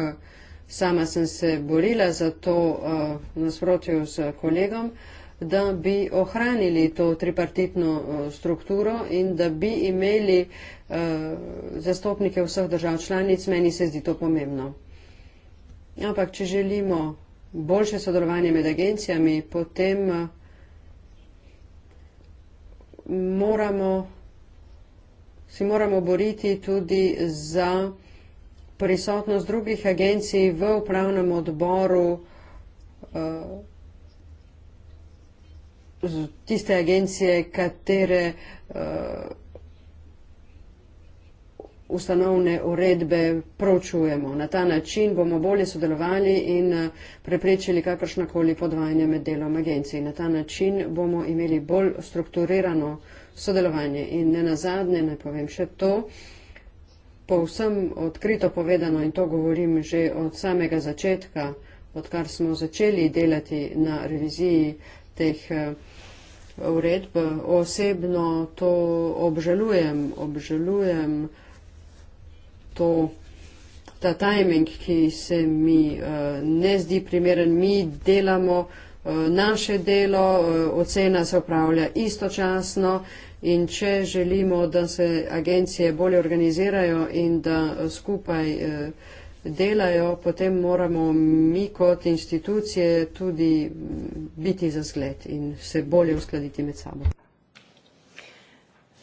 sama sem se borila za to uh, nasprotju s kolegom, da bi ohranili to tripartitno uh, strukturo in da bi imeli uh, zastopnike vseh držav članic. Meni se zdi to pomembno. Ampak, če želimo boljše sodelovanje med agencijami, potem. Uh, moramo, si moramo boriti tudi za prisotnost drugih agencij v upravnem odboru uh, tiste agencije, katere uh, ustanovne uredbe pročujemo. Na ta način bomo bolje sodelovali in eh, preprečili kakršnakoli podvajanje med delom agencij. Na ta način bomo imeli bolj strukturirano sodelovanje. In ne nazadnje, ne povem še to, povsem odkrito povedano in to govorim že od samega začetka, odkar smo začeli delati na reviziji teh eh, uredb, osebno to obžalujem, obžalujem, to, ta tajming, ki se mi uh, ne zdi primeren. Mi delamo uh, naše delo, uh, ocena se upravlja istočasno in če želimo, da se agencije bolje organizirajo in da uh, skupaj uh, delajo, potem moramo mi kot institucije tudi mm, biti za zgled in se bolje uskladiti med sabo.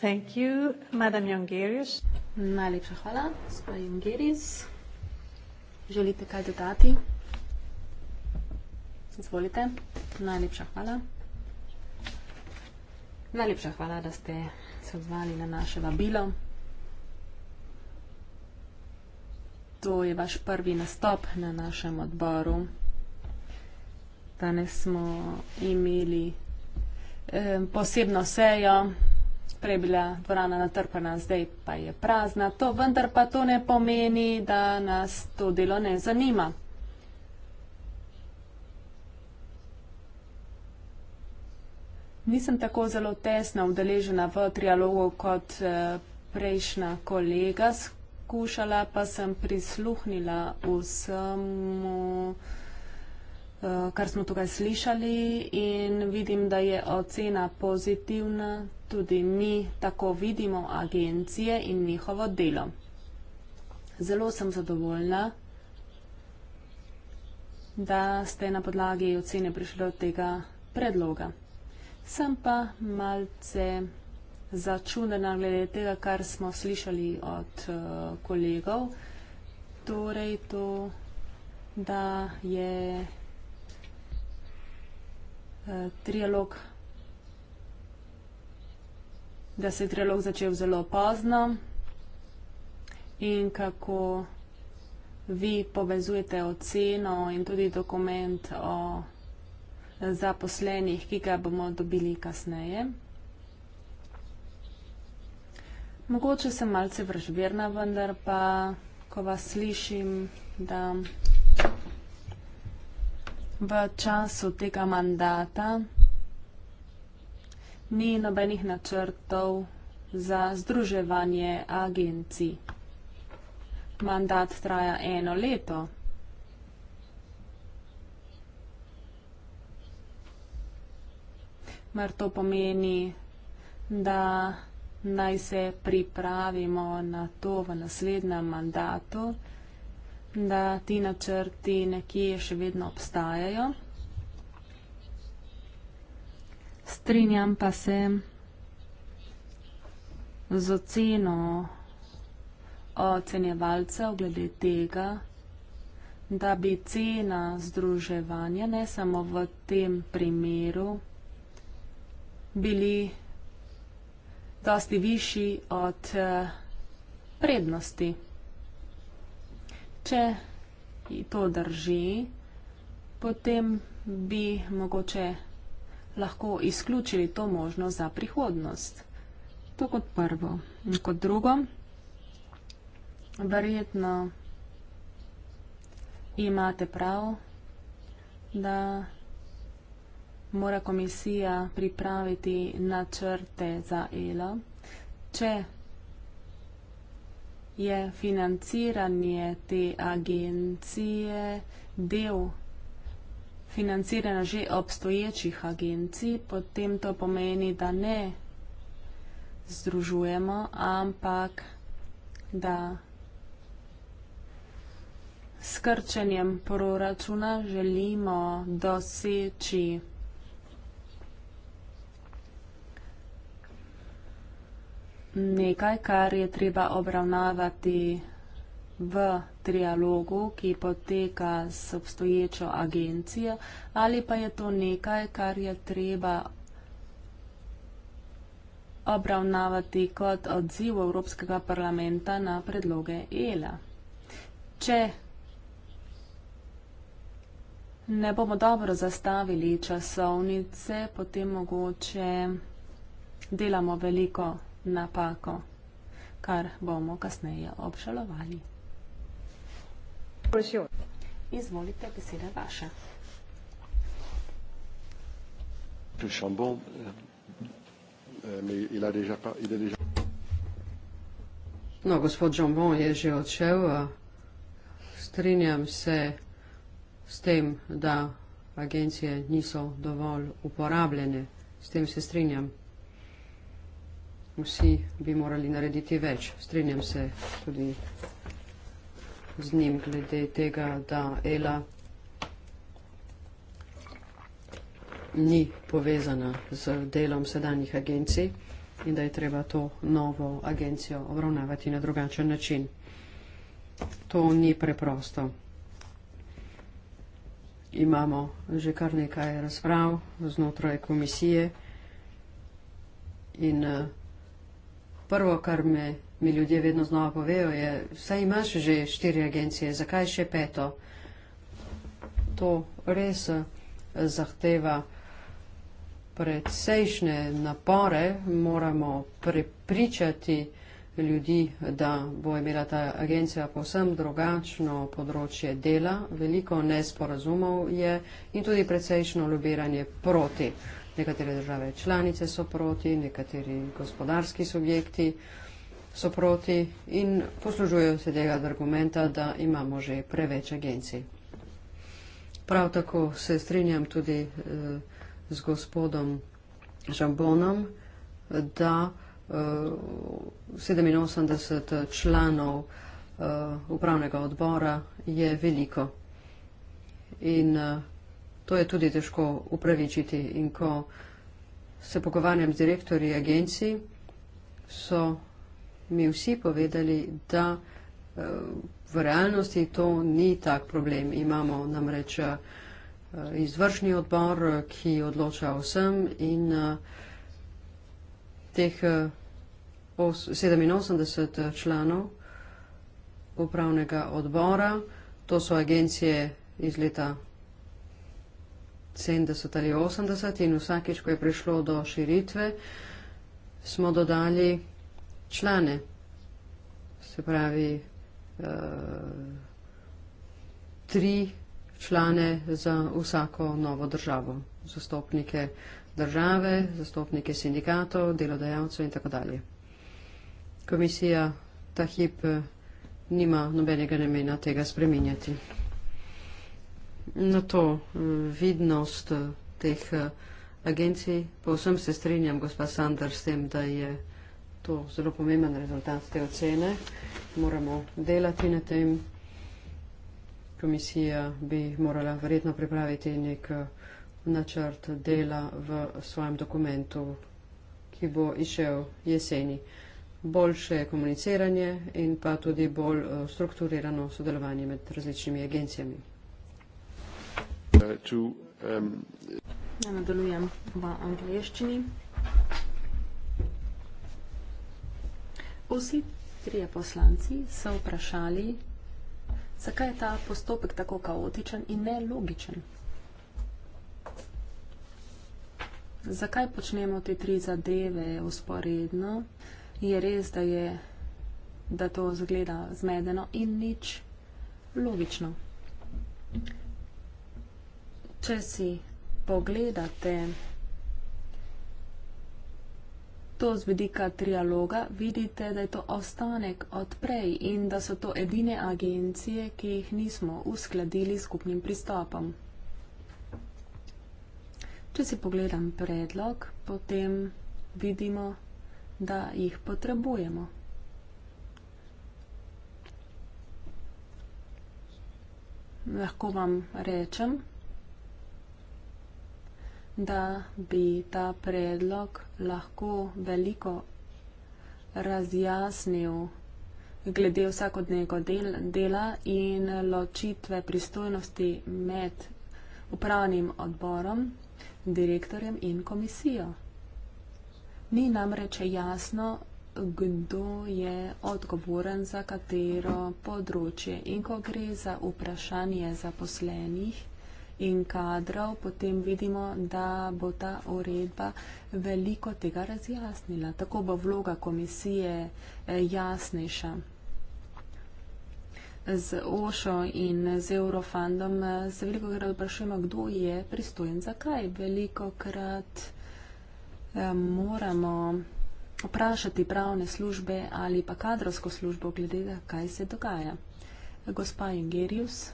Thank you, Madam Jongerius. Najlepša hvala, gospod Jongerius. Želite kaj dodati? Izvolite. Najlepša hvala. Najlepša hvala, da ste se odzvali na naše vabilo. To je vaš prvi nastop na našem odboru. Danes smo imeli eh, posebno sejo prej bila dvorana natrpana, zdaj pa je prazna. To vendar pa to ne pomeni, da nas to delo ne zanima. Nisem tako zelo tesna udeležena v trialogu kot eh, prejšnja kolega, skušala pa sem prisluhnila vsemu eh, kar smo tukaj slišali in vidim, da je ocena pozitivna, tudi mi tako vidimo agencije in njihovo delo. Zelo sem zadovoljna, da ste na podlagi ocene prišli do tega predloga. Sem pa malce začudena glede tega, kar smo slišali od eh, kolegov. Torej to, da je eh, trialog da se je trilog začel zelo pozno in kako vi povezujete oceno in tudi dokument o zaposlenih, ki ga bomo dobili kasneje. Mogoče sem malce vržvirna, vendar pa, ko vas slišim, da v času tega mandata ni nobenih načrtov za združevanje agencij. Mandat traja eno leto. Mar to pomeni, da naj se pripravimo na to v naslednjem mandatu, da ti načrti nekje še vedno obstajajo. Strinjam pa se z oceno ocenjevalcev glede tega, da bi cena združevanja, ne samo v tem primeru, bili dosti višji od prednosti. Če to drži, potem bi mogoče lahko izključili to možnost za prihodnost? To kot prvo. In kot drugo, verjetno imate prav, da mora komisija pripraviti načrte za ELO, če je financiranje te agencije del financirana že obstoječih agencij, potem to pomeni, da ne združujemo, ampak da s krčenjem proračuna želimo doseči nekaj, kar je treba obravnavati v trialogu, ki poteka s obstoječo agencijo, ali pa je to nekaj, kar je treba obravnavati kot odziv Evropskega parlamenta na predloge ELA. Če ne bomo dobro zastavili časovnice, potem mogoče delamo veliko napako, kar bomo kasneje obšalovali. Izvolite, beseda vaša. Monsieur Chambon, euh, euh, mais il a déjà pas, il est déjà. No, gospod Jambon je že odšel. Strinjam se s tem, da agencije niso dovolj uporabljene. S tem se strinjam. Vsi bi morali narediti več. Strinjam se tudi z njim glede tega, da Ela ni povezana z delom sedanjih agencij in da je treba to novo agencijo obravnavati na drugačen način. To ni preprosto. Imamo že kar nekaj razprav znotraj komisije in eh, prvo, kar me mi ljudje vedno znova povejo, je, saj imaš že štiri agencije, zakaj še peto? To res eh, zahteva predsejšnje napore, moramo prepričati ljudi, da bo imela ta agencija povsem drugačno področje dela, veliko nesporazumov je in tudi predsejšno lobiranje proti. Nekatere države članice so proti, nekateri gospodarski subjekti. Uh, so proti in poslužujejo se tega argumenta, da imamo že preveč agencij. Prav tako se strinjam tudi eh, z gospodom Žambonom, da 87 eh, članov eh, upravnega odbora je veliko. In to je tudi težko upravičiti. In ko se pogovarjam z direktorji agencij, so mi vsi povedali, da eh, v realnosti to ni tak problem. Imamo namreč eh, izvršni odbor, ki odloča vsem in eh, teh 87 članov upravnega odbora, to so agencije iz leta 70 ali 80 in vsakeč, ko je prišlo do širitve, smo dodali člane, se pravi uh, tri člane za vsako novo državo, zastopnike države, zastopnike sindikatov, delodajalcev in tako dalje. Komisija ta hip eh, nima nobenega namena tega spreminjati. Na to eh, vidnost teh agencij, povsem se strinjam, gospa Sander, s tem, da je to zelo pomemben rezultat te ocene. Moramo delati na tem. Komisija bi morala verjetno pripraviti nek eh, načrt dela v svojem dokumentu, ki bo išel jeseni. Boljše komuniciranje in pa tudi bolj eh, strukturirano sodelovanje med različnimi agencijami. Uh, to, um... Ja, nadaljujem v angliščini. Vsi trije poslanci so vprašali, zakaj je ta postopek tako kaotičen in nelogičen. Zakaj počnemo te tri zadeve usporedno? Je res, da, je, da to zgleda zmedeno in nič logično. Če si pogledate to z vidika trialoga vidite, da je to ostanek od prej in da so to edine agencije, ki jih nismo uskladili skupnim pristopom. Če si pogledam predlog, potem vidimo, da jih potrebujemo. Lahko vam rečem, da bi ta predlog lahko veliko razjasnil glede vsakodnevnega del, dela in ločitve pristojnosti med upravnim odborom, direktorjem in komisijo. Ni namreč jasno, kdo je odgovoren za katero področje in ko gre za vprašanje zaposlenih, in kadrov, potem vidimo, da bo ta uredba veliko tega razjasnila. Tako bo vloga komisije eh, jasnejša. Z Ošo in z Eurofandom eh, se veliko krat vprašujemo, kdo je pristojen za kaj. Veliko krat eh, moramo vprašati pravne službe ali pa kadrovsko službo glede, kaj se dogaja. Gospa Ingerius.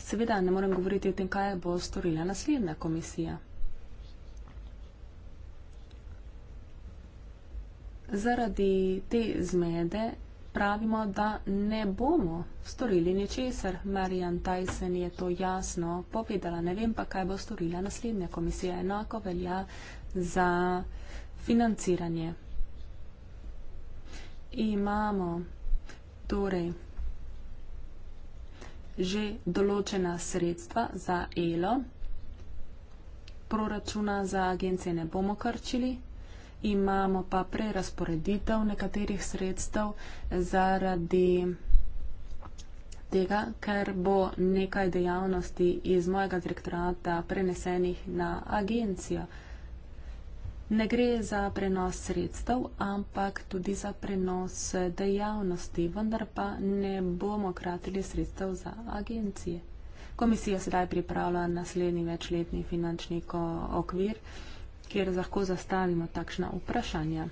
Seveda ne morem govoriti o tem, kaj bo storila naslednja komisija. Zaradi te zmede pravimo, da ne bomo storili ničesar. Marian Tyson je to jasno povedala. Ne vem pa, kaj bo storila naslednja komisija. Enako velja za financiranje. Imamo torej že določena sredstva za ELO. Proračuna za agencije ne bomo krčili, imamo pa prerasporeditev nekaterih sredstev zaradi tega, ker bo nekaj dejavnosti iz mojega direktorata prenesenih na agencijo. Ne gre za prenos sredstev, ampak tudi za prenos dejavnosti, vendar pa ne bomo kratili sredstev za agencije. Komisija sedaj pripravlja naslednji večletni finančni okvir, kjer lahko zastavimo takšna vprašanja.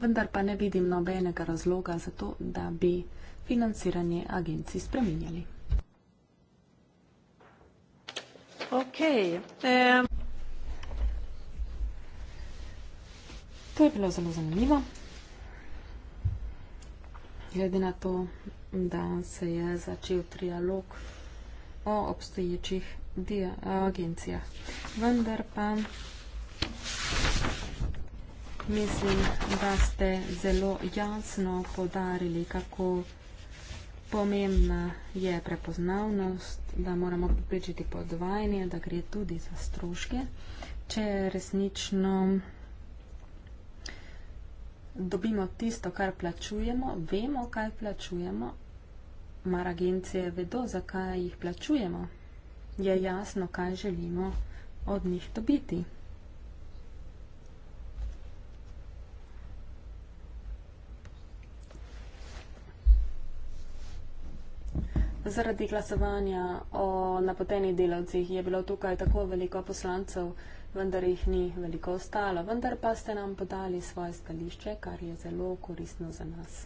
Vendar pa ne vidim nobenega razloga za to, da bi financiranje agencij spreminjali. Okay. Um. To je bilo zelo zanimivo. Glede na to, da se je začel trialog o obstoječih agencijah. Vendar pa mislim, da ste zelo jasno podarili, kako pomembna je prepoznavnost, da moramo popričiti podvajanje, da gre tudi za stroške, če resnično dobimo tisto, kar plačujemo, vemo, kaj plačujemo, mar agencije vedo, zakaj jih plačujemo, je jasno, kaj želimo od njih dobiti. Zaradi glasovanja o napotenih delavcih je bilo tukaj tako veliko poslancev, vendar jih ni veliko ostalo, vendar pa ste nam podali svoje stališče, kar je zelo koristno za nas.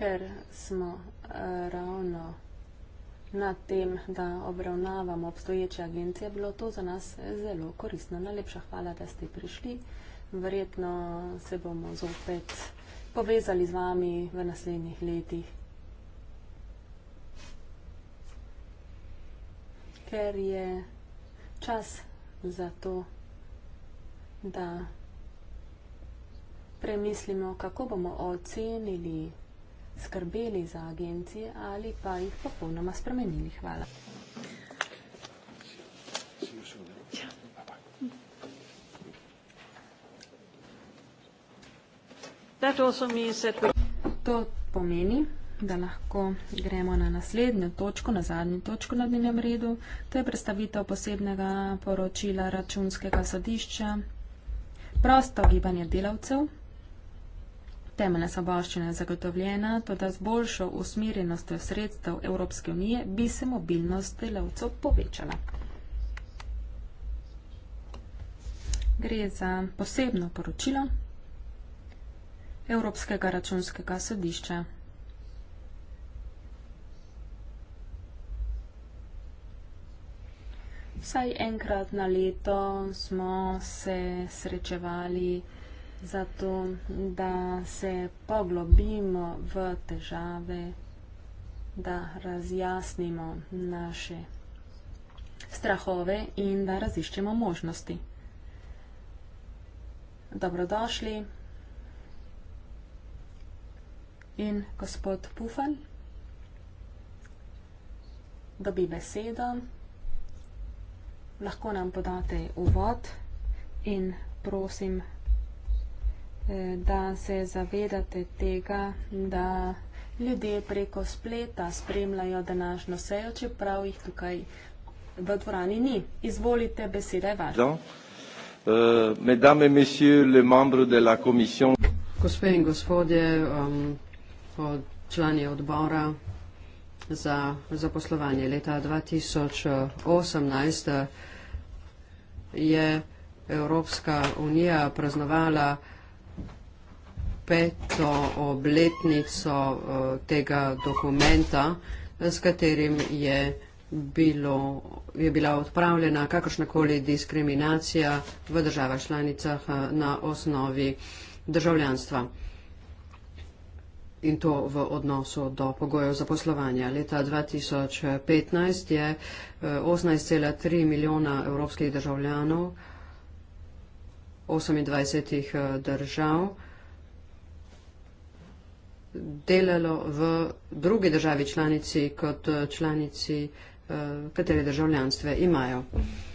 Ker smo eh, ravno na tem, da obravnavamo obstoječe agencije, bilo to za nas eh, zelo koristno. Najlepša hvala, da ste prišli verjetno se bomo zopet povezali z vami v naslednjih letih. Ker je čas za to, da premislimo, kako bomo ocenili, skrbeli za agencije ali pa jih popolnoma spremenili. Hvala. To pomeni, da lahko gremo na naslednjo točko, na zadnjo točko na dnevnem redu. To je predstavitev posebnega poročila računskega sodišča. Prosto gibanje delavcev. Temeljna soboščina je zagotovljena, tudi z boljšo usmirjenostjo sredstev Evropske unije bi se mobilnost delavcev povečala. Gre za posebno poročilo. Evropskega računskega sodišča. Vsaj enkrat na leto smo se srečevali zato, da se poglobimo v težave, da razjasnimo naše strahove in da raziščemo možnosti. Dobrodošli in gospod Pufan dobi besedo. Lahko nam podate uvod in prosim, eh, da se zavedate tega, da ljudje preko spleta spremljajo današnjo sejo, čeprav jih tukaj v dvorani ni. Izvolite, beseda je vaša. Eh, mesdames in messieurs, le membre de la komisija. Gospe in gospodje, um, člani odbora za zaposlovanje leta 2018 je Evropska unija praznovala peto obletnico eh, tega dokumenta, s katerim je, bilo, je bila odpravljena kakršnakoli diskriminacija v državah članicah eh, na osnovi državljanstva in to v odnosu do pogojev zaposlovanja. Leta 2015 je 18,3 eh, milijona evropskih državljanov 28 eh, držav delalo v drugi državi članici kot eh, članici, katere državljanstve imajo. Uh -huh.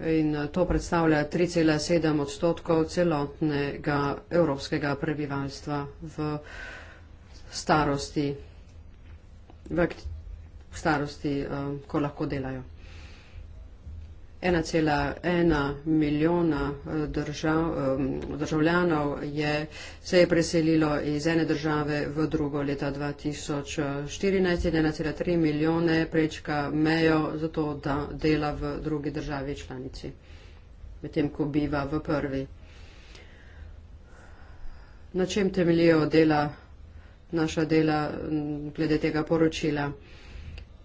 In eh, to predstavlja 3,7 odstotkov celotnega evropskega prebivalstva v starosti, v starosti eh, ko lahko delajo. 1,1 milijona eh, držav, državljanov je, se je preselilo iz ene države v drugo leta 2014 in 1,3 milijone prečka mejo za to, da dela v drugi državi članici, medtem ko biva v prvi. Na čem temeljijo dela, naša dela glede tega poročila?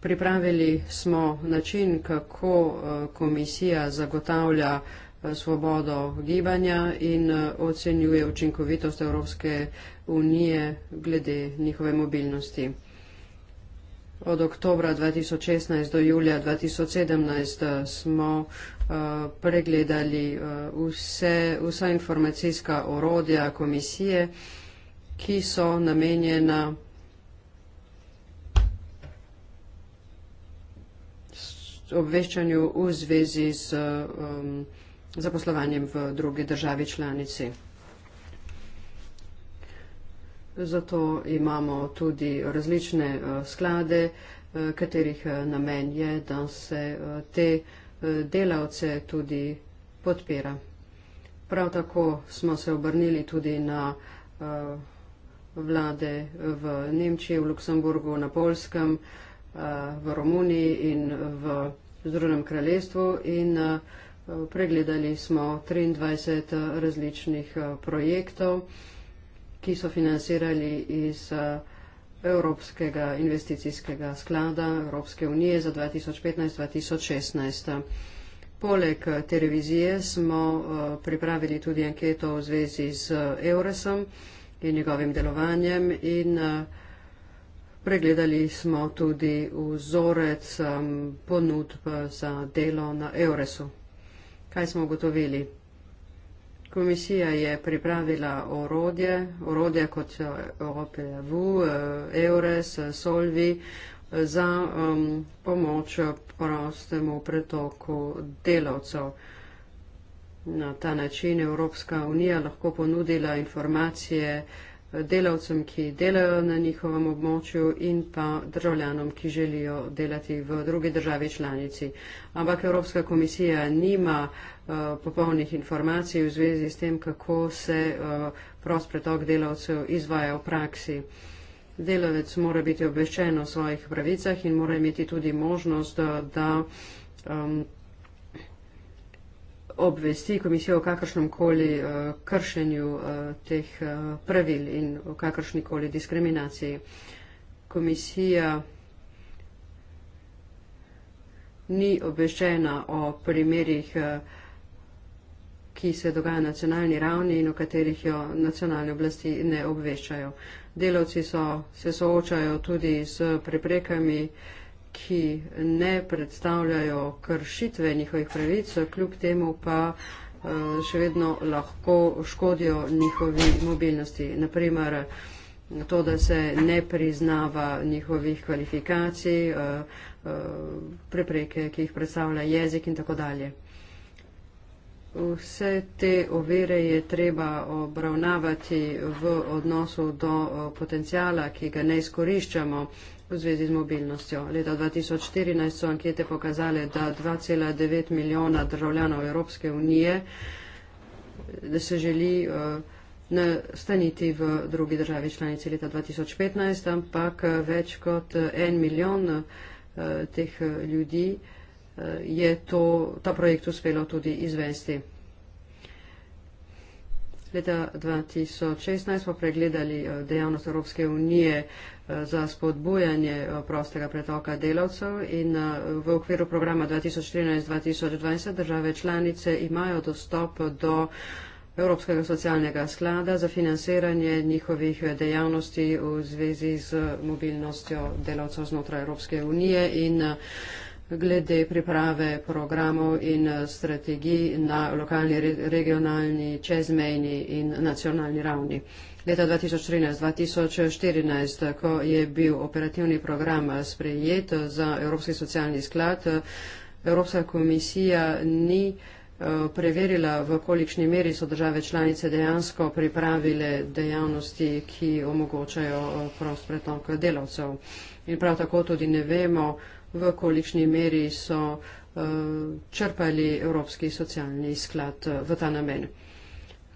Pripravili smo način, kako eh, komisija zagotavlja eh, svobodo gibanja in eh, ocenjuje učinkovitost Evropske unije glede njihove mobilnosti. Od oktobra 2016 do julija 2017 smo uh, pregledali uh, vse, vsa informacijska orodja komisije, ki so namenjena obveščanju v zvezi z um, zaposlovanjem v drugi državi članici. Zato imamo tudi različne uh, sklade, uh, katerih uh, namen je, da se uh, te uh, delavce tudi podpira. Prav tako smo se obrnili tudi na uh, vlade v Nemčiji, v Luksemburgu, na Polskem. Uh, Eh, v Romuniji in v Združenem kraljestvu in eh, pregledali smo 23 eh, različnih projektov, ki so financirali iz Evropskega investicijskega sklada Evropske unije za 2015-2016. Poleg televizije smo pripravili tudi anketo v zvezi z Euresom in njegovim delovanjem in Pregledali smo tudi vzorec um, ponudb za delo na Euresu. Kaj smo ugotovili? Komisija je pripravila orodje, orodje kot OPV, EURES, SOLVI za um, pomoč prostemu pretoku delavcev. Na ta način Evropska unija lahko ponudila informacije uh, delavcem, ki delajo na njihovem območju in pa državljanom, ki želijo delati v drugi državi članici. Ampak Evropska komisija nima uh, popolnih informacij v zvezi s tem, kako se uh, prost pretok delavcev izvaja v praksi. Delavec mora biti obveščen o svojih pravicah in mora imeti tudi možnost, eh, da. da um, obvesti komisijo o kakršnem koli eh, kršenju eh, teh eh, pravil in o kakršni koli diskriminaciji. Komisija ni obveščena o primerih, ki se dogaja na nacionalni ravni in o katerih jo nacionalne oblasti ne obveščajo. Delavci so, se soočajo tudi z preprekami, ki ne predstavljajo kršitve njihovih pravic, kljub temu pa eh, še vedno lahko škodijo njihovi mobilnosti. Naprimer, to, da se ne priznava njihovih kvalifikacij, eh, eh, prepreke, ki jih predstavlja jezik in tako dalje. Vse te ovire je treba obravnavati v odnosu do potencijala, ki ga ne izkoriščamo v zvezi z mobilnostjo. Leta 2014 so ankete pokazale, da 2,9 milijona državljanov Evropske unije se želi uh, nastaniti v drugi državi članici leta 2015, ampak eh, več kot eh, en milijon uh, teh ljudi uh, je to, ta projekt uspelo tudi izvesti. Leta 2016 smo pregledali eh, dejavnost Evropske unije eh, za spodbujanje eh, prostega pretoka delavcev in v okviru programa 2014-2020 države članice imajo dostop do Evropskega socialnega sklada za financiranje njihovih dejavnosti v zvezi z mobilnostjo delavcev znotraj Evropske unije in glede priprave programov in eh, strategij na lokalni, regionalni, čezmejni in nacionalni ravni. Leta 2013-2014, eh, ko je bil operativni program eh, sprejet za Evropski socialni sklad, Evropska komisija ni preverila, v kolikšni meri so države članice dejansko pripravile dejavnosti, ki omogočajo prost pretok delavcev. In prav tako tudi ne vemo, v kolikšni meri so eh, črpali Evropski socialni sklad eh, v ta namen.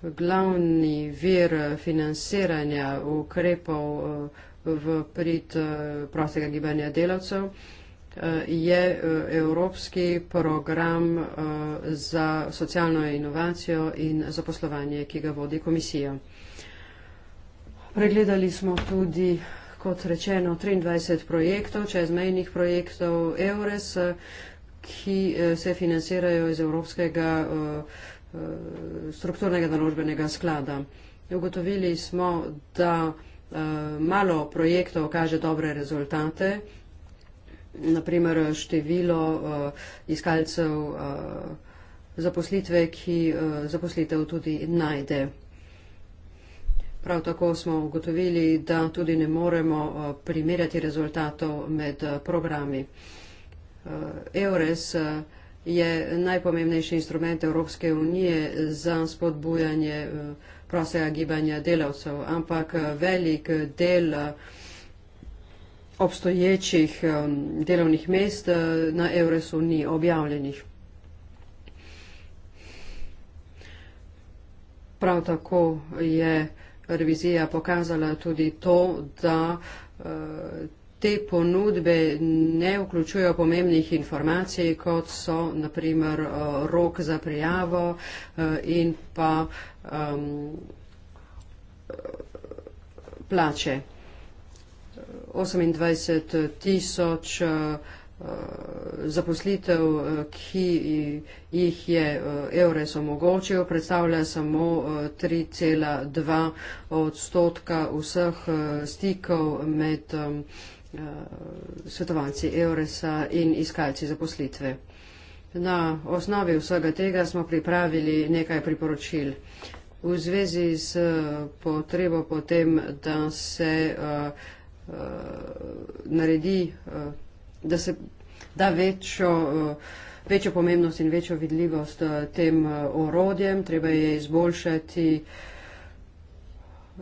Glavni vir financiranja ukrepov eh, v prid prostega gibanja delavcev je Evropski program za socialno inovacijo in zaposlovanje, ki ga vodi komisija. Pregledali smo tudi uh, kot rečeno 23 projektov, čezmejnih projektov EURES, ki eh, se financirajo iz Evropskega eh, eh, strukturnega naložbenega sklada. Ugotovili smo, da malo projektov kaže dobre rezultate, naprimer število iskalcev zaposlitve, ki zaposlitev tudi najde. Prav tako smo ugotovili, da tudi ne moremo eh, primerjati rezultatov med eh, programi. Eh, EURES je najpomembnejši instrument Evropske unije za spodbujanje prostega gibanja delavcev, ampak velik del obstoječih delovnih mest na EURES-u ni objavljenih. Prav tako je revizija pokazala tudi to, da eh, te ponudbe ne vključujejo pomembnih informacij, kot so naprimer eh, rok za prijavo eh, in pa um, plače. 28 tisoč zaposlitev, ki jih je EURES omogočil, predstavlja samo 3,2 odstotka vseh stikov med svetovalci EURES-a in iskalci zaposlitve. Na osnovi vsega tega smo pripravili nekaj priporočil. V zvezi s potrebo potem, da se uh, uh, naredi uh, da se da večjo, eh, večjo pomembnost in večjo vidljivost eh, tem eh, orodjem. Treba je izboljšati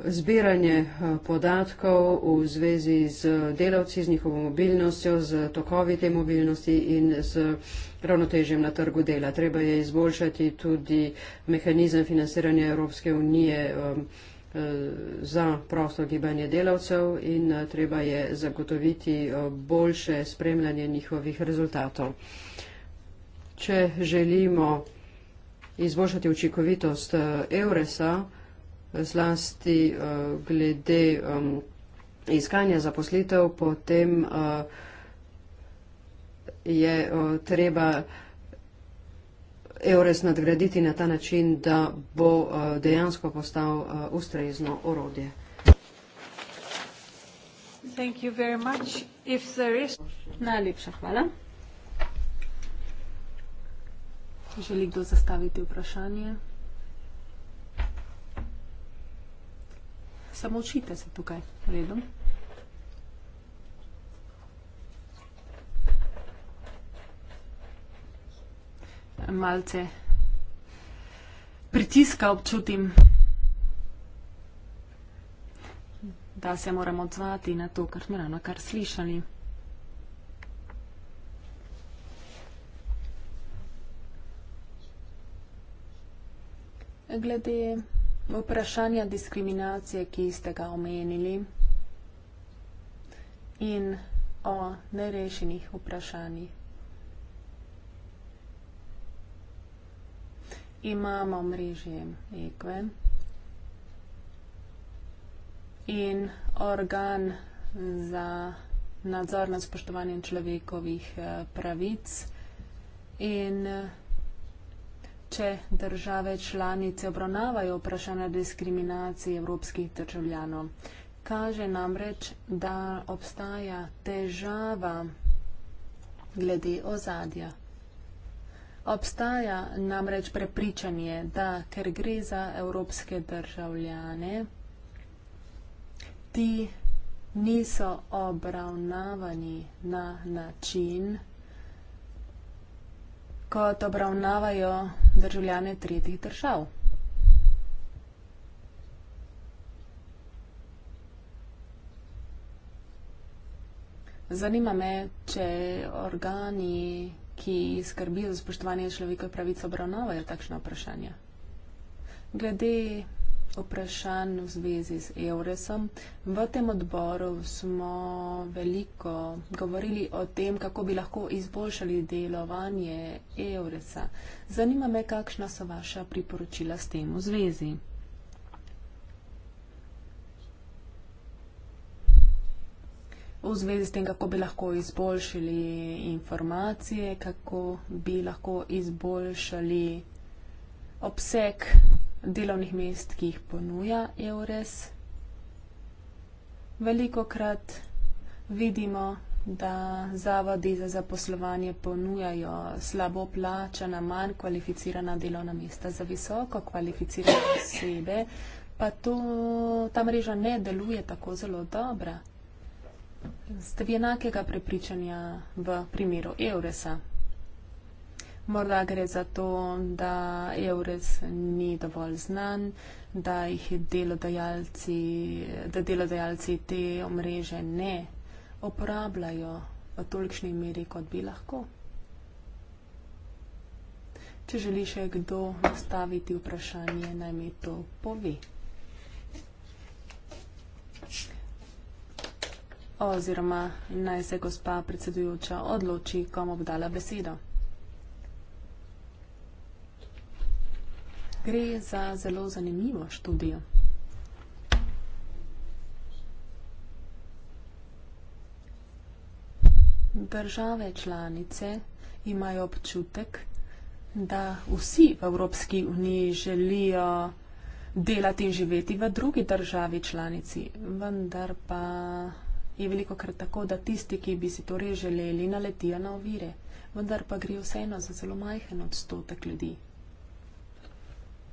zbiranje podatkov v zvezi z delavci, z njihovo mobilnostjo, z tokovi te mobilnosti in z ravnotežjem na trgu dela. Treba je izboljšati tudi mehanizem financiranja Evropske unije um, za prosto gibanje delavcev in eh, treba je zagotoviti eh, boljše spremljanje njihovih rezultatov. Če želimo izboljšati učinkovitost eh, Euresa, zlasti glede iskanja zaposlitev, potem je treba EURES nadgraditi na ta način, da bo eh, dejansko postal eh, ustrezno orodje. Najlepša hvala. Želi kdo zastaviti vprašanje? Samo učite se tukaj, redom. malce pritiska občutim. Da se moramo odzvati na to, kar smo ravno kar slišali. Glede vprašanja diskriminacije, ki ste ga omenili, in o nerešenih vprašanjih. imamo mrežje ekve in organ za nadzor nad spoštovanjem človekovih eh, pravic in eh, če države članice obravnavajo vprašanje diskriminacije evropskih državljanov. Kaže namreč, da obstaja težava glede ozadja. Obstaja namreč prepričanje, da ker gre za evropske državljane, ti niso obravnavani na način, kot obravnavajo državljane tretjih držav. Zanima me, če organi ki skrbijo za spoštovanje človekove pravice, obravnavajo takšne vprašanja. Glede vprašanj v zvezi z Euresom, v tem odboru smo veliko govorili o tem, kako bi lahko izboljšali delovanje Euresa. Zanima me, kakšna so vaša priporočila s tem v zvezi. v zvezi s tem, kako bi lahko izboljšali informacije, kako bi lahko izboljšali obseg delovnih mest, ki jih ponuja EURES. Veliko krat vidimo, da zavodi za zaposlovanje ponujajo slabo plačana, manj kvalificirana delovna mesta za visoko kvalificirane osebe, pa to, ta mreža ne deluje tako zelo dobro. Ste vi enakega prepričanja v primeru Euresa? Morda gre za to, da Eures ni dovolj znan, da jih delodajalci, da delodajalci te omreže ne uporabljajo v tolikšni meri, kot bi lahko. Če želi še kdo nastaviti vprašanje, naj mi to pove. oziroma naj se gospa predsedujoča odloči, komu bo dala besedo. Gre za zelo zanimivo študijo. Države članice imajo občutek, da vsi v Evropski uniji želijo delati in živeti v drugi državi članici, vendar pa je veliko krat tako, da tisti, ki bi si torej želeli, naletijo na ovire, vendar pa gre vseeno za zelo majhen odstotek ljudi.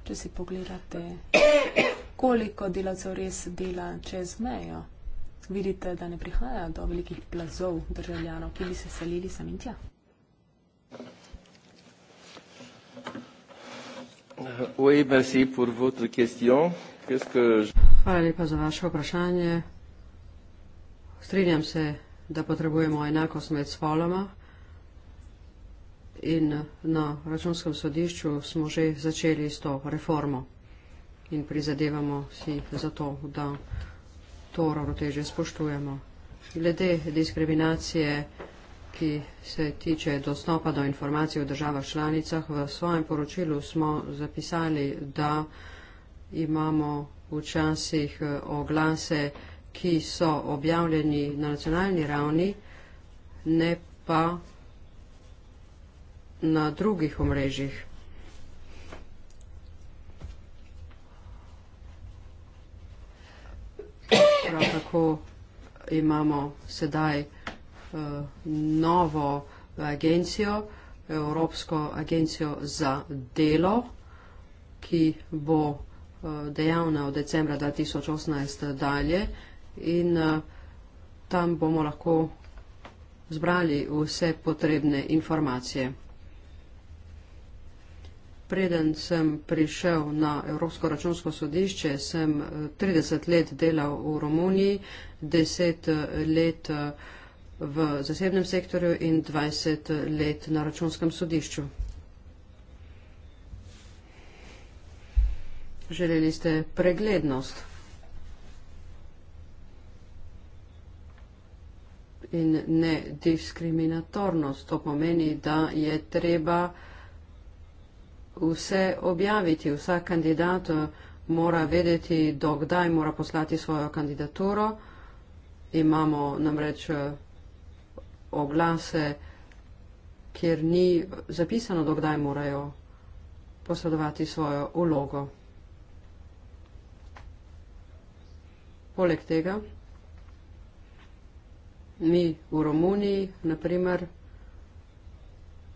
Če si pogledate, koliko delavcev res dela čez mejo, vidite, da ne prihaja do velikih plazov državljanov, ki bi se selili sem in tja. Hvala lepa za vaše vprašanje. Strinjam se, da potrebujemo enakost med spoloma in na računskem sodišču smo že začeli s to reformo in prizadevamo si za to, da to ravnoteže spoštujemo. Glede diskriminacije, ki se tiče dostopa do informacij v državah članicah, v svojem poročilu smo zapisali, da imamo včasih oglase, ki so objavljeni na nacionalni ravni, ne pa na drugih omrežjih. Prav tako imamo sedaj uh, novo agencijo, Evropsko agencijo za delo, ki bo uh, dejavna od decembra 2018 dalje in eh, tam bomo lahko zbrali vse potrebne informacije. Preden sem prišel na Evropsko računsko sodišče, sem 30 eh, let delal v Romuniji, 10 eh, let v zasebnem sektorju in 20 let na računskem sodišču. Želeli ste preglednost. in ne diskriminatornost. To pomeni, da je treba vse objaviti. Vsak kandidat eh, mora vedeti, dokdaj mora poslati svojo kandidaturo. Imamo namreč eh, oglase, kjer ni zapisano, dokdaj morajo posredovati svojo vlogo. Poleg tega Mi v Romuniji, na primer,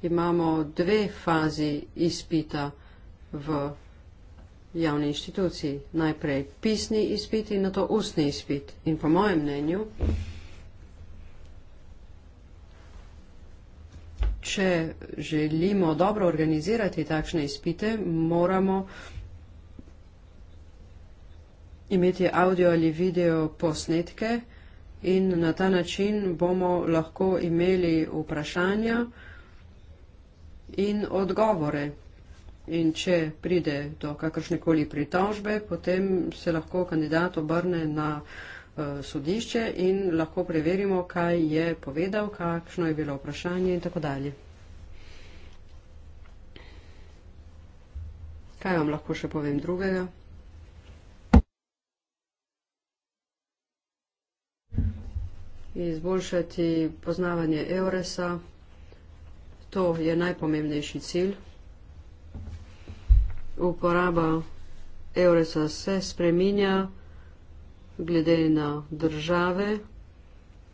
imamo dve fazi izpita v javni inštituciji. Najprej pisni izpit in nato ustni izpit. In po mojem mnenju, če želimo dobro organizirati takšne izpite, moramo imeti audio ali video posnetke, in na ta način bomo lahko imeli vprašanja in odgovore. In če pride do kakršnekoli pritožbe, potem se lahko kandidat obrne na eh, sodišče in lahko preverimo, kaj je povedal, kakšno je bilo vprašanje in tako dalje. Kaj vam lahko še povem drugega? izboljšati poznavanje Euresa. To je najpomembnejši cilj. Uporaba Euresa se spreminja glede na države,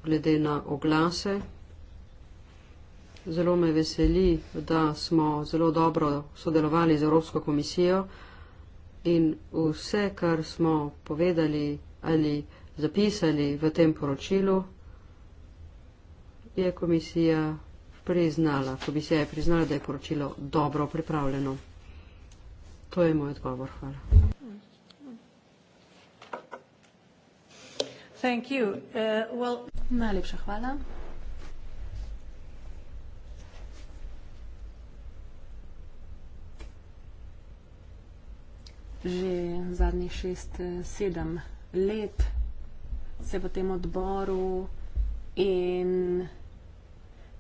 glede na oglase. Zelo me veseli, da smo zelo dobro sodelovali z Evropsko komisijo in vse, kar smo povedali ali zapisali v tem poročilu, je komisija priznala. Komisija je priznala, da je poročilo dobro pripravljeno. To je moj odgovor. Hvala. Thank you. Uh, well... Najlepša hvala. Že zadnjih šest, sedem let se v tem odboru in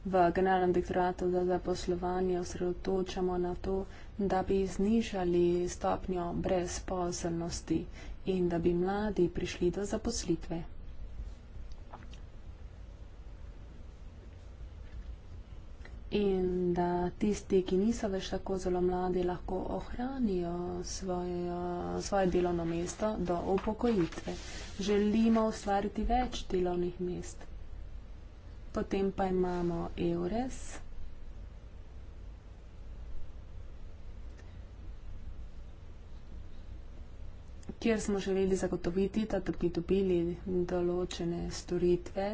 v Generalnem direktoratu za zaposlovanje osredotočamo na to, da bi znižali stopnjo brezposelnosti in da bi mladi prišli do zaposlitve. In da tisti, ki niso več tako zelo mladi, lahko ohranijo svojo, svoje delovno mesto do upokojitve. Želimo ustvariti več delovnih mest potem pa imamo EURES. kjer smo želeli zagotoviti, da bi dobili določene storitve,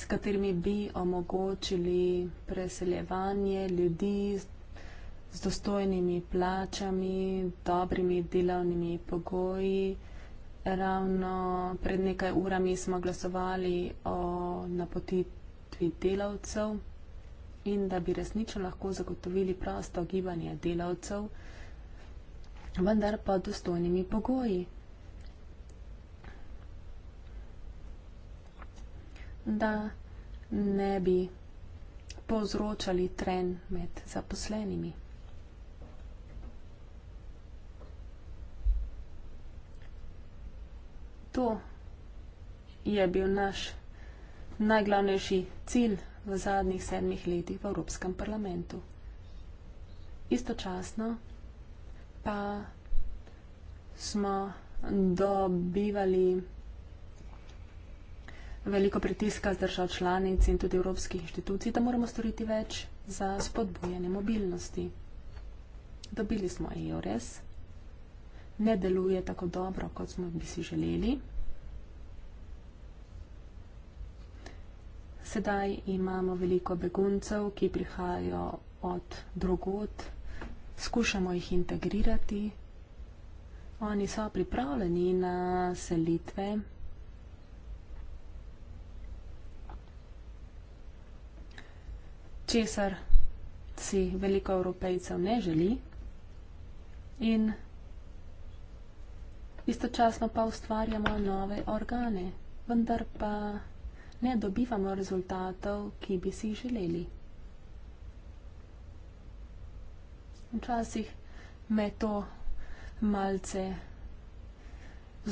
s katerimi bi omogočili preseljevanje ljudi z dostojnimi plačami, dobrimi delovnimi pogoji. Ravno pred nekaj urami smo glasovali o napotitvi zaposlitvi delavcev in da bi resnično lahko zagotovili prosto gibanje delavcev, vendar pa dostojnimi pogoji. Da ne bi povzročali tren med zaposlenimi. To je bil naš najglavnejši cilj v zadnjih sedmih letih v Evropskem parlamentu. Istočasno pa smo dobivali veliko pritiska z držav članic in tudi evropskih inštitucij, da moramo storiti več za spodbujanje mobilnosti. Dobili smo EURES, ne deluje tako dobro, kot smo bi si želeli. Sedaj imamo veliko beguncev, ki prihajajo od drugot, skušamo jih integrirati. Oni so pripravljeni na selitve. Česar si veliko evropejcev ne želi in istočasno pa ustvarjamo nove organe, vendar pa ne dobivamo rezultatov, ki bi si jih želeli. Včasih me to malce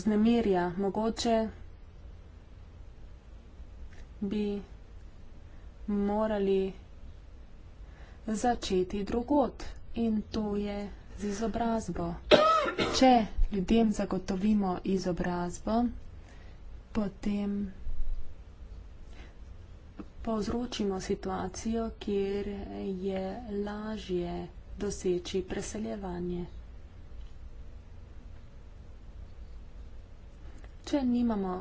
znemirja. Mogoče bi morali začeti drugot in to je z izobrazbo. Če ljudem zagotovimo izobrazbo, potem povzročimo situacijo, kjer je lažje doseči preseljevanje. Če nimamo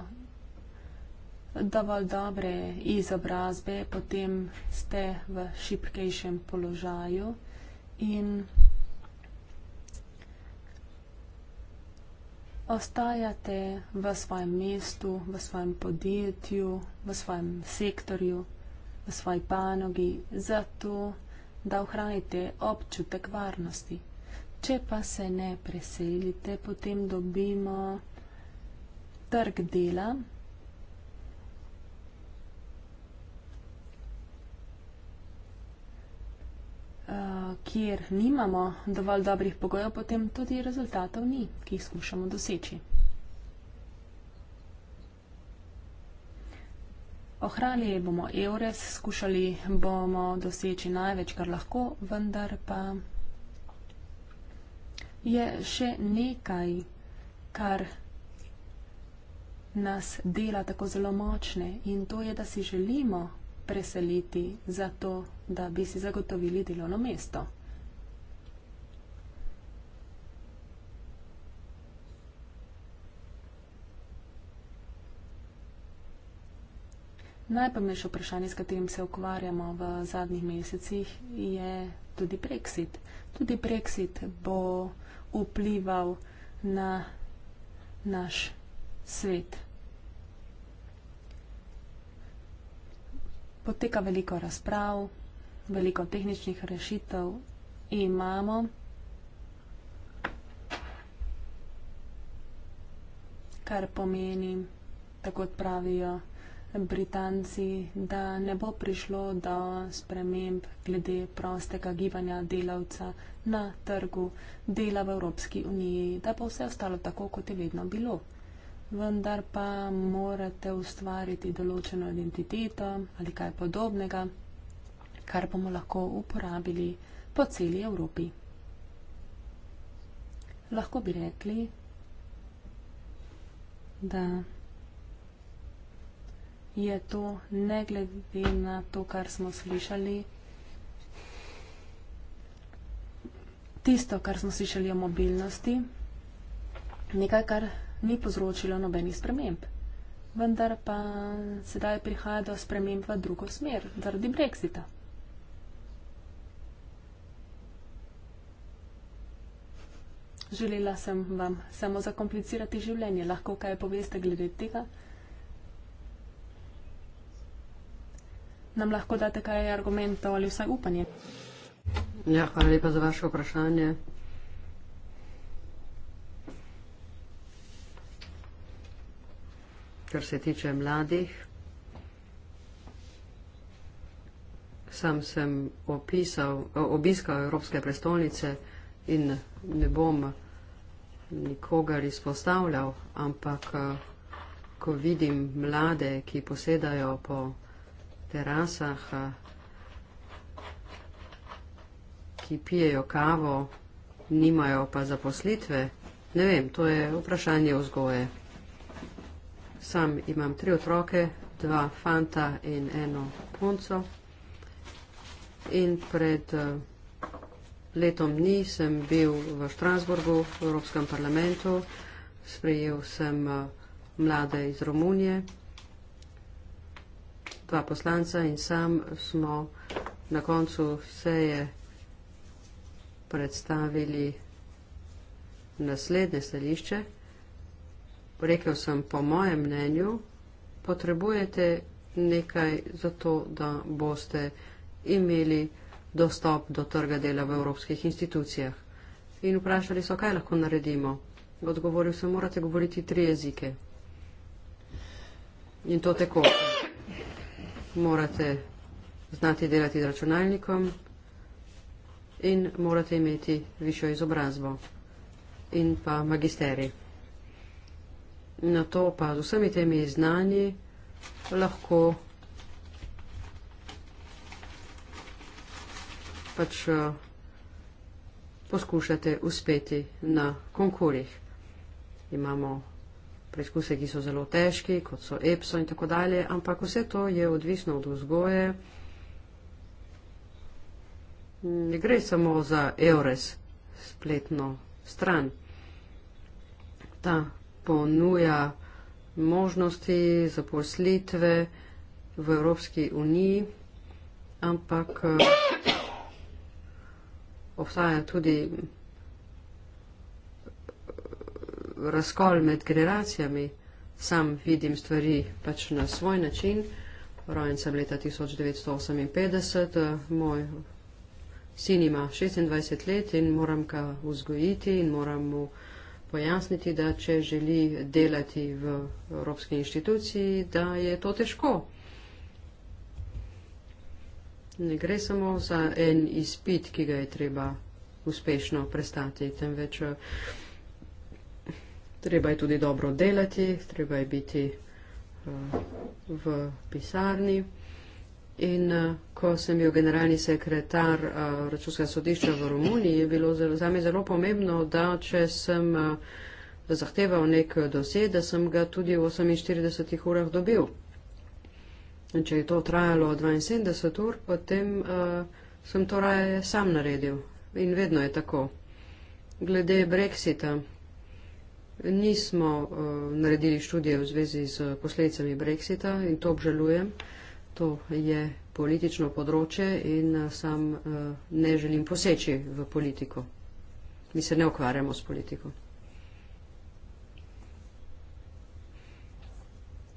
dovolj dobre izobrazbe, potem ste v šipkejšem položaju in ostajate v svojem mestu, v svojem podjetju, v svojem sektorju, v svoji panogi, zato da ohranite občutek varnosti. Če pa se ne preselite, potem dobimo trg dela, Eh, kjer nimamo dovolj dobrih pogojev, potem tudi rezultatov ni, ki jih skušamo doseči. Ohranili bomo EURES, skušali bomo doseči največ, kar lahko, vendar pa je še nekaj, kar nas dela tako zelo močne in to je, da si želimo preseliti za to da bi si zagotovili delovno mesto. Najpomembnejše vprašanje, s katerim se ukvarjamo v zadnjih mesecih, je tudi Brexit. Tudi Brexit bo vplival na naš svet. Poteka veliko razprav, veliko tehničnih rešitev imamo. Kar pomeni, tako pravijo Britanci, da ne bo prišlo do sprememb glede prostega gibanja delavca na trgu dela v Evropski uniji, da bo vse ostalo tako, kot je vedno bilo. Vendar pa morate ustvariti določeno identiteto ali kaj podobnega kar bomo lahko uporabili po celi Evropi. Lahko bi rekli, da je to ne glede na to, kar smo slišali, tisto, kar smo slišali o mobilnosti, nekaj, kar ni povzročilo nobenih sprememb. Vendar pa sedaj prihaja do sprememb v drugo smer, zaradi Brexita. Želela sem vam samo zakomplicirati življenje. Lahko kaj poveste glede tega? Nam lahko date kaj argumentov ali vsaj upanje? Ja, hvala lepa za vaše vprašanje. Kar se tiče mladih, sam sem opisal, obiskal Evropske prestolnice in ne bom nikogar izpostavljal, ampak eh, ko vidim mlade, ki posedajo po terasah, eh, ki pijejo kavo, nimajo pa zaposlitve, ne vem, to je vprašanje vzgoje. Sam imam tri otroke, dva fanta in eno punco. In pred eh, letom dni sem bil v Štrasburgu v Evropskem parlamentu, sprejel sem eh, mlade iz Romunije, dva poslanca in sam smo na koncu seje predstavili naslednje stališče. Rekel sem, po mojem mnenju, potrebujete nekaj za to, da boste imeli dostop do trga dela v evropskih institucijah. In vprašali so, kaj lahko naredimo. Odgovoril sem, morate govoriti tri jezike. In to tako. Morate znati delati z računalnikom in morate imeti višjo izobrazbo in pa magisteri. Na to pa z vsemi temi znanji lahko pač eh, poskušate uspeti na konkurjih. Imamo preizkuse, ki so zelo težki, kot so EPSO in tako dalje, ampak vse to je odvisno od vzgoje. Ne gre samo za EURES spletno stran. Ta ponuja možnosti za poslitve v Evropski uniji, ampak eh, obstaja tudi razkol med generacijami. Sam vidim stvari pač na svoj način. Rojen sem leta 1958, moj sin ima 26 let in moram ga vzgojiti in moram mu pojasniti, da če želi delati v Evropski inštituciji, da je to težko. Ne gre samo za en izpit, ki ga je treba uspešno prestati, temveč eh, treba je tudi dobro delati, treba je biti eh, v pisarni. In eh, ko sem bil generalni sekretar računskega sodišča v Romuniji, je bilo za me zelo pomembno, da če sem zahteval nek dosed, da sem ga tudi v 48 urah dobil. In če je to trajalo 72 ur, potem uh, sem to raje sam naredil. In vedno je tako. Glede Brexita, nismo uh, naredili študije v zvezi z posledicami Brexita in to obžalujem. To je politično področje in uh, sam uh, ne želim poseči v politiko. Mi se ne ukvarjamo s politiko.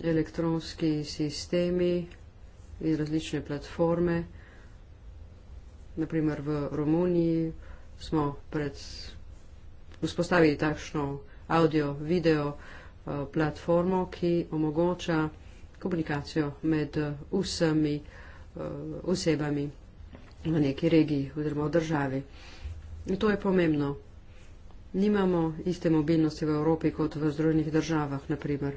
elektronski sistemi in različne platforme. Naprimer v Romuniji smo pred vzpostavili takšno audio-video eh, platformo, ki omogoča komunikacijo med eh, vsemi eh, osebami v neki regiji oziroma v državi. In to je pomembno. Nimamo iste mobilnosti v Evropi kot v združenih državah, naprimer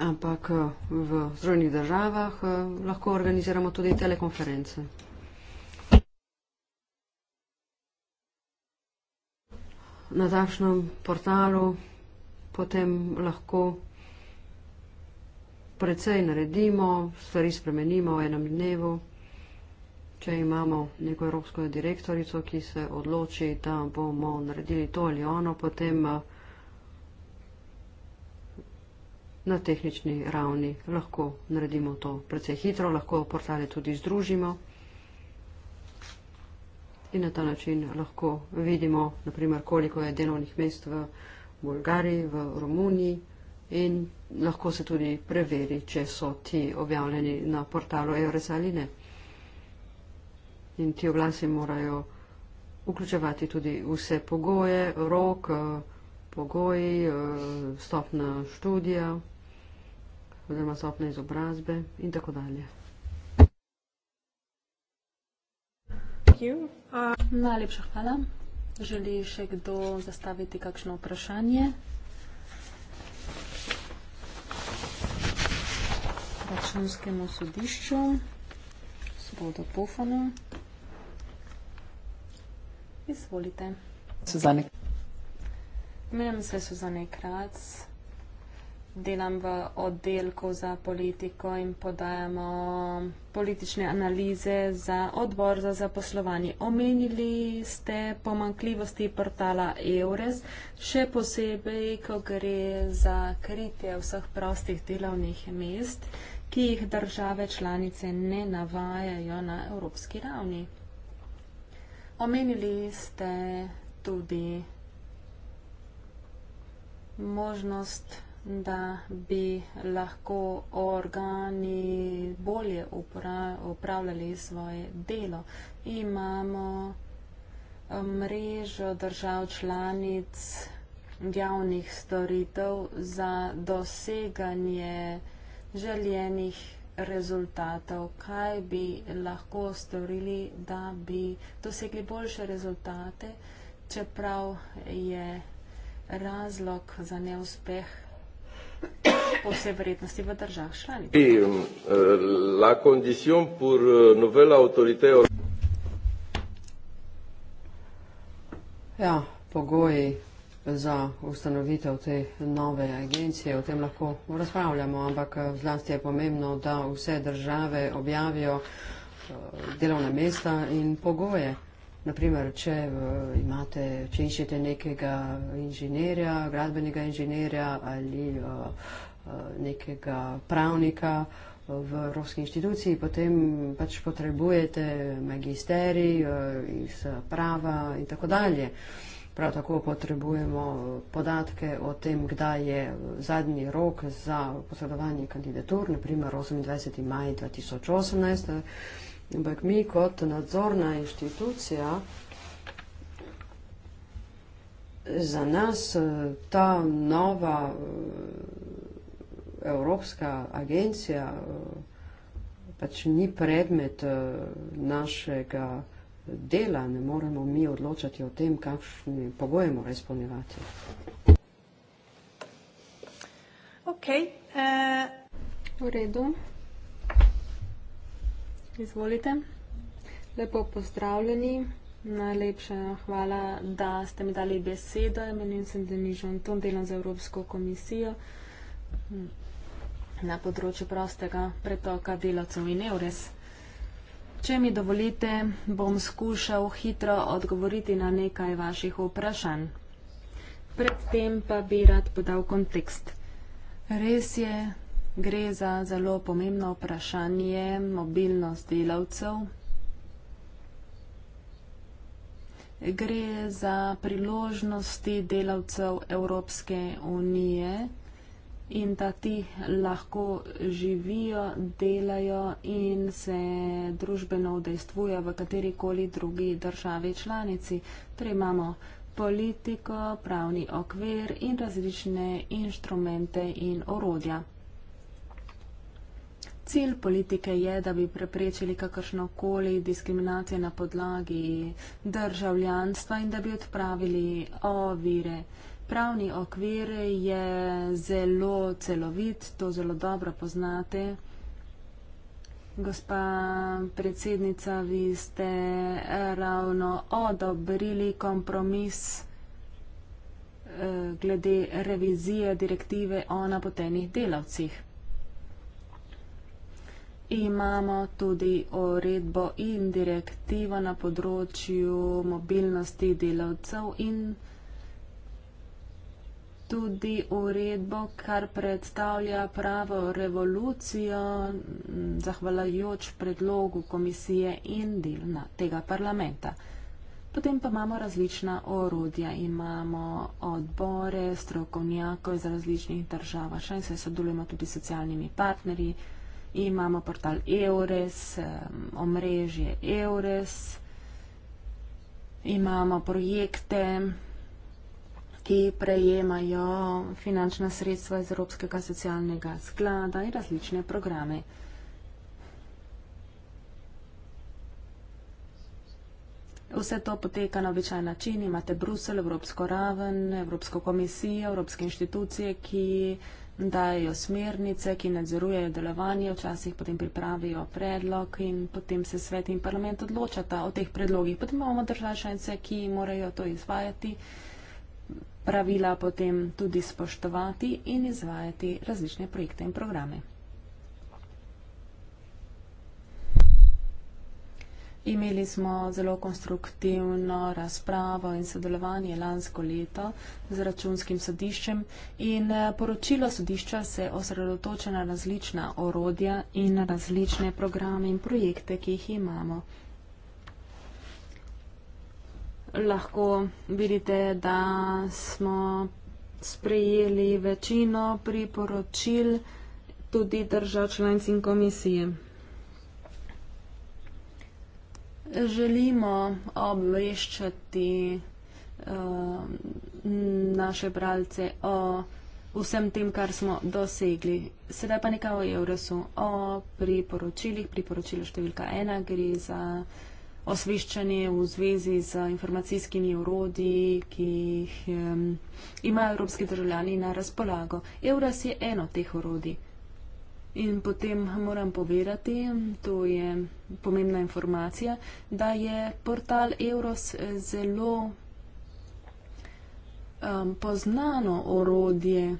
ampak eh, v zrojnih državah eh, lahko organiziramo tudi telekonference. Na takšnem portalu potem lahko precej naredimo, stvari spremenimo v enem dnevu. Če imamo neko evropsko direktorico, ki se odloči, da bomo naredili to ali ono, potem eh, na tehnični ravni lahko naredimo to precej hitro, lahko portale tudi združimo in na ta način lahko vidimo, naprimer, koliko je delovnih mest v Bolgariji, v Romuniji in lahko se tudi preveri, če so ti objavljeni na portalu Evres ali ne. In ti oglasi morajo vključevati tudi vse pogoje, rok, vse pogoje, pogoji, eh, stopna študija, oziroma stopna izobrazbe in tako dalje. Uh, najlepša hvala. Želi še kdo zastaviti kakšno vprašanje? Računskemu sodišču, gospodu Pofanu. Izvolite. Suzane. Imenujem se Suzane Kratz, delam v oddelku za politiko in podajamo politične analize za odbor za zaposlovanje. Omenili ste pomankljivosti portala EURES, še posebej, ko gre za kritje vseh prostih delovnih mest, ki jih države članice ne navajajo na evropski ravni. Omenili ste tudi možnost, da bi lahko organi bolje upravljali svoje delo. Imamo eh, mrežo držav članic javnih storitev za doseganje željenih rezultatov. Kaj bi lahko storili, da bi dosegli boljše rezultate, čeprav je razlog za neuspeh po vsej vrednosti v državah članic. Eh, la condition pour eh, nouvelle autorité. Ja, pogoji za ustanovitev te nove agencije, o tem lahko razpravljamo, ampak eh, zlasti je pomembno, da vse države objavijo delovne mesta in pogoje. Naprimer, če eh, imate, če iščete nekega inženirja, gradbenega inženirja ali eh, eh, nekega pravnika v Evropski inštituciji, potem pač potrebujete magisteri iz prava in tako dalje. Prav tako potrebujemo podatke o tem, kdaj je zadnji rok za posredovanje kandidatur, naprimer 28. maj 2018. Ampak mi kot nadzorna inštitucija, za nas eh, ta nova eh, Evropska agencija eh, pač ni predmet našega dela, ne moremo mi odločati o tem, kakšni pogoje mora izpolnjevati. Ok. Uh... V redu. Izvolite. Lepo pozdravljeni. Najlepša hvala, da ste mi dali besedo. Imenujem se Deniž Anton, delam za Evropsko komisijo hm, na področju prostega pretoka delavcev in EURES. Če mi dovolite, bom skušal hitro odgovoriti na nekaj vaših vprašanj. Predtem pa bi rad podal kontekst. Res je, Gre za zelo pomembno vprašanje mobilnost delavcev. Gre za priložnosti delavcev Evropske unije in da ti lahko živijo, delajo in se družbeno udejstvujo v katerikoli drugi državi članici. Torej imamo politiko, pravni okvir in različne inštrumente in orodja cilj politike je, da bi preprečili kakršno koli diskriminacijo na podlagi državljanstva in da bi odpravili ovire. Pravni okvir je zelo celovit, to zelo dobro poznate. Gospa predsednica, vi ste ravno odobrili kompromis eh, glede revizije direktive o napotenih delavcih imamo tudi uredbo in direktivo na področju mobilnosti delavcev in tudi uredbo, kar predstavlja pravo revolucijo zahvaljujoč predlogu komisije in delna tega parlamenta. Potem pa imamo različna orodja, imamo odbore, strokovnjakov iz različnih držav, še in se sodelujemo tudi s socialnimi partnerji, imamo portal EURES, omrežje EURES, imamo projekte, ki prejemajo finančna sredstva iz Evropskega socialnega sklada in različne programe. Vse to poteka na običajen način. Imate Brusel, Evropsko raven, Evropsko komisijo, Evropske inštitucije, ki dajo smernice, ki nadzorujejo delovanje, včasih potem pripravijo predlog in potem se svet in parlament odločata o teh predlogih. Potem imamo državšence, ki morajo to izvajati, pravila potem tudi spoštovati in izvajati različne projekte in programe. Imeli smo zelo konstruktivno razpravo in sodelovanje lansko leto z računskim sodiščem in eh, poročilo sodišča se osredotoča na različna orodja in na različne programe in projekte, ki jih imamo. Lahko vidite, da smo sprejeli večino priporočil tudi držav članic in komisije. Želimo obveščati uh, naše bralce o vsem tem, kar smo dosegli. Sedaj pa nekaj o Eurosu, o priporočilih. Priporočilo številka ena gre za osveščanje v zvezi z informacijskimi urodi, ki jih um, imajo evropski državljani na razpolago. Euros je eno teh urodij. In potem moram povedati, to je pomembna informacija, da je portal Euros zelo um, poznano orodje.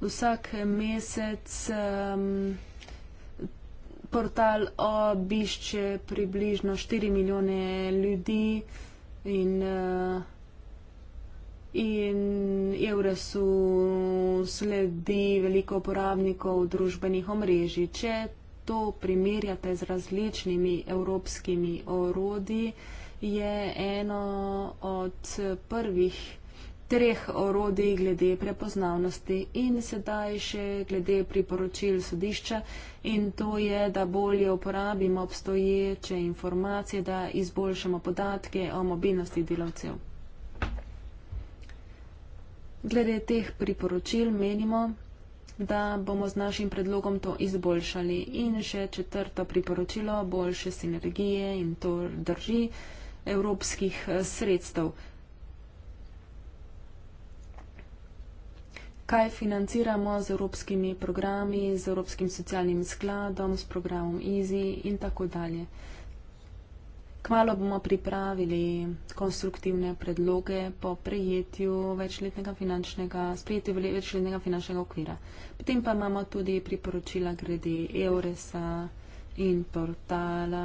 Vsak mesec um, portal obišče približno 4 milijone ljudi in uh, In evra su sledi veliko uporabnikov družbenih omrežij. Če to primerjate z različnimi evropskimi orodji, je eno od prvih treh orodij glede prepoznavnosti in sedaj še glede priporočil sodišča in to je, da bolje uporabimo obstoječe informacije, da izboljšamo podatke o mobilnosti delavcev. Glede teh priporočil menimo, da bomo z našim predlogom to izboljšali. In še četrto priporočilo, boljše sinergije in to drži evropskih eh, sredstev. Kaj financiramo z evropskimi programi, z evropskim socialnim skladom, s programom EZI in tako dalje. Kmalo bomo pripravili konstruktivne predloge po prejetju večletnega finančnega, sprejetju večletnega finančnega okvira. Potem pa imamo tudi priporočila glede Euresa in portala,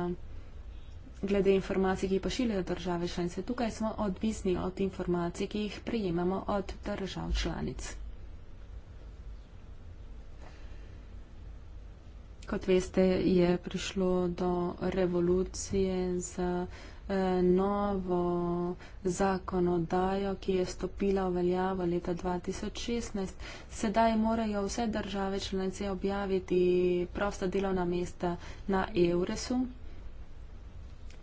glede informacij, ki pošiljajo države članice. Tukaj smo odvisni od informacij, ki jih prejemamo od držav članic. Kot veste, je prišlo do revolucije z eh, novo zakonodajo, ki je stopila v veljavo leta 2016. Sedaj morajo vse države članice objaviti prosta delovna mesta na EURES-u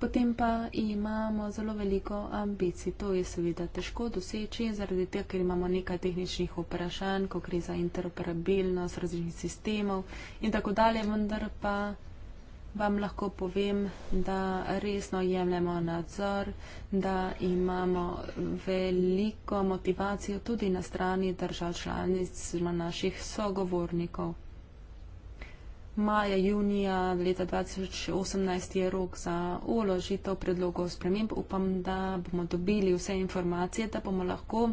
potem pa imamo zelo veliko ambicij. To je seveda težko doseči, zaradi tega, ker imamo nekaj tehničnih vprašanj, ko gre za interoperabilnost različnih sistemov in tako dalje, vendar pa vam lahko povem, da resno jemljemo nadzor, da imamo veliko motivacijo tudi na strani držav članic, na naših sogovornikov maja, junija leta 2018 je rok za uložitev predlogov sprememb. Upam, da bomo dobili vse informacije, da bomo lahko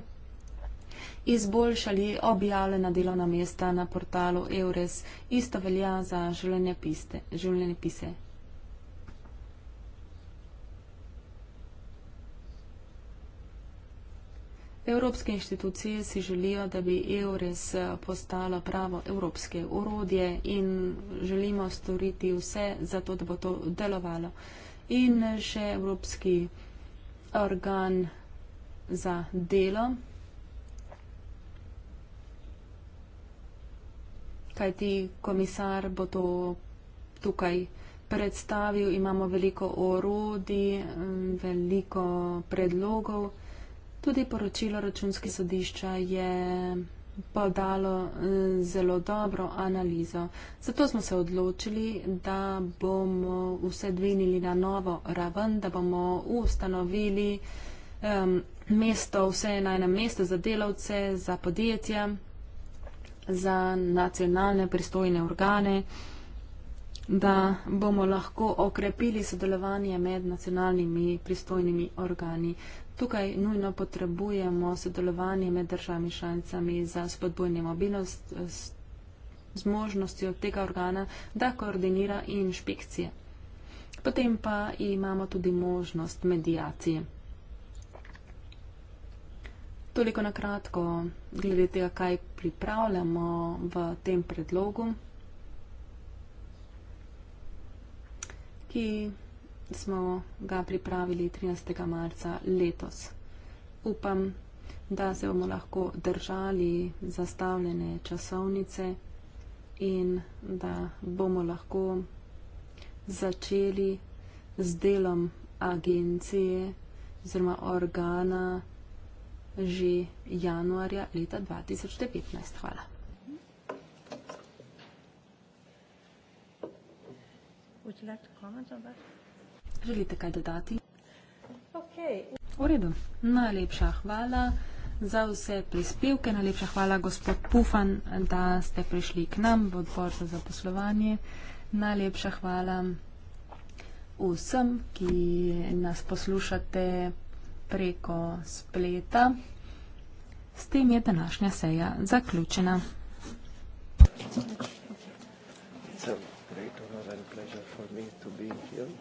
izboljšali objavljena delovna mesta na portalu EURES. Isto velja za življenje pise. Evropske inštitucije si želijo, da bi EURES eh, postala pravo evropske urodje in želimo storiti vse za to, da bo to delovalo. In eh, še Evropski organ za delo. Kaj ti komisar bo to tukaj predstavil, imamo veliko orodi, eh, veliko predlogov. Tudi poročilo računske sodišča je podalo eh, zelo dobro analizo. Zato smo se odločili, da bomo vse dvignili na novo raven, da bomo ustanovili um, mesto, vse na enem mestu za delavce, za podjetja, za nacionalne pristojne organe, da bomo lahko okrepili sodelovanje med nacionalnimi pristojnimi organi. Tukaj nujno potrebujemo sodelovanje med državami članicami za spodbojne mobilnost s, z možnostjo tega organa, da koordinira inšpekcije. Potem pa imamo tudi možnost medijacije. Toliko na kratko glede tega, kaj pripravljamo v tem predlogu, ki smo ga pripravili 13. marca letos. Upam, da se bomo lahko držali zastavljene časovnice in da bomo lahko začeli z delom agencije oziroma organa že januarja leta 2019. Hvala. Would you like to comment on that? Želite kaj dodati? V redu. Najlepša hvala za vse prispevke, najlepša hvala gospod Pufan, da ste prišli k nam v odbor za zaposlovanje. Najlepša hvala vsem, ki nas poslušate preko spleta. S tem je današnja seja zaključena. So, great honor and pleasure for me to be here.